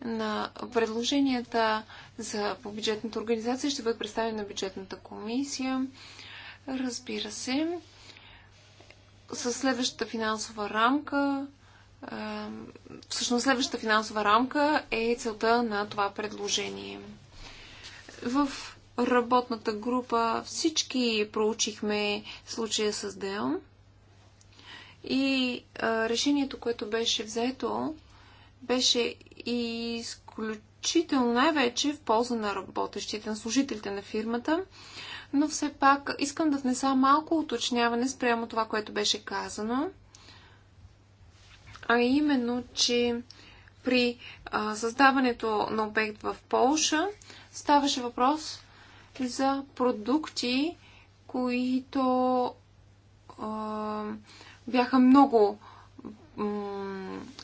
на предложенията за, по бюджетната организация ще бъде представен на бюджетната комисия. Разбира се, със следващата финансова рамка, всъщност следващата финансова рамка е целта на това предложение. В работната група всички проучихме случая с Дел и решението, което беше взето, беше изключително най-вече в полза на работещите, на служителите на фирмата но все пак искам да внеса малко уточняване спрямо това, което беше казано. А именно, че при а, създаването на обект в Полша ставаше въпрос за продукти, които а, бяха много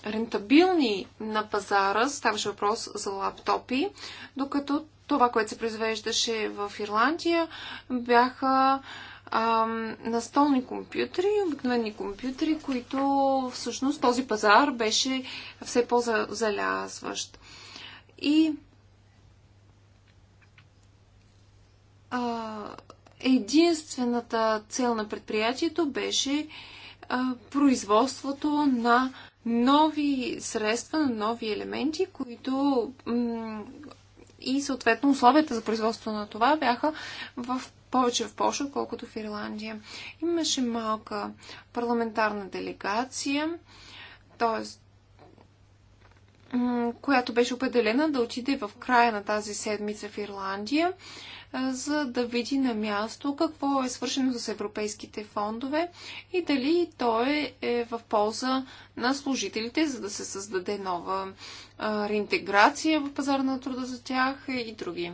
рентабилни на пазара, ставаше въпрос за лаптопи, докато това, което се произвеждаше в Ирландия, бяха настолни компютри, обикновени компютри, които всъщност този пазар беше все по-залязващ. И а, единствената цел на предприятието беше а, производството на нови средства, на нови елементи, които и съответно условията за производство на това бяха в повече в Польша, отколкото в Ирландия. Имаше малка парламентарна делегация, т.е. която беше определена да отиде в края на тази седмица в Ирландия за да види на място какво е свършено с европейските фондове и дали то е, в полза на служителите, за да се създаде нова реинтеграция в пазара на труда за тях и други.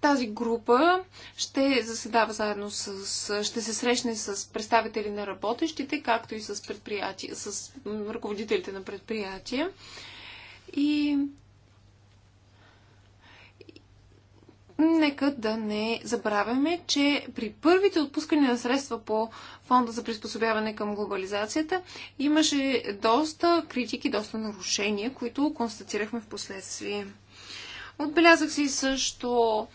Тази група ще заседава заедно с, ще се срещне с представители на работещите, както и с, предприятия, с ръководителите на предприятия. И нека да не забравяме, че при първите отпускани на средства по Фонда за приспособяване към глобализацията имаше доста критики, доста нарушения, които констатирахме в последствие. Отбелязах си също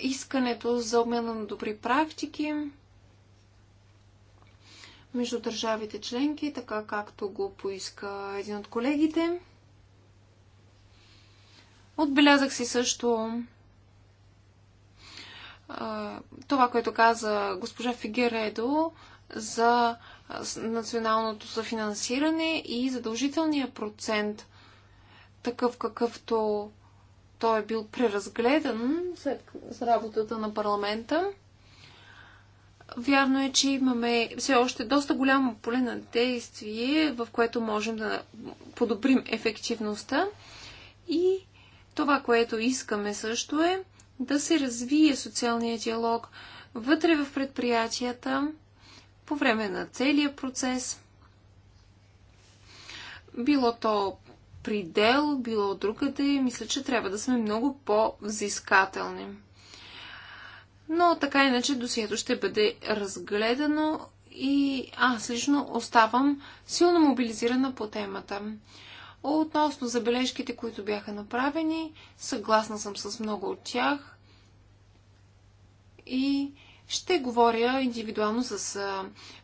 искането за обмяна на добри практики между държавите членки, така както го поиска един от колегите. Отбелязах си също това, което каза госпожа Фигередо за националното съфинансиране и задължителния процент, такъв какъвто той е бил преразгледан след работата на парламента. Вярно е, че имаме все още доста голямо поле на действие, в което можем да подобрим ефективността. И това, което искаме също е да се развие социалния диалог вътре в предприятията по време на целия процес. Било то придел, било другаде, мисля, че трябва да сме много по-взискателни. Но така иначе досието ще бъде разгледано и аз лично оставам силно мобилизирана по темата. Относно забележките, които бяха направени, съгласна съм с много от тях и ще говоря индивидуално с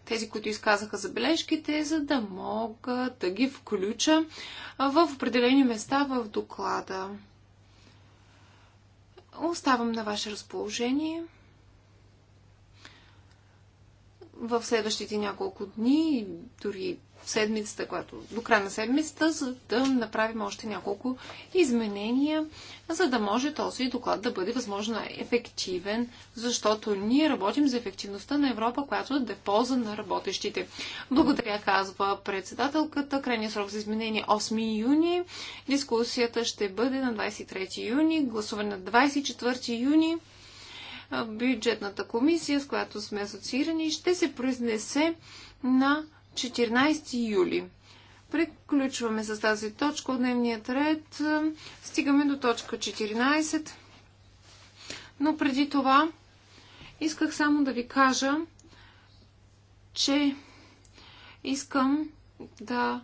тези, които изказаха забележките, за да мога да ги включа в определени места в доклада. Оставам на ваше разположение в следващите няколко дни, дори седмицата, която, до края на седмицата, за да направим още няколко изменения, за да може този доклад да бъде възможно ефективен, защото ние работим за ефективността на Европа, която да е полза на работещите. Благодаря, казва председателката. Крайният срок за изменение 8 е юни. Дискусията ще бъде на 23 юни, гласуване на 24 юни бюджетната комисия, с която сме асоциирани, ще се произнесе на 14 юли. Приключваме с тази точка от дневният ред. Стигаме до точка 14. Но преди това исках само да ви кажа, че искам да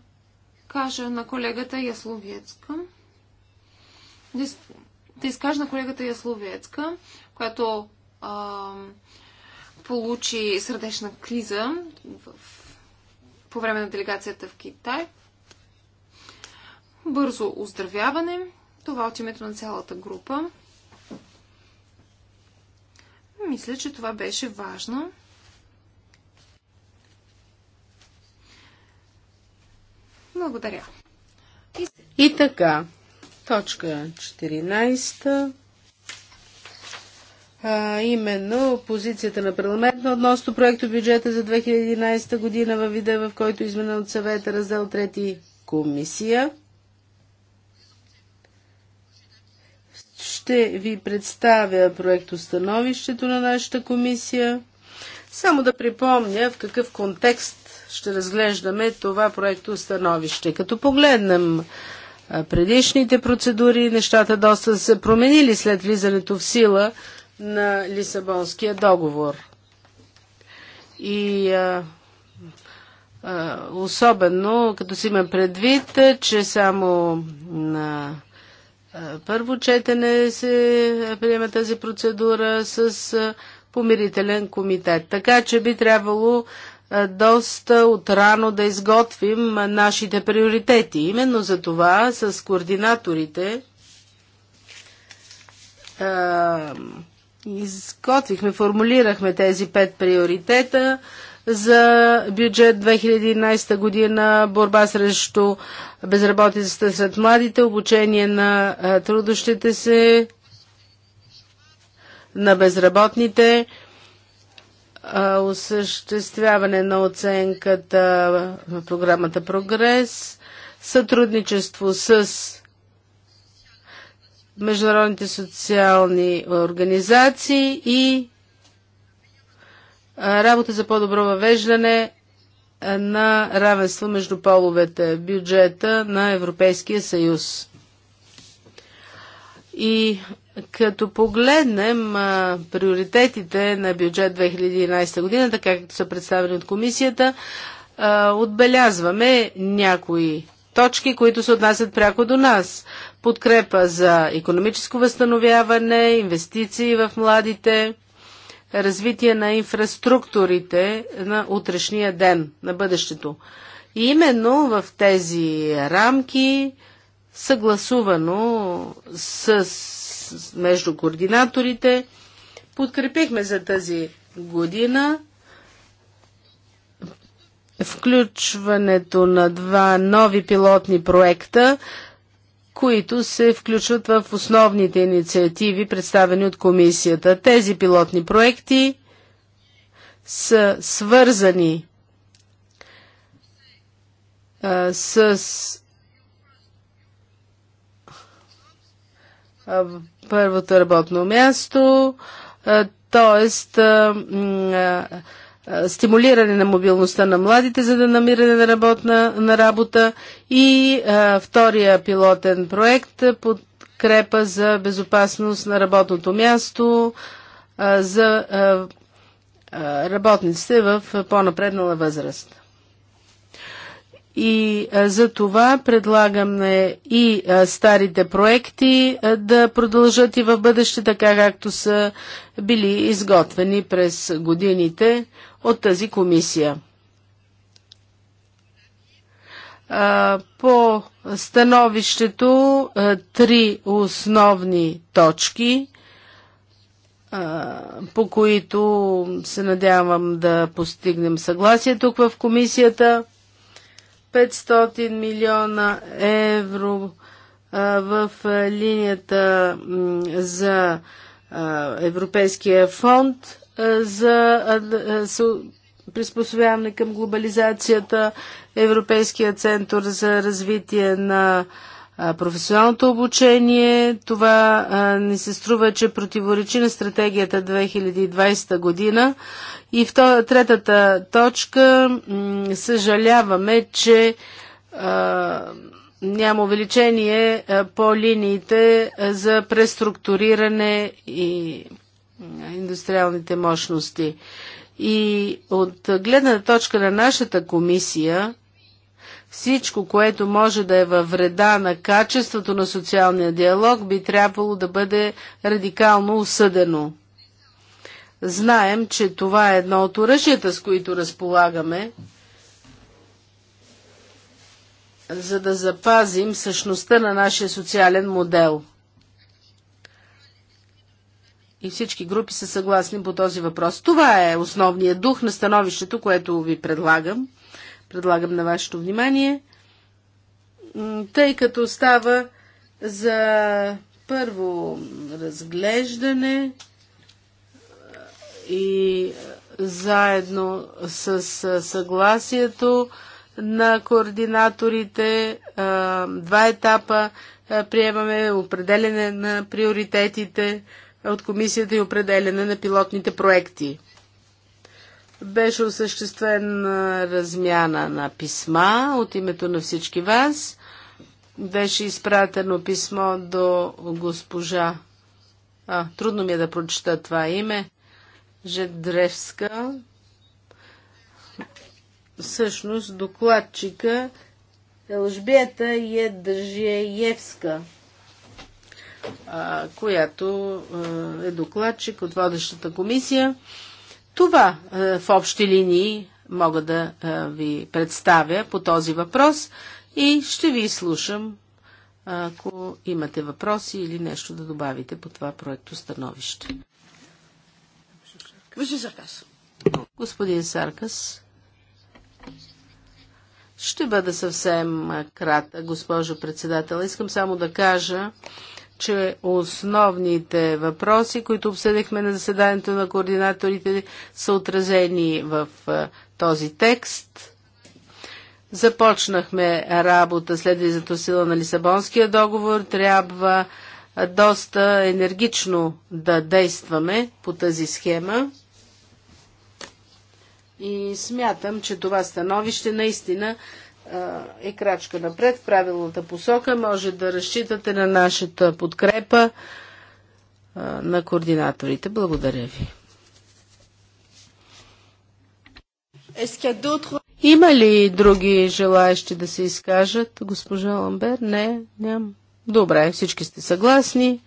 кажа на колегата Ясловецка, да, изкажа на колегата Ясловецка, която а, получи сърдечна криза в по време на делегацията в Китай. Бързо оздравяване. Това от името на цялата група. Мисля, че това беше важно. Благодаря. И, така, точка 14 а, именно позицията на парламента относно проекто бюджета за 2011 година във вида, в който е измена от съвета раздел 3 комисия. Ще ви представя проекто становището на нашата комисия. Само да припомня в какъв контекст ще разглеждаме това проекто становище. Като погледнем предишните процедури, нещата доста са променили след влизането в сила на Лисабонския договор. И а, а, особено, като си има предвид, че само на първо четене се приема тази процедура с а, помирителен комитет. Така че би трябвало доста отрано да изготвим нашите приоритети. Именно за това с координаторите изготвихме, формулирахме тези пет приоритета за бюджет 2011 година, борба срещу безработицата сред младите, обучение на трудощите се, на безработните, осъществяване на оценката в програмата Прогрес, сътрудничество с международните социални организации и работа за по-добро въвеждане на равенство между половете, бюджета на Европейския съюз. И като погледнем а, приоритетите на бюджет 2011 година, така както са представени от комисията, а, отбелязваме някои точки, които се отнасят пряко до нас. Подкрепа за економическо възстановяване, инвестиции в младите, развитие на инфраструктурите на утрешния ден, на бъдещето. И именно в тези рамки, съгласувано с, с, между координаторите, подкрепихме за тази година включването на два нови пилотни проекта, които се включват в основните инициативи, представени от комисията. Тези пилотни проекти са свързани а, с а, първото работно място, т.е стимулиране на мобилността на младите за да намиране на, работна, на работа и а, втория пилотен проект подкрепа за безопасност на работното място а, за а, работниците в по-напреднала възраст. И за това предлагаме и старите проекти да продължат и в бъдеще, така както са били изготвени през годините от тази комисия. По становището три основни точки, по които се надявам да постигнем съгласие тук в комисията. 500 милиона евро в линията за Европейския фонд за приспособяване към глобализацията, Европейския център за развитие на професионалното обучение. Това ни се струва, че противоречи на стратегията 2020 година. И в третата точка съжаляваме, че няма увеличение по линиите за преструктуриране и индустриалните мощности. И от гледна точка на нашата комисия, всичко, което може да е във вреда на качеството на социалния диалог, би трябвало да бъде радикално осъдено. Знаем, че това е едно от оръжията, с които разполагаме, за да запазим същността на нашия социален модел – и всички групи са съгласни по този въпрос. Това е основният дух на становището, което ви предлагам. Предлагам на вашето внимание. Тъй като става за първо разглеждане и заедно с съгласието на координаторите два етапа приемаме определене на приоритетите, от комисията и определяне на пилотните проекти. Беше осъществена размяна на писма от името на всички вас. Беше изпратено писмо до госпожа. А, трудно ми е да прочета това име. Жедревска. Всъщност докладчика Елжбета Еджеевска която е докладчик от водещата комисия. Това в общи линии мога да ви представя по този въпрос и ще ви слушам, ако имате въпроси или нещо да добавите по това проекто становище. Господин Саркас. Ще бъда съвсем кратък, госпожо председател. Искам само да кажа, че основните въпроси, които обсъдихме на заседанието на координаторите, са отразени в този текст. Започнахме работа след влизането сила на Лисабонския договор. Трябва доста енергично да действаме по тази схема. И смятам, че това становище наистина е, е крачка напред в правилната посока. Може да разчитате на нашата подкрепа е, на координаторите. Благодаря ви. Има ли други желаящи да се изкажат, госпожа Ламбер? Не, нямам. Добре, всички сте съгласни.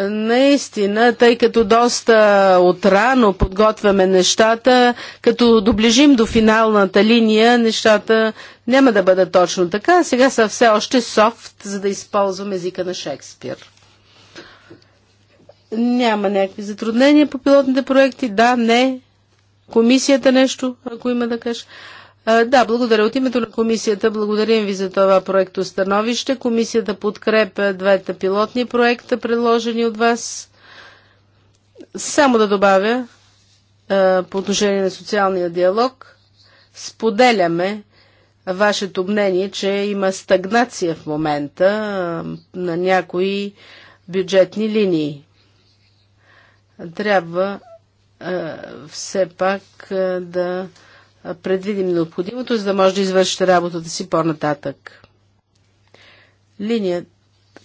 Наистина, тъй като доста отрано подготвяме нещата, като доближим до финалната линия, нещата няма да бъдат точно така. Сега са все още софт, за да използвам езика на Шекспир. Няма някакви затруднения по пилотните проекти. Да, не. Комисията нещо, ако има да каже. Да, благодаря. От името на комисията благодарим ви за това проекто становище. Комисията подкрепя двете пилотни проекта, предложени от вас. Само да добавя по отношение на социалния диалог. Споделяме вашето мнение, че има стагнация в момента на някои бюджетни линии. Трябва все пак да предвидим необходимото, за да може да извършите работата си по-нататък. Линия,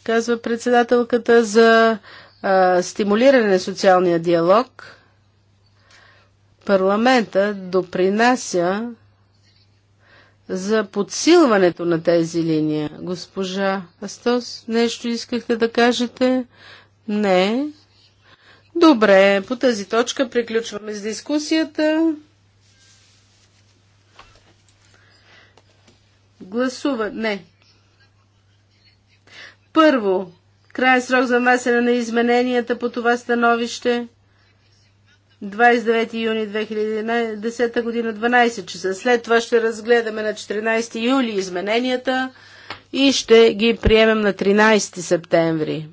казва председателката, за а, стимулиране на социалния диалог. Парламента допринася за подсилването на тези линия. Госпожа Астос, нещо искахте да кажете? Не. Добре, по тази точка приключваме с дискусията. Гласува. Не. Първо, крайен срок за внасяне на измененията по това становище 29 юни 2010 година 12 часа. След това ще разгледаме на 14 юли измененията и ще ги приемем на 13 септември.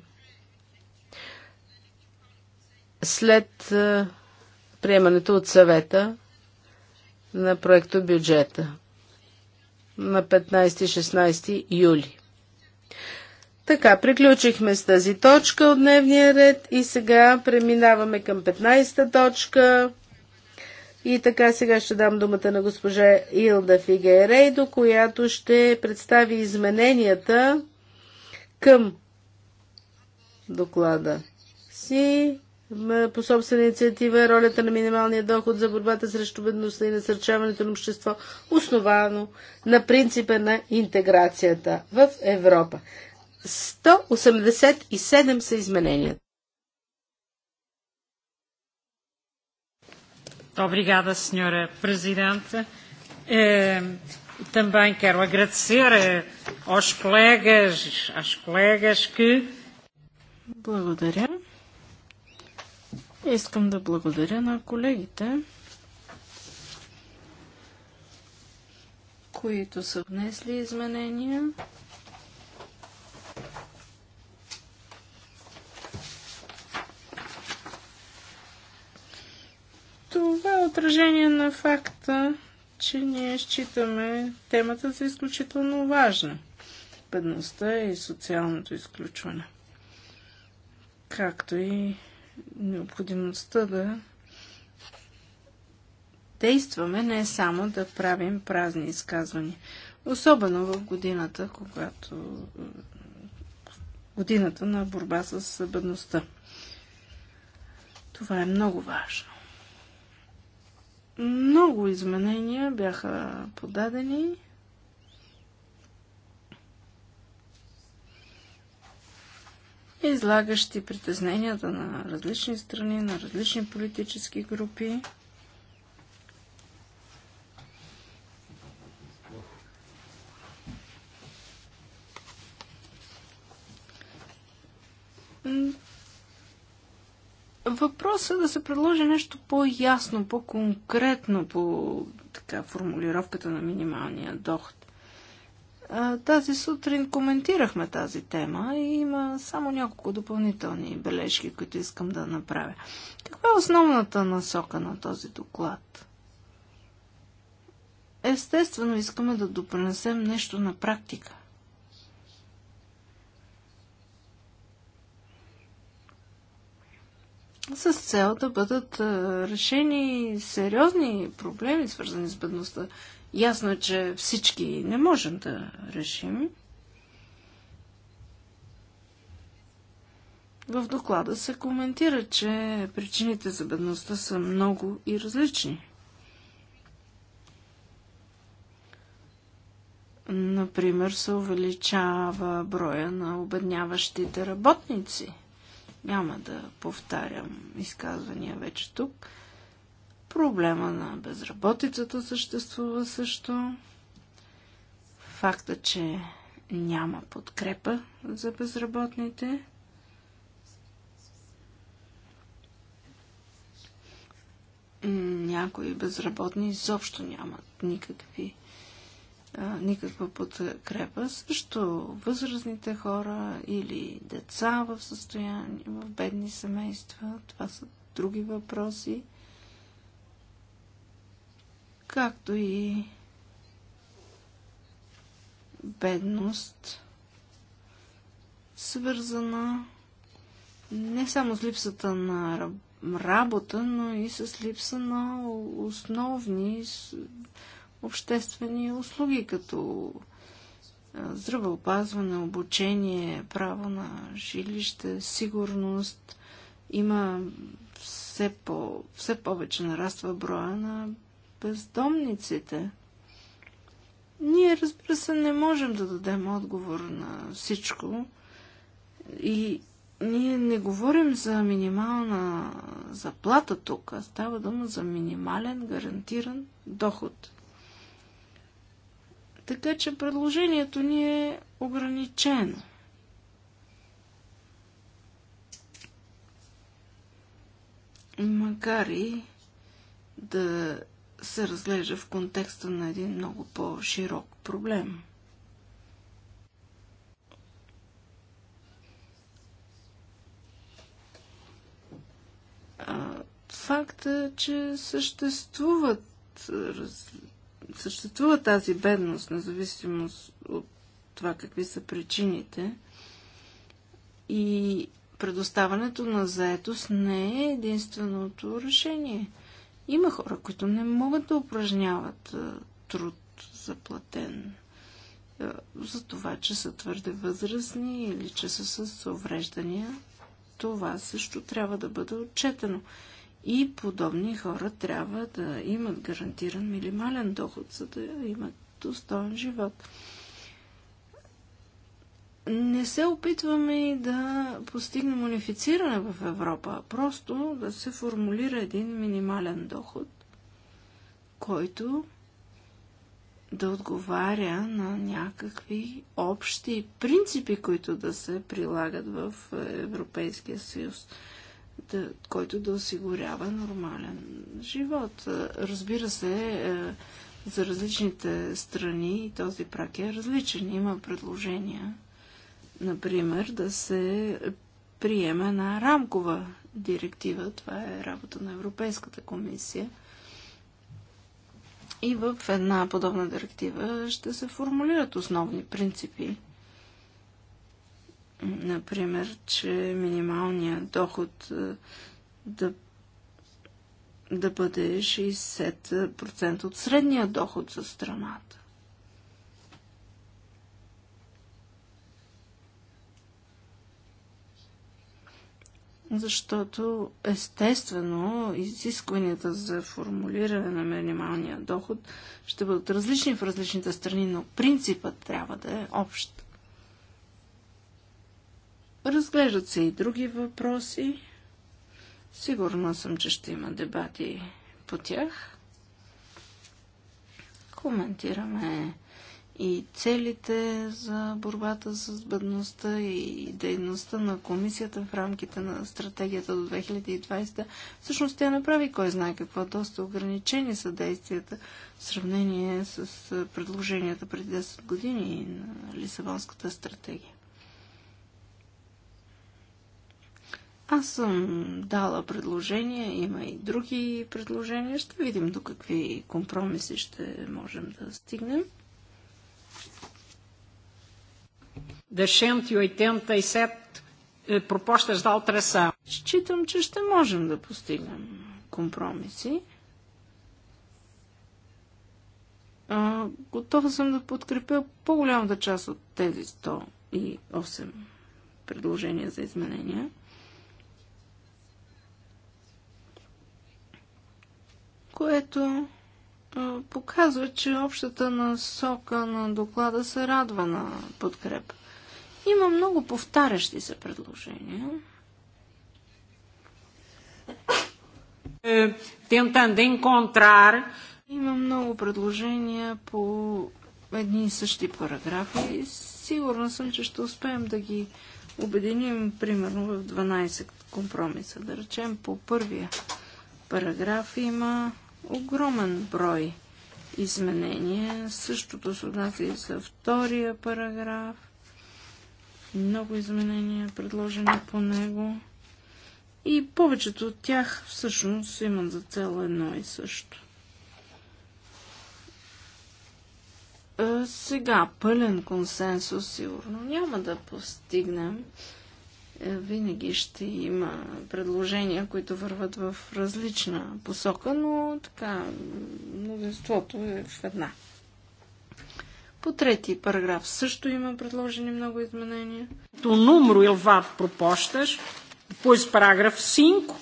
След е, приемането от съвета на проекто бюджета на 15-16 юли. Така, приключихме с тази точка от дневния ред и сега преминаваме към 15-та точка. И така сега ще дам думата на госпожа Илда Фигерейдо, която ще представи измененията към доклада си по собствена инициатива, е ролята на минималния доход за борбата срещу бедността и насърчаването на общество, основано на принципа на интеграцията в Европа. 187 са измененията. Obrigada, Sra. Presidente. Também quero agradecer aos colegas, às colegas que. Благодаря. Искам да благодаря на колегите, които са внесли изменения. Това е отражение на факта, че ние считаме темата за изключително важна. Бедността и социалното изключване. Както и необходимостта да действаме, не само да правим празни изказвания. Особено в годината, когато годината на борба с бедността. Това е много важно. Много изменения бяха подадени. излагащи притесненията на различни страни, на различни политически групи. Въпросът е да се предложи нещо по-ясно, по-конкретно по така формулировката на минималния доход. Тази сутрин коментирахме тази тема и има само няколко допълнителни бележки, които искам да направя. Каква е основната насока на този доклад? Естествено, искаме да допренесем нещо на практика. с цел да бъдат решени сериозни проблеми, свързани с бедността. Ясно е, че всички не можем да решим. В доклада се коментира, че причините за бедността са много и различни. Например, се увеличава броя на обедняващите работници. Няма да повтарям изказвания вече тук – Проблема на безработицата съществува също. Факта, че няма подкрепа за безработните. Някои безработни изобщо нямат никакви, а, никаква подкрепа. Също възрастните хора или деца в състояние, в бедни семейства, това са други въпроси както и бедност, свързана не само с липсата на работа, но и с липса на основни обществени услуги, като здравеопазване, обучение, право на жилище, сигурност. Има все, по, все повече нараства броя на бездомниците. Ние, разбира се, не можем да дадем отговор на всичко. И ние не говорим за минимална заплата тук, а става дума за минимален гарантиран доход. Така че предложението ни е ограничено. Макар и да се разглежда в контекста на един много по-широк проблем. Факта, е, че съществуват, раз, съществува тази бедност, независимост от това какви са причините, и предоставането на заетост не е единственото решение – има хора, които не могат да упражняват труд заплатен за това, че са твърде възрастни или че са с увреждания. Това също трябва да бъде отчетено. И подобни хора трябва да имат гарантиран минимален доход, за да имат достоен живот не се опитваме и да постигнем унифициране в Европа, просто да се формулира един минимален доход, който да отговаря на някакви общи принципи, които да се прилагат в Европейския съюз, да, който да осигурява нормален живот. Разбира се, е, за различните страни този прак е различен. Има предложения Например, да се приеме на рамкова директива. Това е работа на Европейската комисия. И в една подобна директива ще се формулират основни принципи. Например, че минималният доход е, да, да бъде 60% от средния доход за страната. защото естествено изискванията за формулиране на минималния доход ще бъдат различни в различните страни, но принципът трябва да е общ. Разглеждат се и други въпроси. Сигурна съм, че ще има дебати по тях. Коментираме и целите за борбата с бедността и дейността на комисията в рамките на стратегията до 2020, всъщност тя направи кой знае какво. Доста ограничени са действията в сравнение с предложенията преди 10 години на Лисабонската стратегия. Аз съм дала предложения, има и други предложения. Ще видим до какви компромиси ще можем да стигнем. das 187 eh, propostas de alteração. Считам, че ще можем да постигнем компромиси. А, готова съм да подкрепя по-голямата част от тези 108 предложения за изменения. Което а, показва, че общата насока на доклада се радва на подкрепа. Има много повтарящи се предложения. Tentando е, контрар. Има много предложения по едни и същи параграфи. Сигурна съм, че ще успеем да ги обединим примерно в 12 компромиса. Да речем по първия параграф има огромен брой изменения. Същото се отнася и за втория параграф много изменения предложени по него. И повечето от тях всъщност имат за цел едно и също. Сега пълен консенсус сигурно няма да постигнем. Е, винаги ще има предложения, които върват в различна посока, но така, мнозинството е в една. По трети параграф също има предложени много изменения. Do номер Елват de propostas, параграф 5,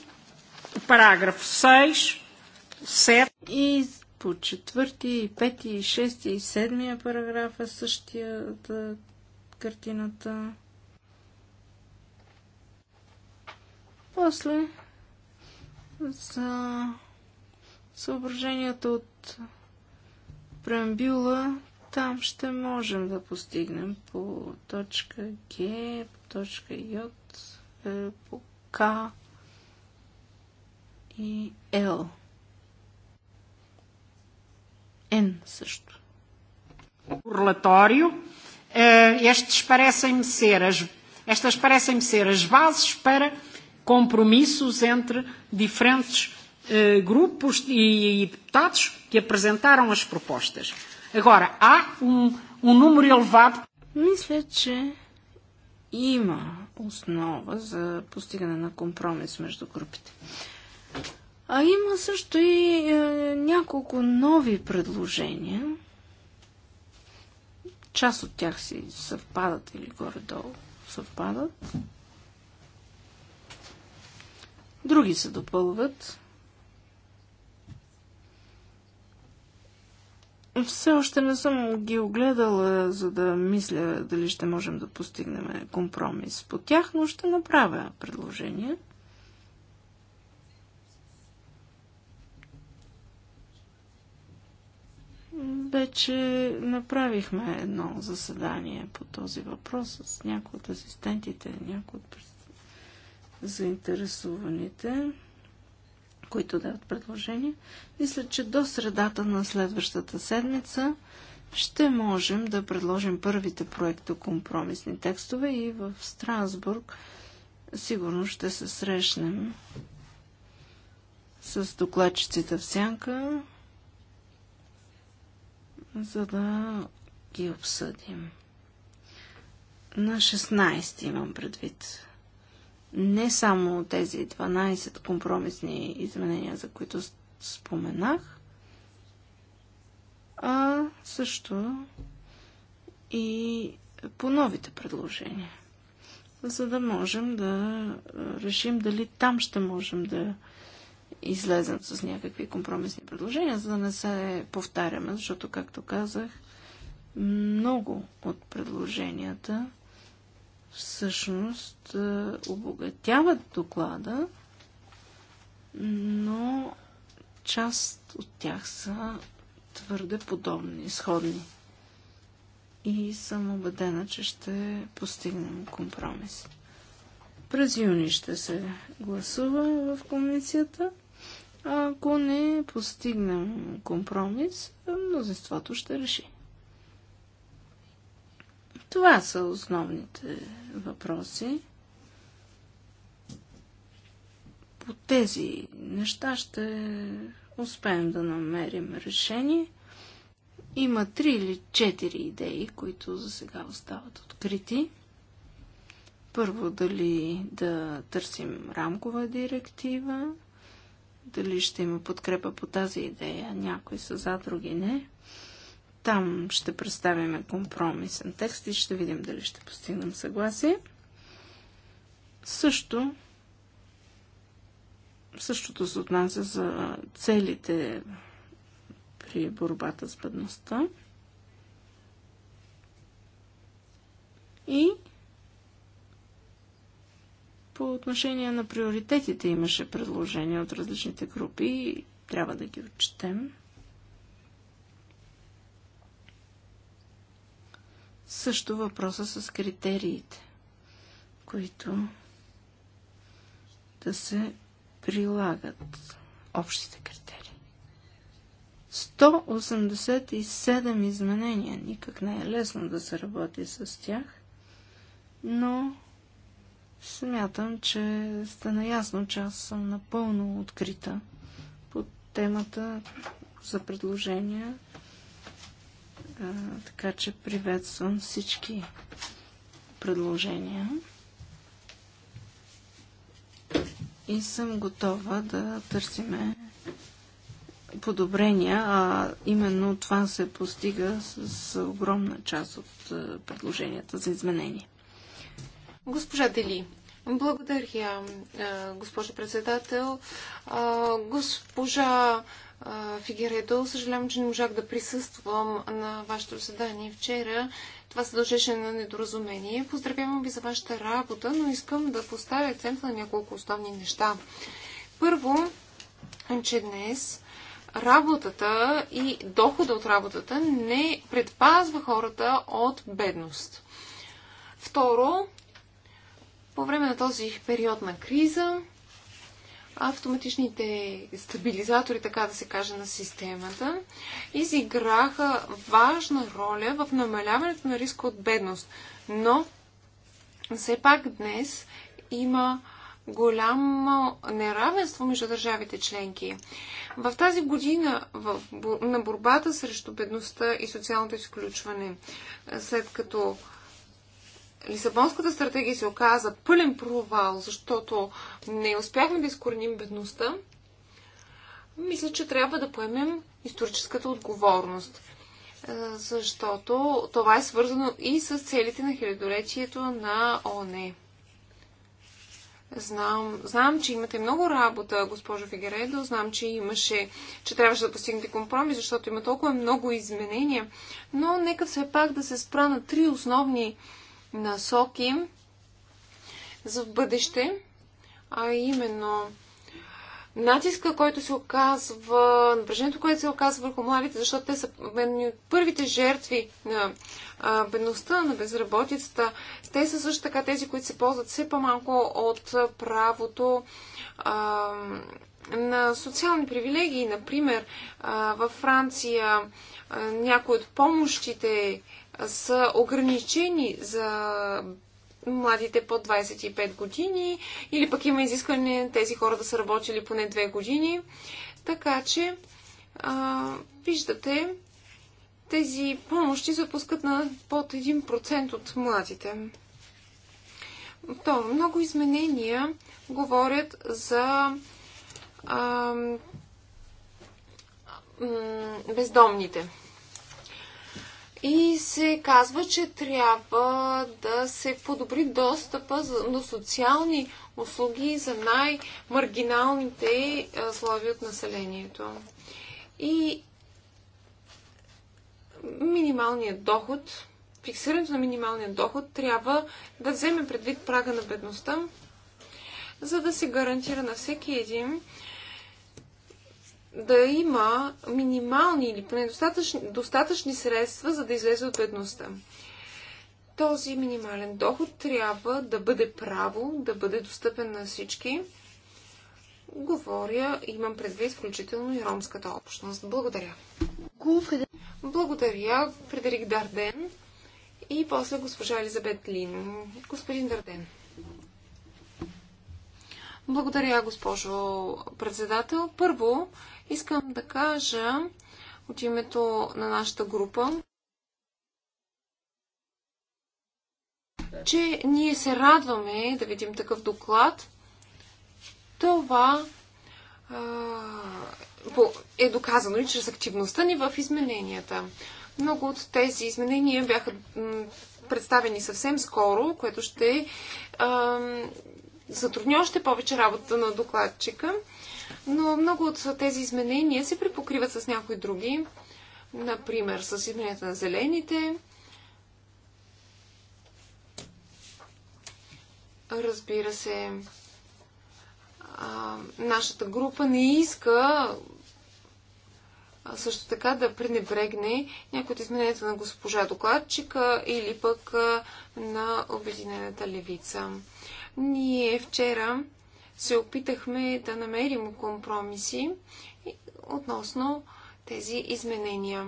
параграф 6, 7. И по четвърти, и пети, и шести, и седмия параграф е същията картината. После за съображенията от преамбюла там ще можем да постигнем по точка Г, по точка J, по К и Л. Н също. O relatório, estes parecem-me ser as, estas parecem-me ser as bases para compromissos entre diferentes grupos e deputados que apresentaram as propostas. Agora, há um, um número elevado. Мисля, че има основа за постигане на компромис между групите. А има също и е, няколко нови предложения. Част от тях си съвпадат или горе-долу съвпадат. Други се допълват. Все още не съм ги огледала, за да мисля дали ще можем да постигнем компромис по тях, но ще направя предложение. Вече направихме едно заседание по този въпрос с някои от асистентите, някои от заинтересуваните които дават предложения. Мисля, че до средата на следващата седмица ще можем да предложим първите проекта компромисни текстове и в Страсбург сигурно ще се срещнем с докладчиците в сянка, за да ги обсъдим. На 16 имам предвид не само тези 12 компромисни изменения, за които споменах, а също и по новите предложения, за да можем да решим дали там ще можем да излезем с някакви компромисни предложения, за да не се повтаряме, защото, както казах, много от предложенията всъщност е, обогатяват доклада, но част от тях са твърде подобни, сходни. И съм убедена, че ще постигнем компромис. През юни ще се гласува в комисията. А ако не постигнем компромис, мнозинството ще реши. Това са основните въпроси. По тези неща ще успеем да намерим решение. Има три или четири идеи, които за сега остават открити. Първо, дали да търсим рамкова директива, дали ще има подкрепа по тази идея. Някои са за, други не. Там ще представим компромисен текст и ще видим дали ще постигнем съгласие. Също Същото се отнася за целите при борбата с бедността. И по отношение на приоритетите имаше предложения от различните групи и трябва да ги отчетем. Също въпроса с критериите, които да се прилагат общите критерии. 187 изменения. Никак не е лесно да се работи с тях, но смятам, че сте наясно, че аз съм напълно открита по темата за предложения така че приветствам всички предложения. И съм готова да търсиме подобрения, а именно това се постига с огромна част от предложенията за изменение. Госпожа Дели, благодаря, госпожа председател. Госпожа Фигередо. Съжалявам, че не можах да присъствам на вашето заседание вчера. Това се дължеше на недоразумение. Поздравявам ви за вашата работа, но искам да поставя акцент на няколко основни неща. Първо, че днес работата и дохода от работата не предпазва хората от бедност. Второ, по време на този период на криза автоматичните стабилизатори, така да се каже, на системата, изиграха важна роля в намаляването на риска от бедност. Но все пак днес има голямо неравенство между държавите членки. В тази година в, на борбата срещу бедността и социалното изключване, след като Лисабонската стратегия се оказа пълен провал, защото не успяхме да изкореним бедността, мисля, че трябва да поемем историческата отговорност. Е, защото това е свързано и с целите на хилядолетието на ОНЕ. Знам, знам, че имате много работа, госпожо Фигередо. Знам, че имаше, че трябваше да постигнете компромис, защото има толкова много изменения. Но нека все пак да се спра на три основни насоки за бъдеще, а именно натиска, който се оказва, напрежението, което се оказва върху младите, защото те са първите жертви на бедността, на безработицата. Те са също така тези, които се ползват все по-малко от правото а, на социални привилегии. Например, а, във Франция а, някои от помощите са ограничени за младите под 25 години или пък има изискване тези хора да са работили поне две години. Така че, а, виждате, тези помощи се пускат на под 1% от младите. То, много изменения говорят за а, бездомните. И се казва, че трябва да се подобри достъпа до социални услуги за най-маргиналните слови от населението. И минималният доход, фиксирането на минималния доход трябва да вземе предвид прага на бедността, за да се гарантира на всеки един да има минимални или поне достатъчни, достатъчни средства, за да излезе от бедността. Този минимален доход трябва да бъде право, да бъде достъпен на всички. Говоря, имам предвид включително и ромската общност. Благодаря. Благодаря, Фредерик Дарден и после госпожа Елизабет Лин. Господин Дарден. Благодаря, госпожо председател. Първо, Искам да кажа от името на нашата група, че ние се радваме да видим такъв доклад. Това е доказано и чрез активността ни в измененията. Много от тези изменения бяха представени съвсем скоро, което ще затрудни още повече работата на докладчика. Но много от тези изменения се припокриват с някои други, например с измененията на зелените. Разбира се, а, нашата група не иска също така да пренебрегне някои от измененията на госпожа докладчика или пък на Обединената левица. Ние вчера се опитахме да намерим компромиси относно тези изменения.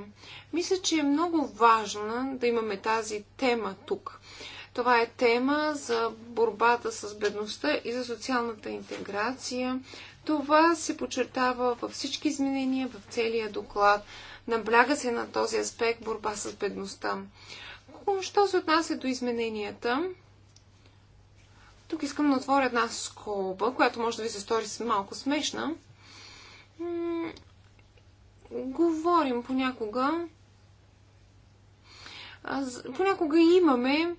Мисля, че е много важно да имаме тази тема тук. Това е тема за борбата с бедността и за социалната интеграция. Това се подчертава във всички изменения, в целия доклад. Набляга се на този аспект борба с бедността. Що се отнася до измененията, тук искам да отворя една скоба, която може да ви се стори малко смешна. говорим понякога. Понякога имаме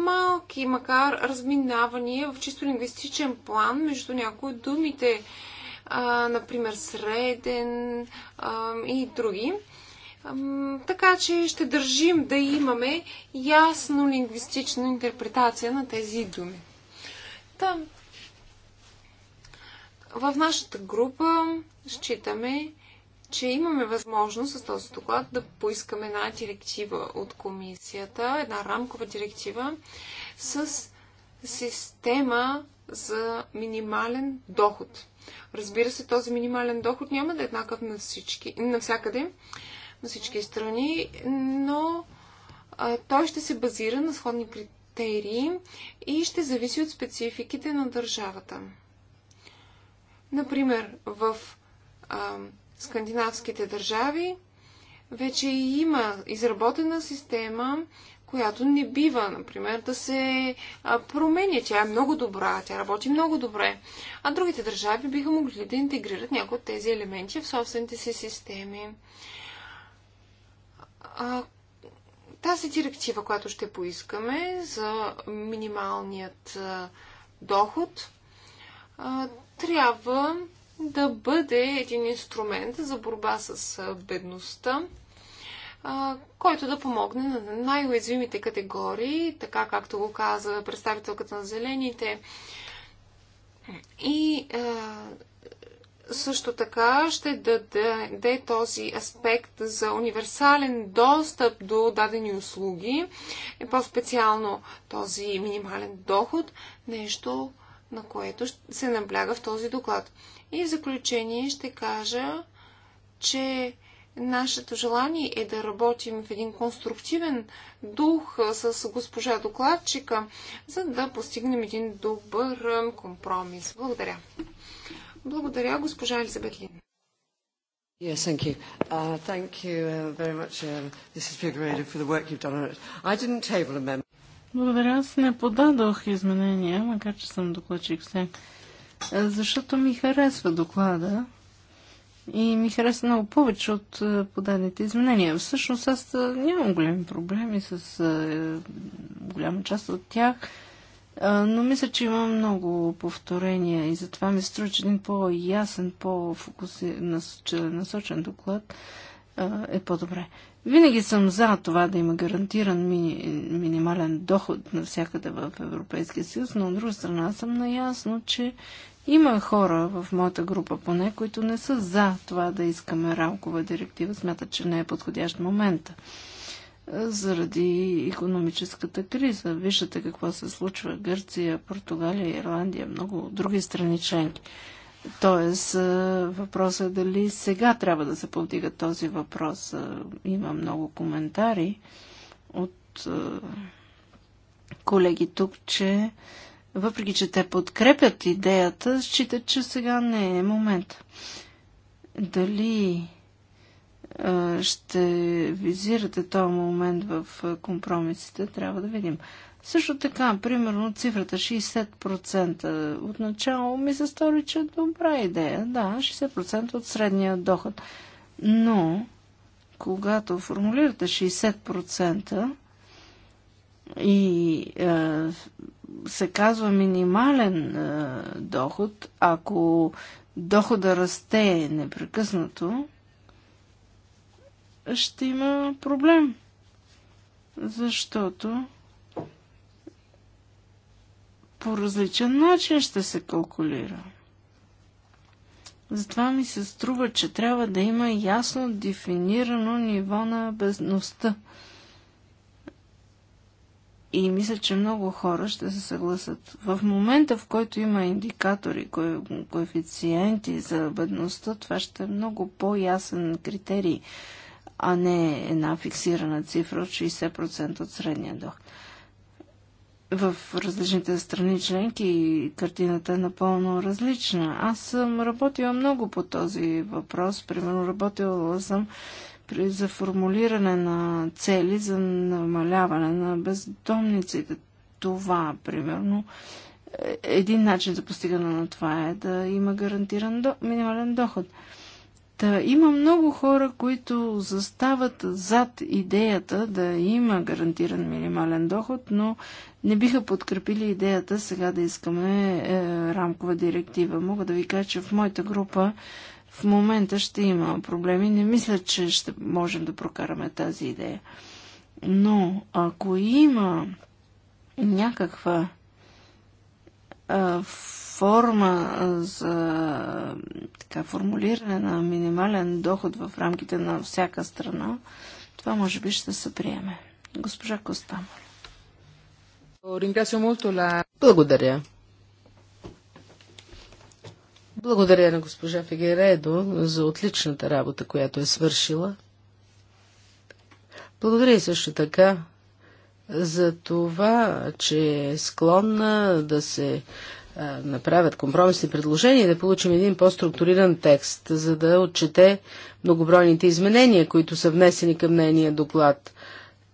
малки, макар разминавания в чисто лингвистичен план между някои от думите, например среден и други. Така че ще държим да имаме ясно лингвистична интерпретация на тези думи. Та, в нашата група считаме, че имаме възможност с този доклад да поискаме една директива от комисията, една рамкова директива с система за минимален доход. Разбира се, този минимален доход няма да е еднакъв на всички, навсякъде, на всички страни, но а, той ще се базира на сходни критерии и ще зависи от спецификите на държавата. Например, в а, скандинавските държави вече има изработена система, която не бива, например, да се променя. Тя е много добра, тя работи много добре. А другите държави биха могли да интегрират някои от тези елементи в собствените си системи. А, тази директива, която ще поискаме за минималният доход, трябва да бъде един инструмент за борба с бедността, който да помогне на най-уязвимите категории, така както го каза представителката на зелените. И също така ще даде този аспект за универсален достъп до дадени услуги, е по-специално този минимален доход, нещо, на което се набляга в този доклад. И в заключение ще кажа, че нашето желание е да работим в един конструктивен дух с госпожа докладчика, за да постигнем един добър компромис. Благодаря. Благодаря, госпожа Елизабет Лин. Yes, thank you. Uh, thank you uh, very much, uh, Mrs. Figueredo, for the work you've done on it. I didn't table a memo. Благодаря. Аз не подадох изменения, макар че съм докладчик се. Е, защото ми харесва доклада и ми харесва много повече от е, подадените изменения. Всъщност аз е, нямам големи проблеми с голяма част от тях но мисля, че има много повторения и затова ми струва, че един по-ясен, по-насочен доклад е по-добре. Винаги съм за това да има гарантиран ми, минимален доход навсякъде в Европейския съюз, но от друга страна съм наясно, че има хора в моята група поне, които не са за това да искаме рамкова директива, смятат, че не е подходящ момента заради економическата криза. Виждате какво се случва Гърция, Португалия, Ирландия, много други страни членки. Тоест, въпросът е дали сега трябва да се повдига този въпрос. Има много коментари от колеги тук, че въпреки, че те подкрепят идеята, считат, че сега не е момент. Дали ще визирате този момент в компромисите, трябва да видим. Също така, примерно цифрата 60% отначало ми се стори, че е добра идея. Да, 60% от средния доход. Но, когато формулирате 60% и е, се казва минимален е, доход, ако дохода расте непрекъснато, ще има проблем. Защото по различен начин ще се калкулира. Затова ми се струва, че трябва да има ясно дефинирано ниво на бездността. И мисля, че много хора ще се съгласат. В момента, в който има индикатори, коефициенти за бедността, това ще е много по-ясен критерий а не една фиксирана цифра от 60% от средния доход. В различните страни членки картината е напълно различна. Аз съм работила много по този въпрос. Примерно работила съм при, за формулиране на цели за намаляване на бездомниците. Това, примерно, е, един начин за постигане на това е да има гарантиран до, минимален доход. Та, има много хора, които застават зад идеята да има гарантиран минимален доход, но не биха подкрепили идеята сега да искаме е, рамкова директива. Мога да ви кажа, че в моята група в момента ще има проблеми. Не мисля, че ще можем да прокараме тази идея. Но ако има някаква форма за така, формулиране на минимален доход в рамките на всяка страна, това може би ще се приеме. Госпожа Костамар. Благодаря. Благодаря на госпожа Фигередо за отличната работа, която е свършила. Благодаря и също така за това, че е склонна да се направят компромисни предложения и да получим един по-структуриран текст, за да отчете многобройните изменения, които са внесени към нейния доклад.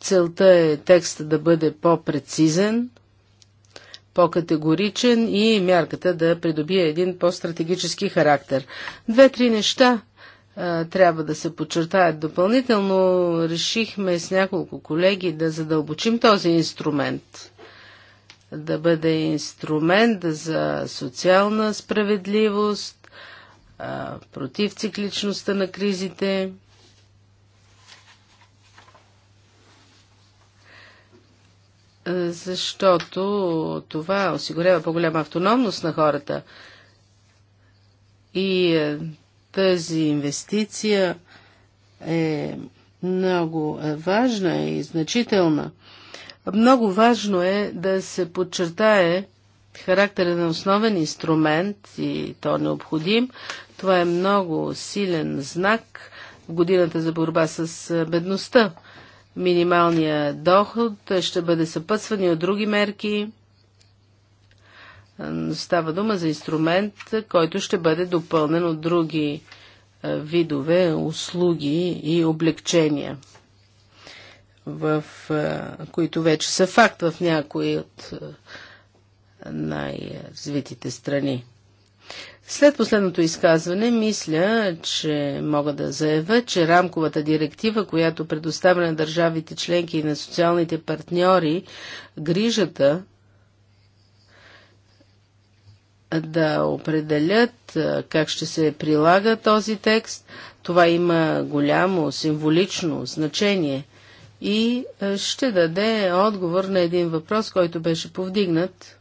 Целта е текста да бъде по-прецизен, по-категоричен и мярката да придобие един по-стратегически характер. Две-три неща трябва да се подчертаят допълнително. Решихме с няколко колеги да задълбочим този инструмент. Да бъде инструмент за социална справедливост, против цикличността на кризите. Защото това осигурява по-голяма автономност на хората. И тази инвестиция е много важна и значителна. Много важно е да се подчертае характера на основен инструмент и то необходим. Това е много силен знак в годината за борба с бедността. Минималният доход ще бъде съпътстван и от други мерки, Става дума за инструмент, който ще бъде допълнен от други видове услуги и облегчения, в, които вече са факт в някои от най-развитите страни. След последното изказване, мисля, че мога да заявя, че рамковата директива, която предоставя на държавите членки и на социалните партньори грижата да определят как ще се прилага този текст. Това има голямо символично значение и ще даде отговор на един въпрос, който беше повдигнат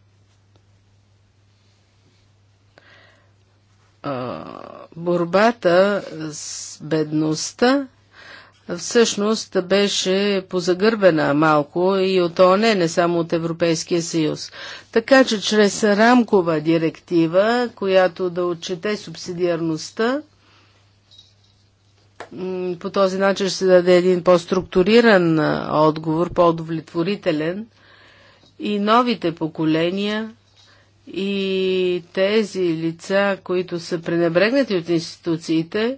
борбата с бедността всъщност беше позагърбена малко и от ОНЕ, не само от Европейския съюз. Така че чрез рамкова директива, която да отчете субсидиарността, по този начин ще се даде един по-структуриран отговор, по-удовлетворителен и новите поколения и тези лица, които са пренебрегнати от институциите,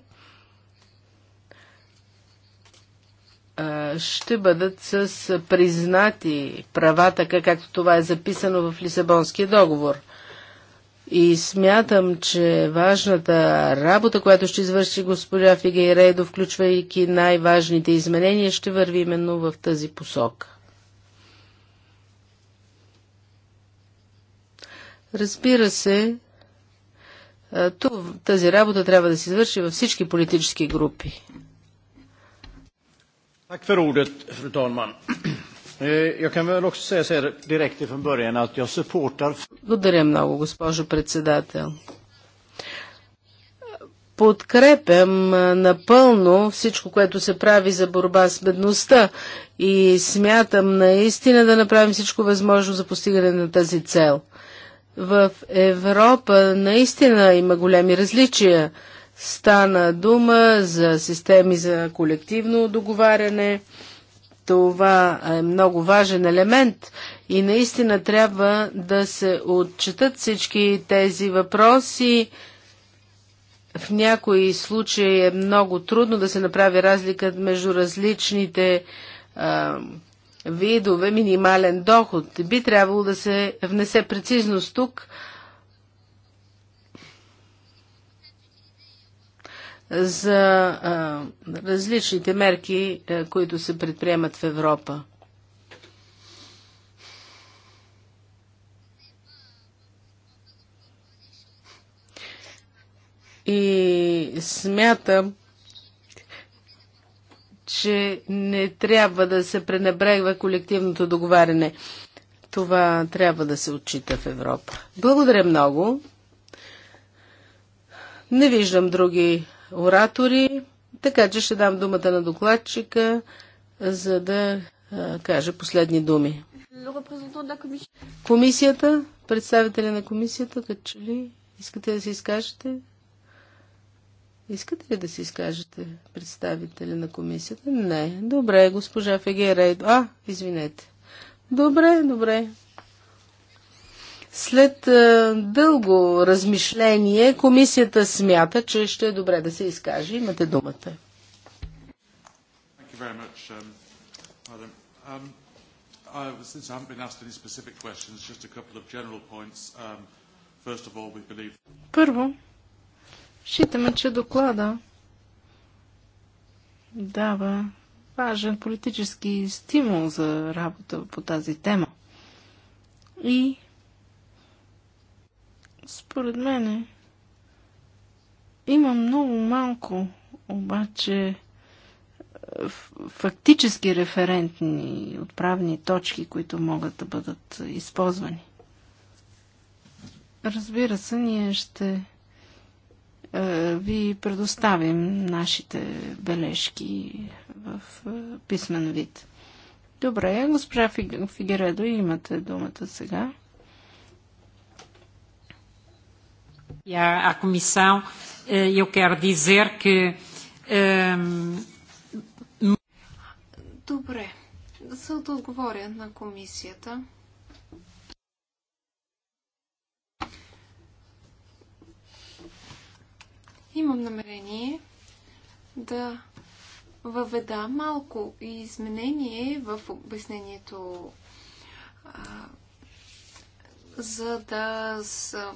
ще бъдат с признати права, така както това е записано в Лисабонския договор. И смятам, че важната работа, която ще извърши госпожа Фигейрейдо, включвайки най-важните изменения, ще върви именно в тази посока. Разбира се, тази работа трябва да се извърши във всички политически групи fru talman. Eh, jag kan väl också säga så här direkt från början att jag supportar... Благодаря много, госпожо председател. Подкрепям напълно всичко, което се прави за борба с бедността и смятам наистина да направим всичко възможно за постигане на тази цел. В Европа наистина има големи различия Стана дума за системи за колективно договаряне. Това е много важен елемент и наистина трябва да се отчитат всички тези въпроси. В някои случаи е много трудно да се направи разлика между различните а, видове минимален доход. Би трябвало да се внесе прецизност тук, за а, различните мерки, а, които се предприемат в Европа. И смятам, че не трябва да се пренебрегва колективното договаряне. Това трябва да се отчита в Европа. Благодаря много. Не виждам други оратори, така че ще дам думата на докладчика, за да а, каже последни думи. Комисията, представителя на комисията, като ли искате да се изкажете? Искате ли да се изкажете представители на комисията? Не. Добре, госпожа Фегерейдо. А, извинете. Добре, добре. След а, е, дълго размишление, комисията смята, че ще е добре да се изкаже. Имате думата. Um, um, um, Първо, считаме, че доклада дава важен политически стимул за работа по тази тема. И според мен има много малко, обаче е, фактически референтни отправни точки, които могат да бъдат използвани. Разбира се, ние ще е, ви предоставим нашите бележки в е, писмен вид. Добре, госпожа Фигередо, имате думата сега. e à, à Comissão, eh, eu quero dizer que. Ehm, Добре. За да отговоря на комисията. Имам намерение да въведа малко изменение в обяснението за да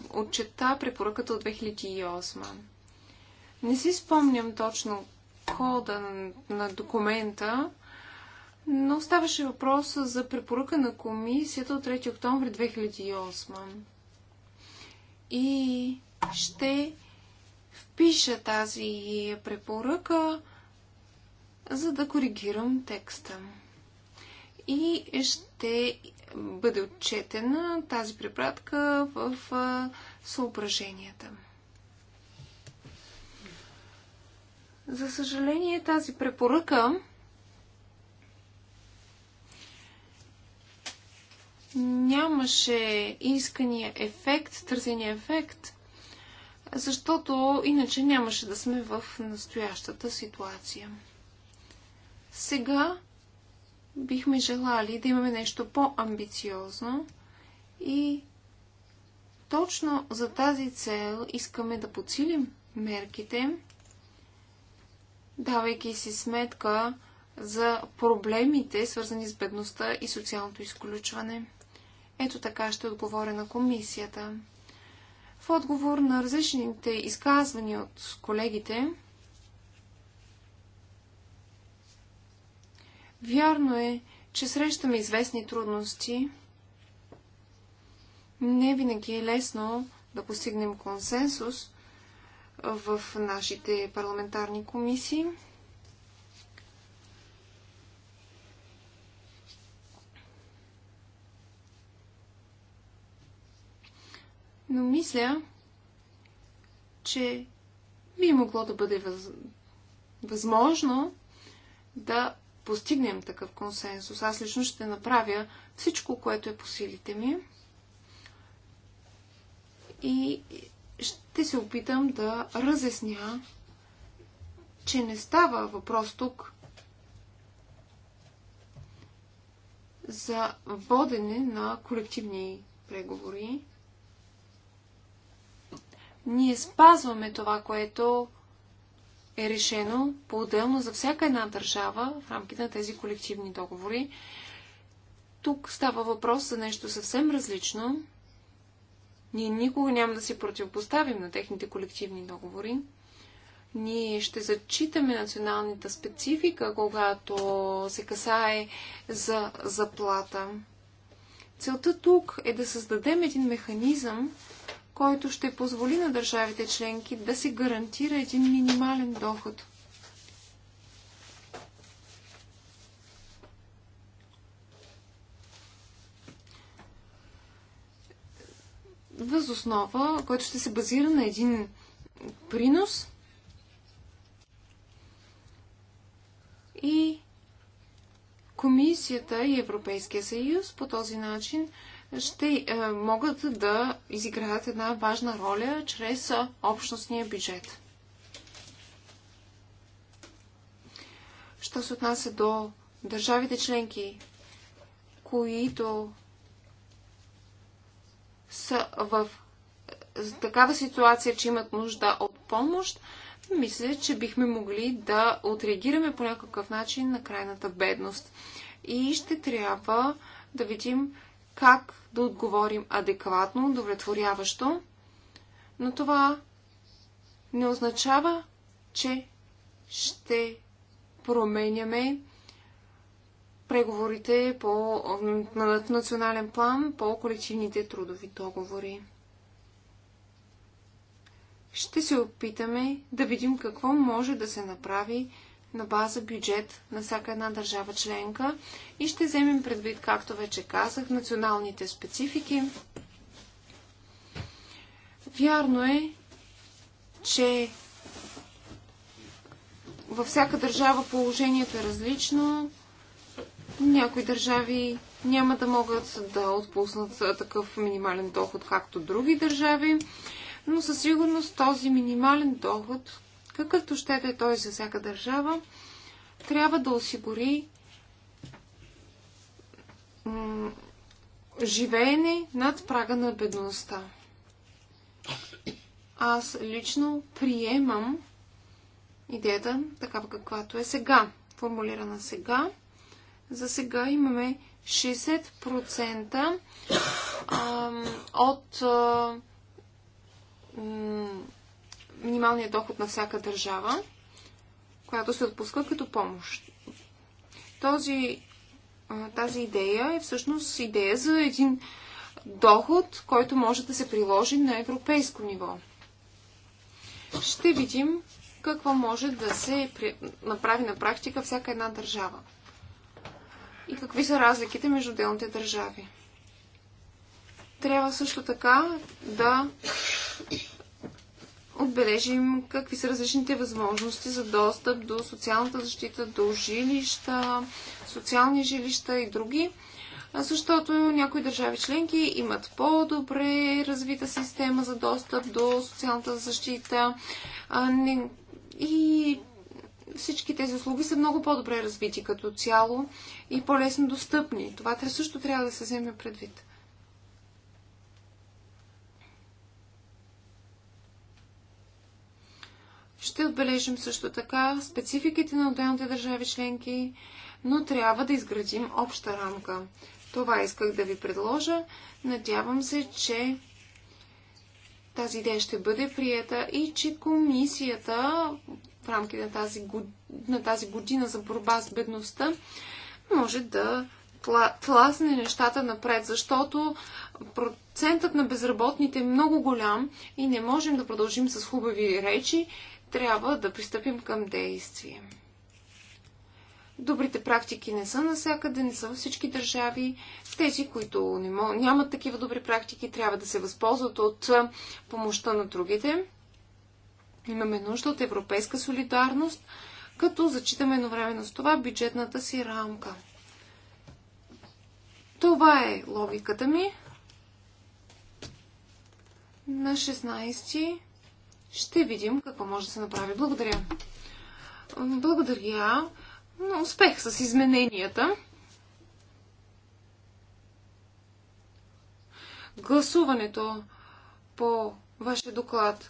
отчета препоръката от 2008. Не си спомням точно кода на документа, но ставаше въпрос за препоръка на комисията от 3 октомври 2008. И ще впиша тази препоръка, за да коригирам текста. И ще бъде отчетена тази препратка в съображенията. За съжаление, тази препоръка нямаше искания ефект, търсения ефект, защото иначе нямаше да сме в настоящата ситуация. Сега бихме желали да имаме нещо по-амбициозно и точно за тази цел искаме да подсилим мерките, давайки си сметка за проблемите, свързани с бедността и социалното изключване. Ето така ще отговоря на комисията. В отговор на различните изказвания от колегите, Вярно е, че срещаме известни трудности. Не винаги е лесно да постигнем консенсус в нашите парламентарни комисии. Но мисля, че би могло да бъде възможно да постигнем такъв консенсус. Аз лично ще направя всичко, което е по силите ми и ще се опитам да разясня, че не става въпрос тук за водене на колективни преговори. Ние спазваме това, което е решено по-отделно за всяка една държава в рамките на тези колективни договори. Тук става въпрос за нещо съвсем различно. Ние никога няма да се противопоставим на техните колективни договори. Ние ще зачитаме националната специфика, когато се касае за заплата. Целта тук е да създадем един механизъм, който ще позволи на държавите членки да се гарантира един минимален доход. Възоснова, който ще се базира на един принос и Комисията и Европейския съюз по този начин ще е, могат да изиграят една важна роля чрез е, общностния бюджет. Що се отнася до държавите членки, които са в е, такава ситуация, че имат нужда от помощ, мисля, че бихме могли да отреагираме по някакъв начин на крайната бедност. И ще трябва да видим как да отговорим адекватно, удовлетворяващо, но това не означава, че ще променяме преговорите по, на национален план по колективните трудови договори. Ще се опитаме да видим какво може да се направи на база бюджет на всяка една държава членка и ще вземем предвид, както вече казах, националните специфики. Вярно е, че във всяка държава положението е различно. Някои държави няма да могат да отпуснат такъв минимален доход, както други държави, но със сигурност този минимален доход какъвто ще да е той за всяка държава, трябва да осигури живеене над прага на бедността. Аз лично приемам идеята такава каквато е сега, формулирана сега. За сега имаме 60% от минималния доход на всяка държава, която се отпуска като помощ. Този, тази идея е всъщност идея за един доход, който може да се приложи на европейско ниво. Ще видим какво може да се направи на практика всяка една държава и какви са разликите между отделните държави. Трябва също така да отбележим какви са различните възможности за достъп до социалната защита, до жилища, социални жилища и други, защото някои държави членки имат по-добре развита система за достъп до социалната защита и всички тези услуги са много по-добре развити като цяло и по-лесно достъпни. Това също трябва да се вземе предвид. Ще отбележим също така спецификите на отделните държави членки, но трябва да изградим обща рамка. Това исках да ви предложа. Надявам се, че тази идея ще бъде приета и че комисията в рамките на тази, на тази година за борба с бедността може да тласне нещата напред, защото процентът на безработните е много голям и не можем да продължим с хубави речи трябва да пристъпим към действие. Добрите практики не са навсякъде, не са във всички държави. Тези, които нямат такива добри практики, трябва да се възползват от помощта на другите. Имаме нужда от европейска солидарност, като зачитаме едновременно с това бюджетната си рамка. Това е логиката ми. На 16 ще видим какво може да се направи. Благодаря. Благодаря. Но успех с измененията. Гласуването по вашия доклад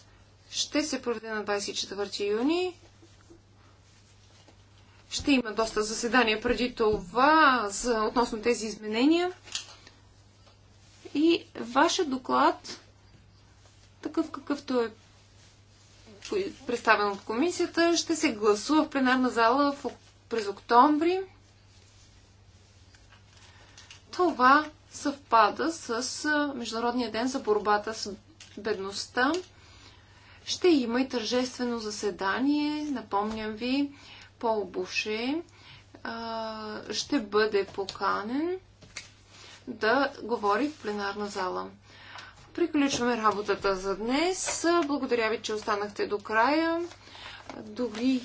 ще се проведе на 24 юни. Ще има доста заседания преди това за, относно тези изменения. И вашия доклад, такъв какъвто е представен от комисията, ще се гласува в пленарна зала в, през октомври. Това съвпада с Международния ден за борбата с бедността. Ще има и тържествено заседание, напомням ви, Пол Буше ще бъде поканен да говори в пленарна зала. Приключваме работата за днес. Благодаря ви, че останахте до края. Дори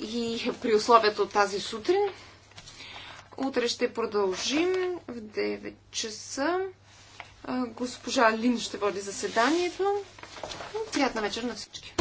и при условието от тази сутрин. Утре ще продължим в 9 часа. Госпожа Лин ще води заседанието. Приятна вечер на всички!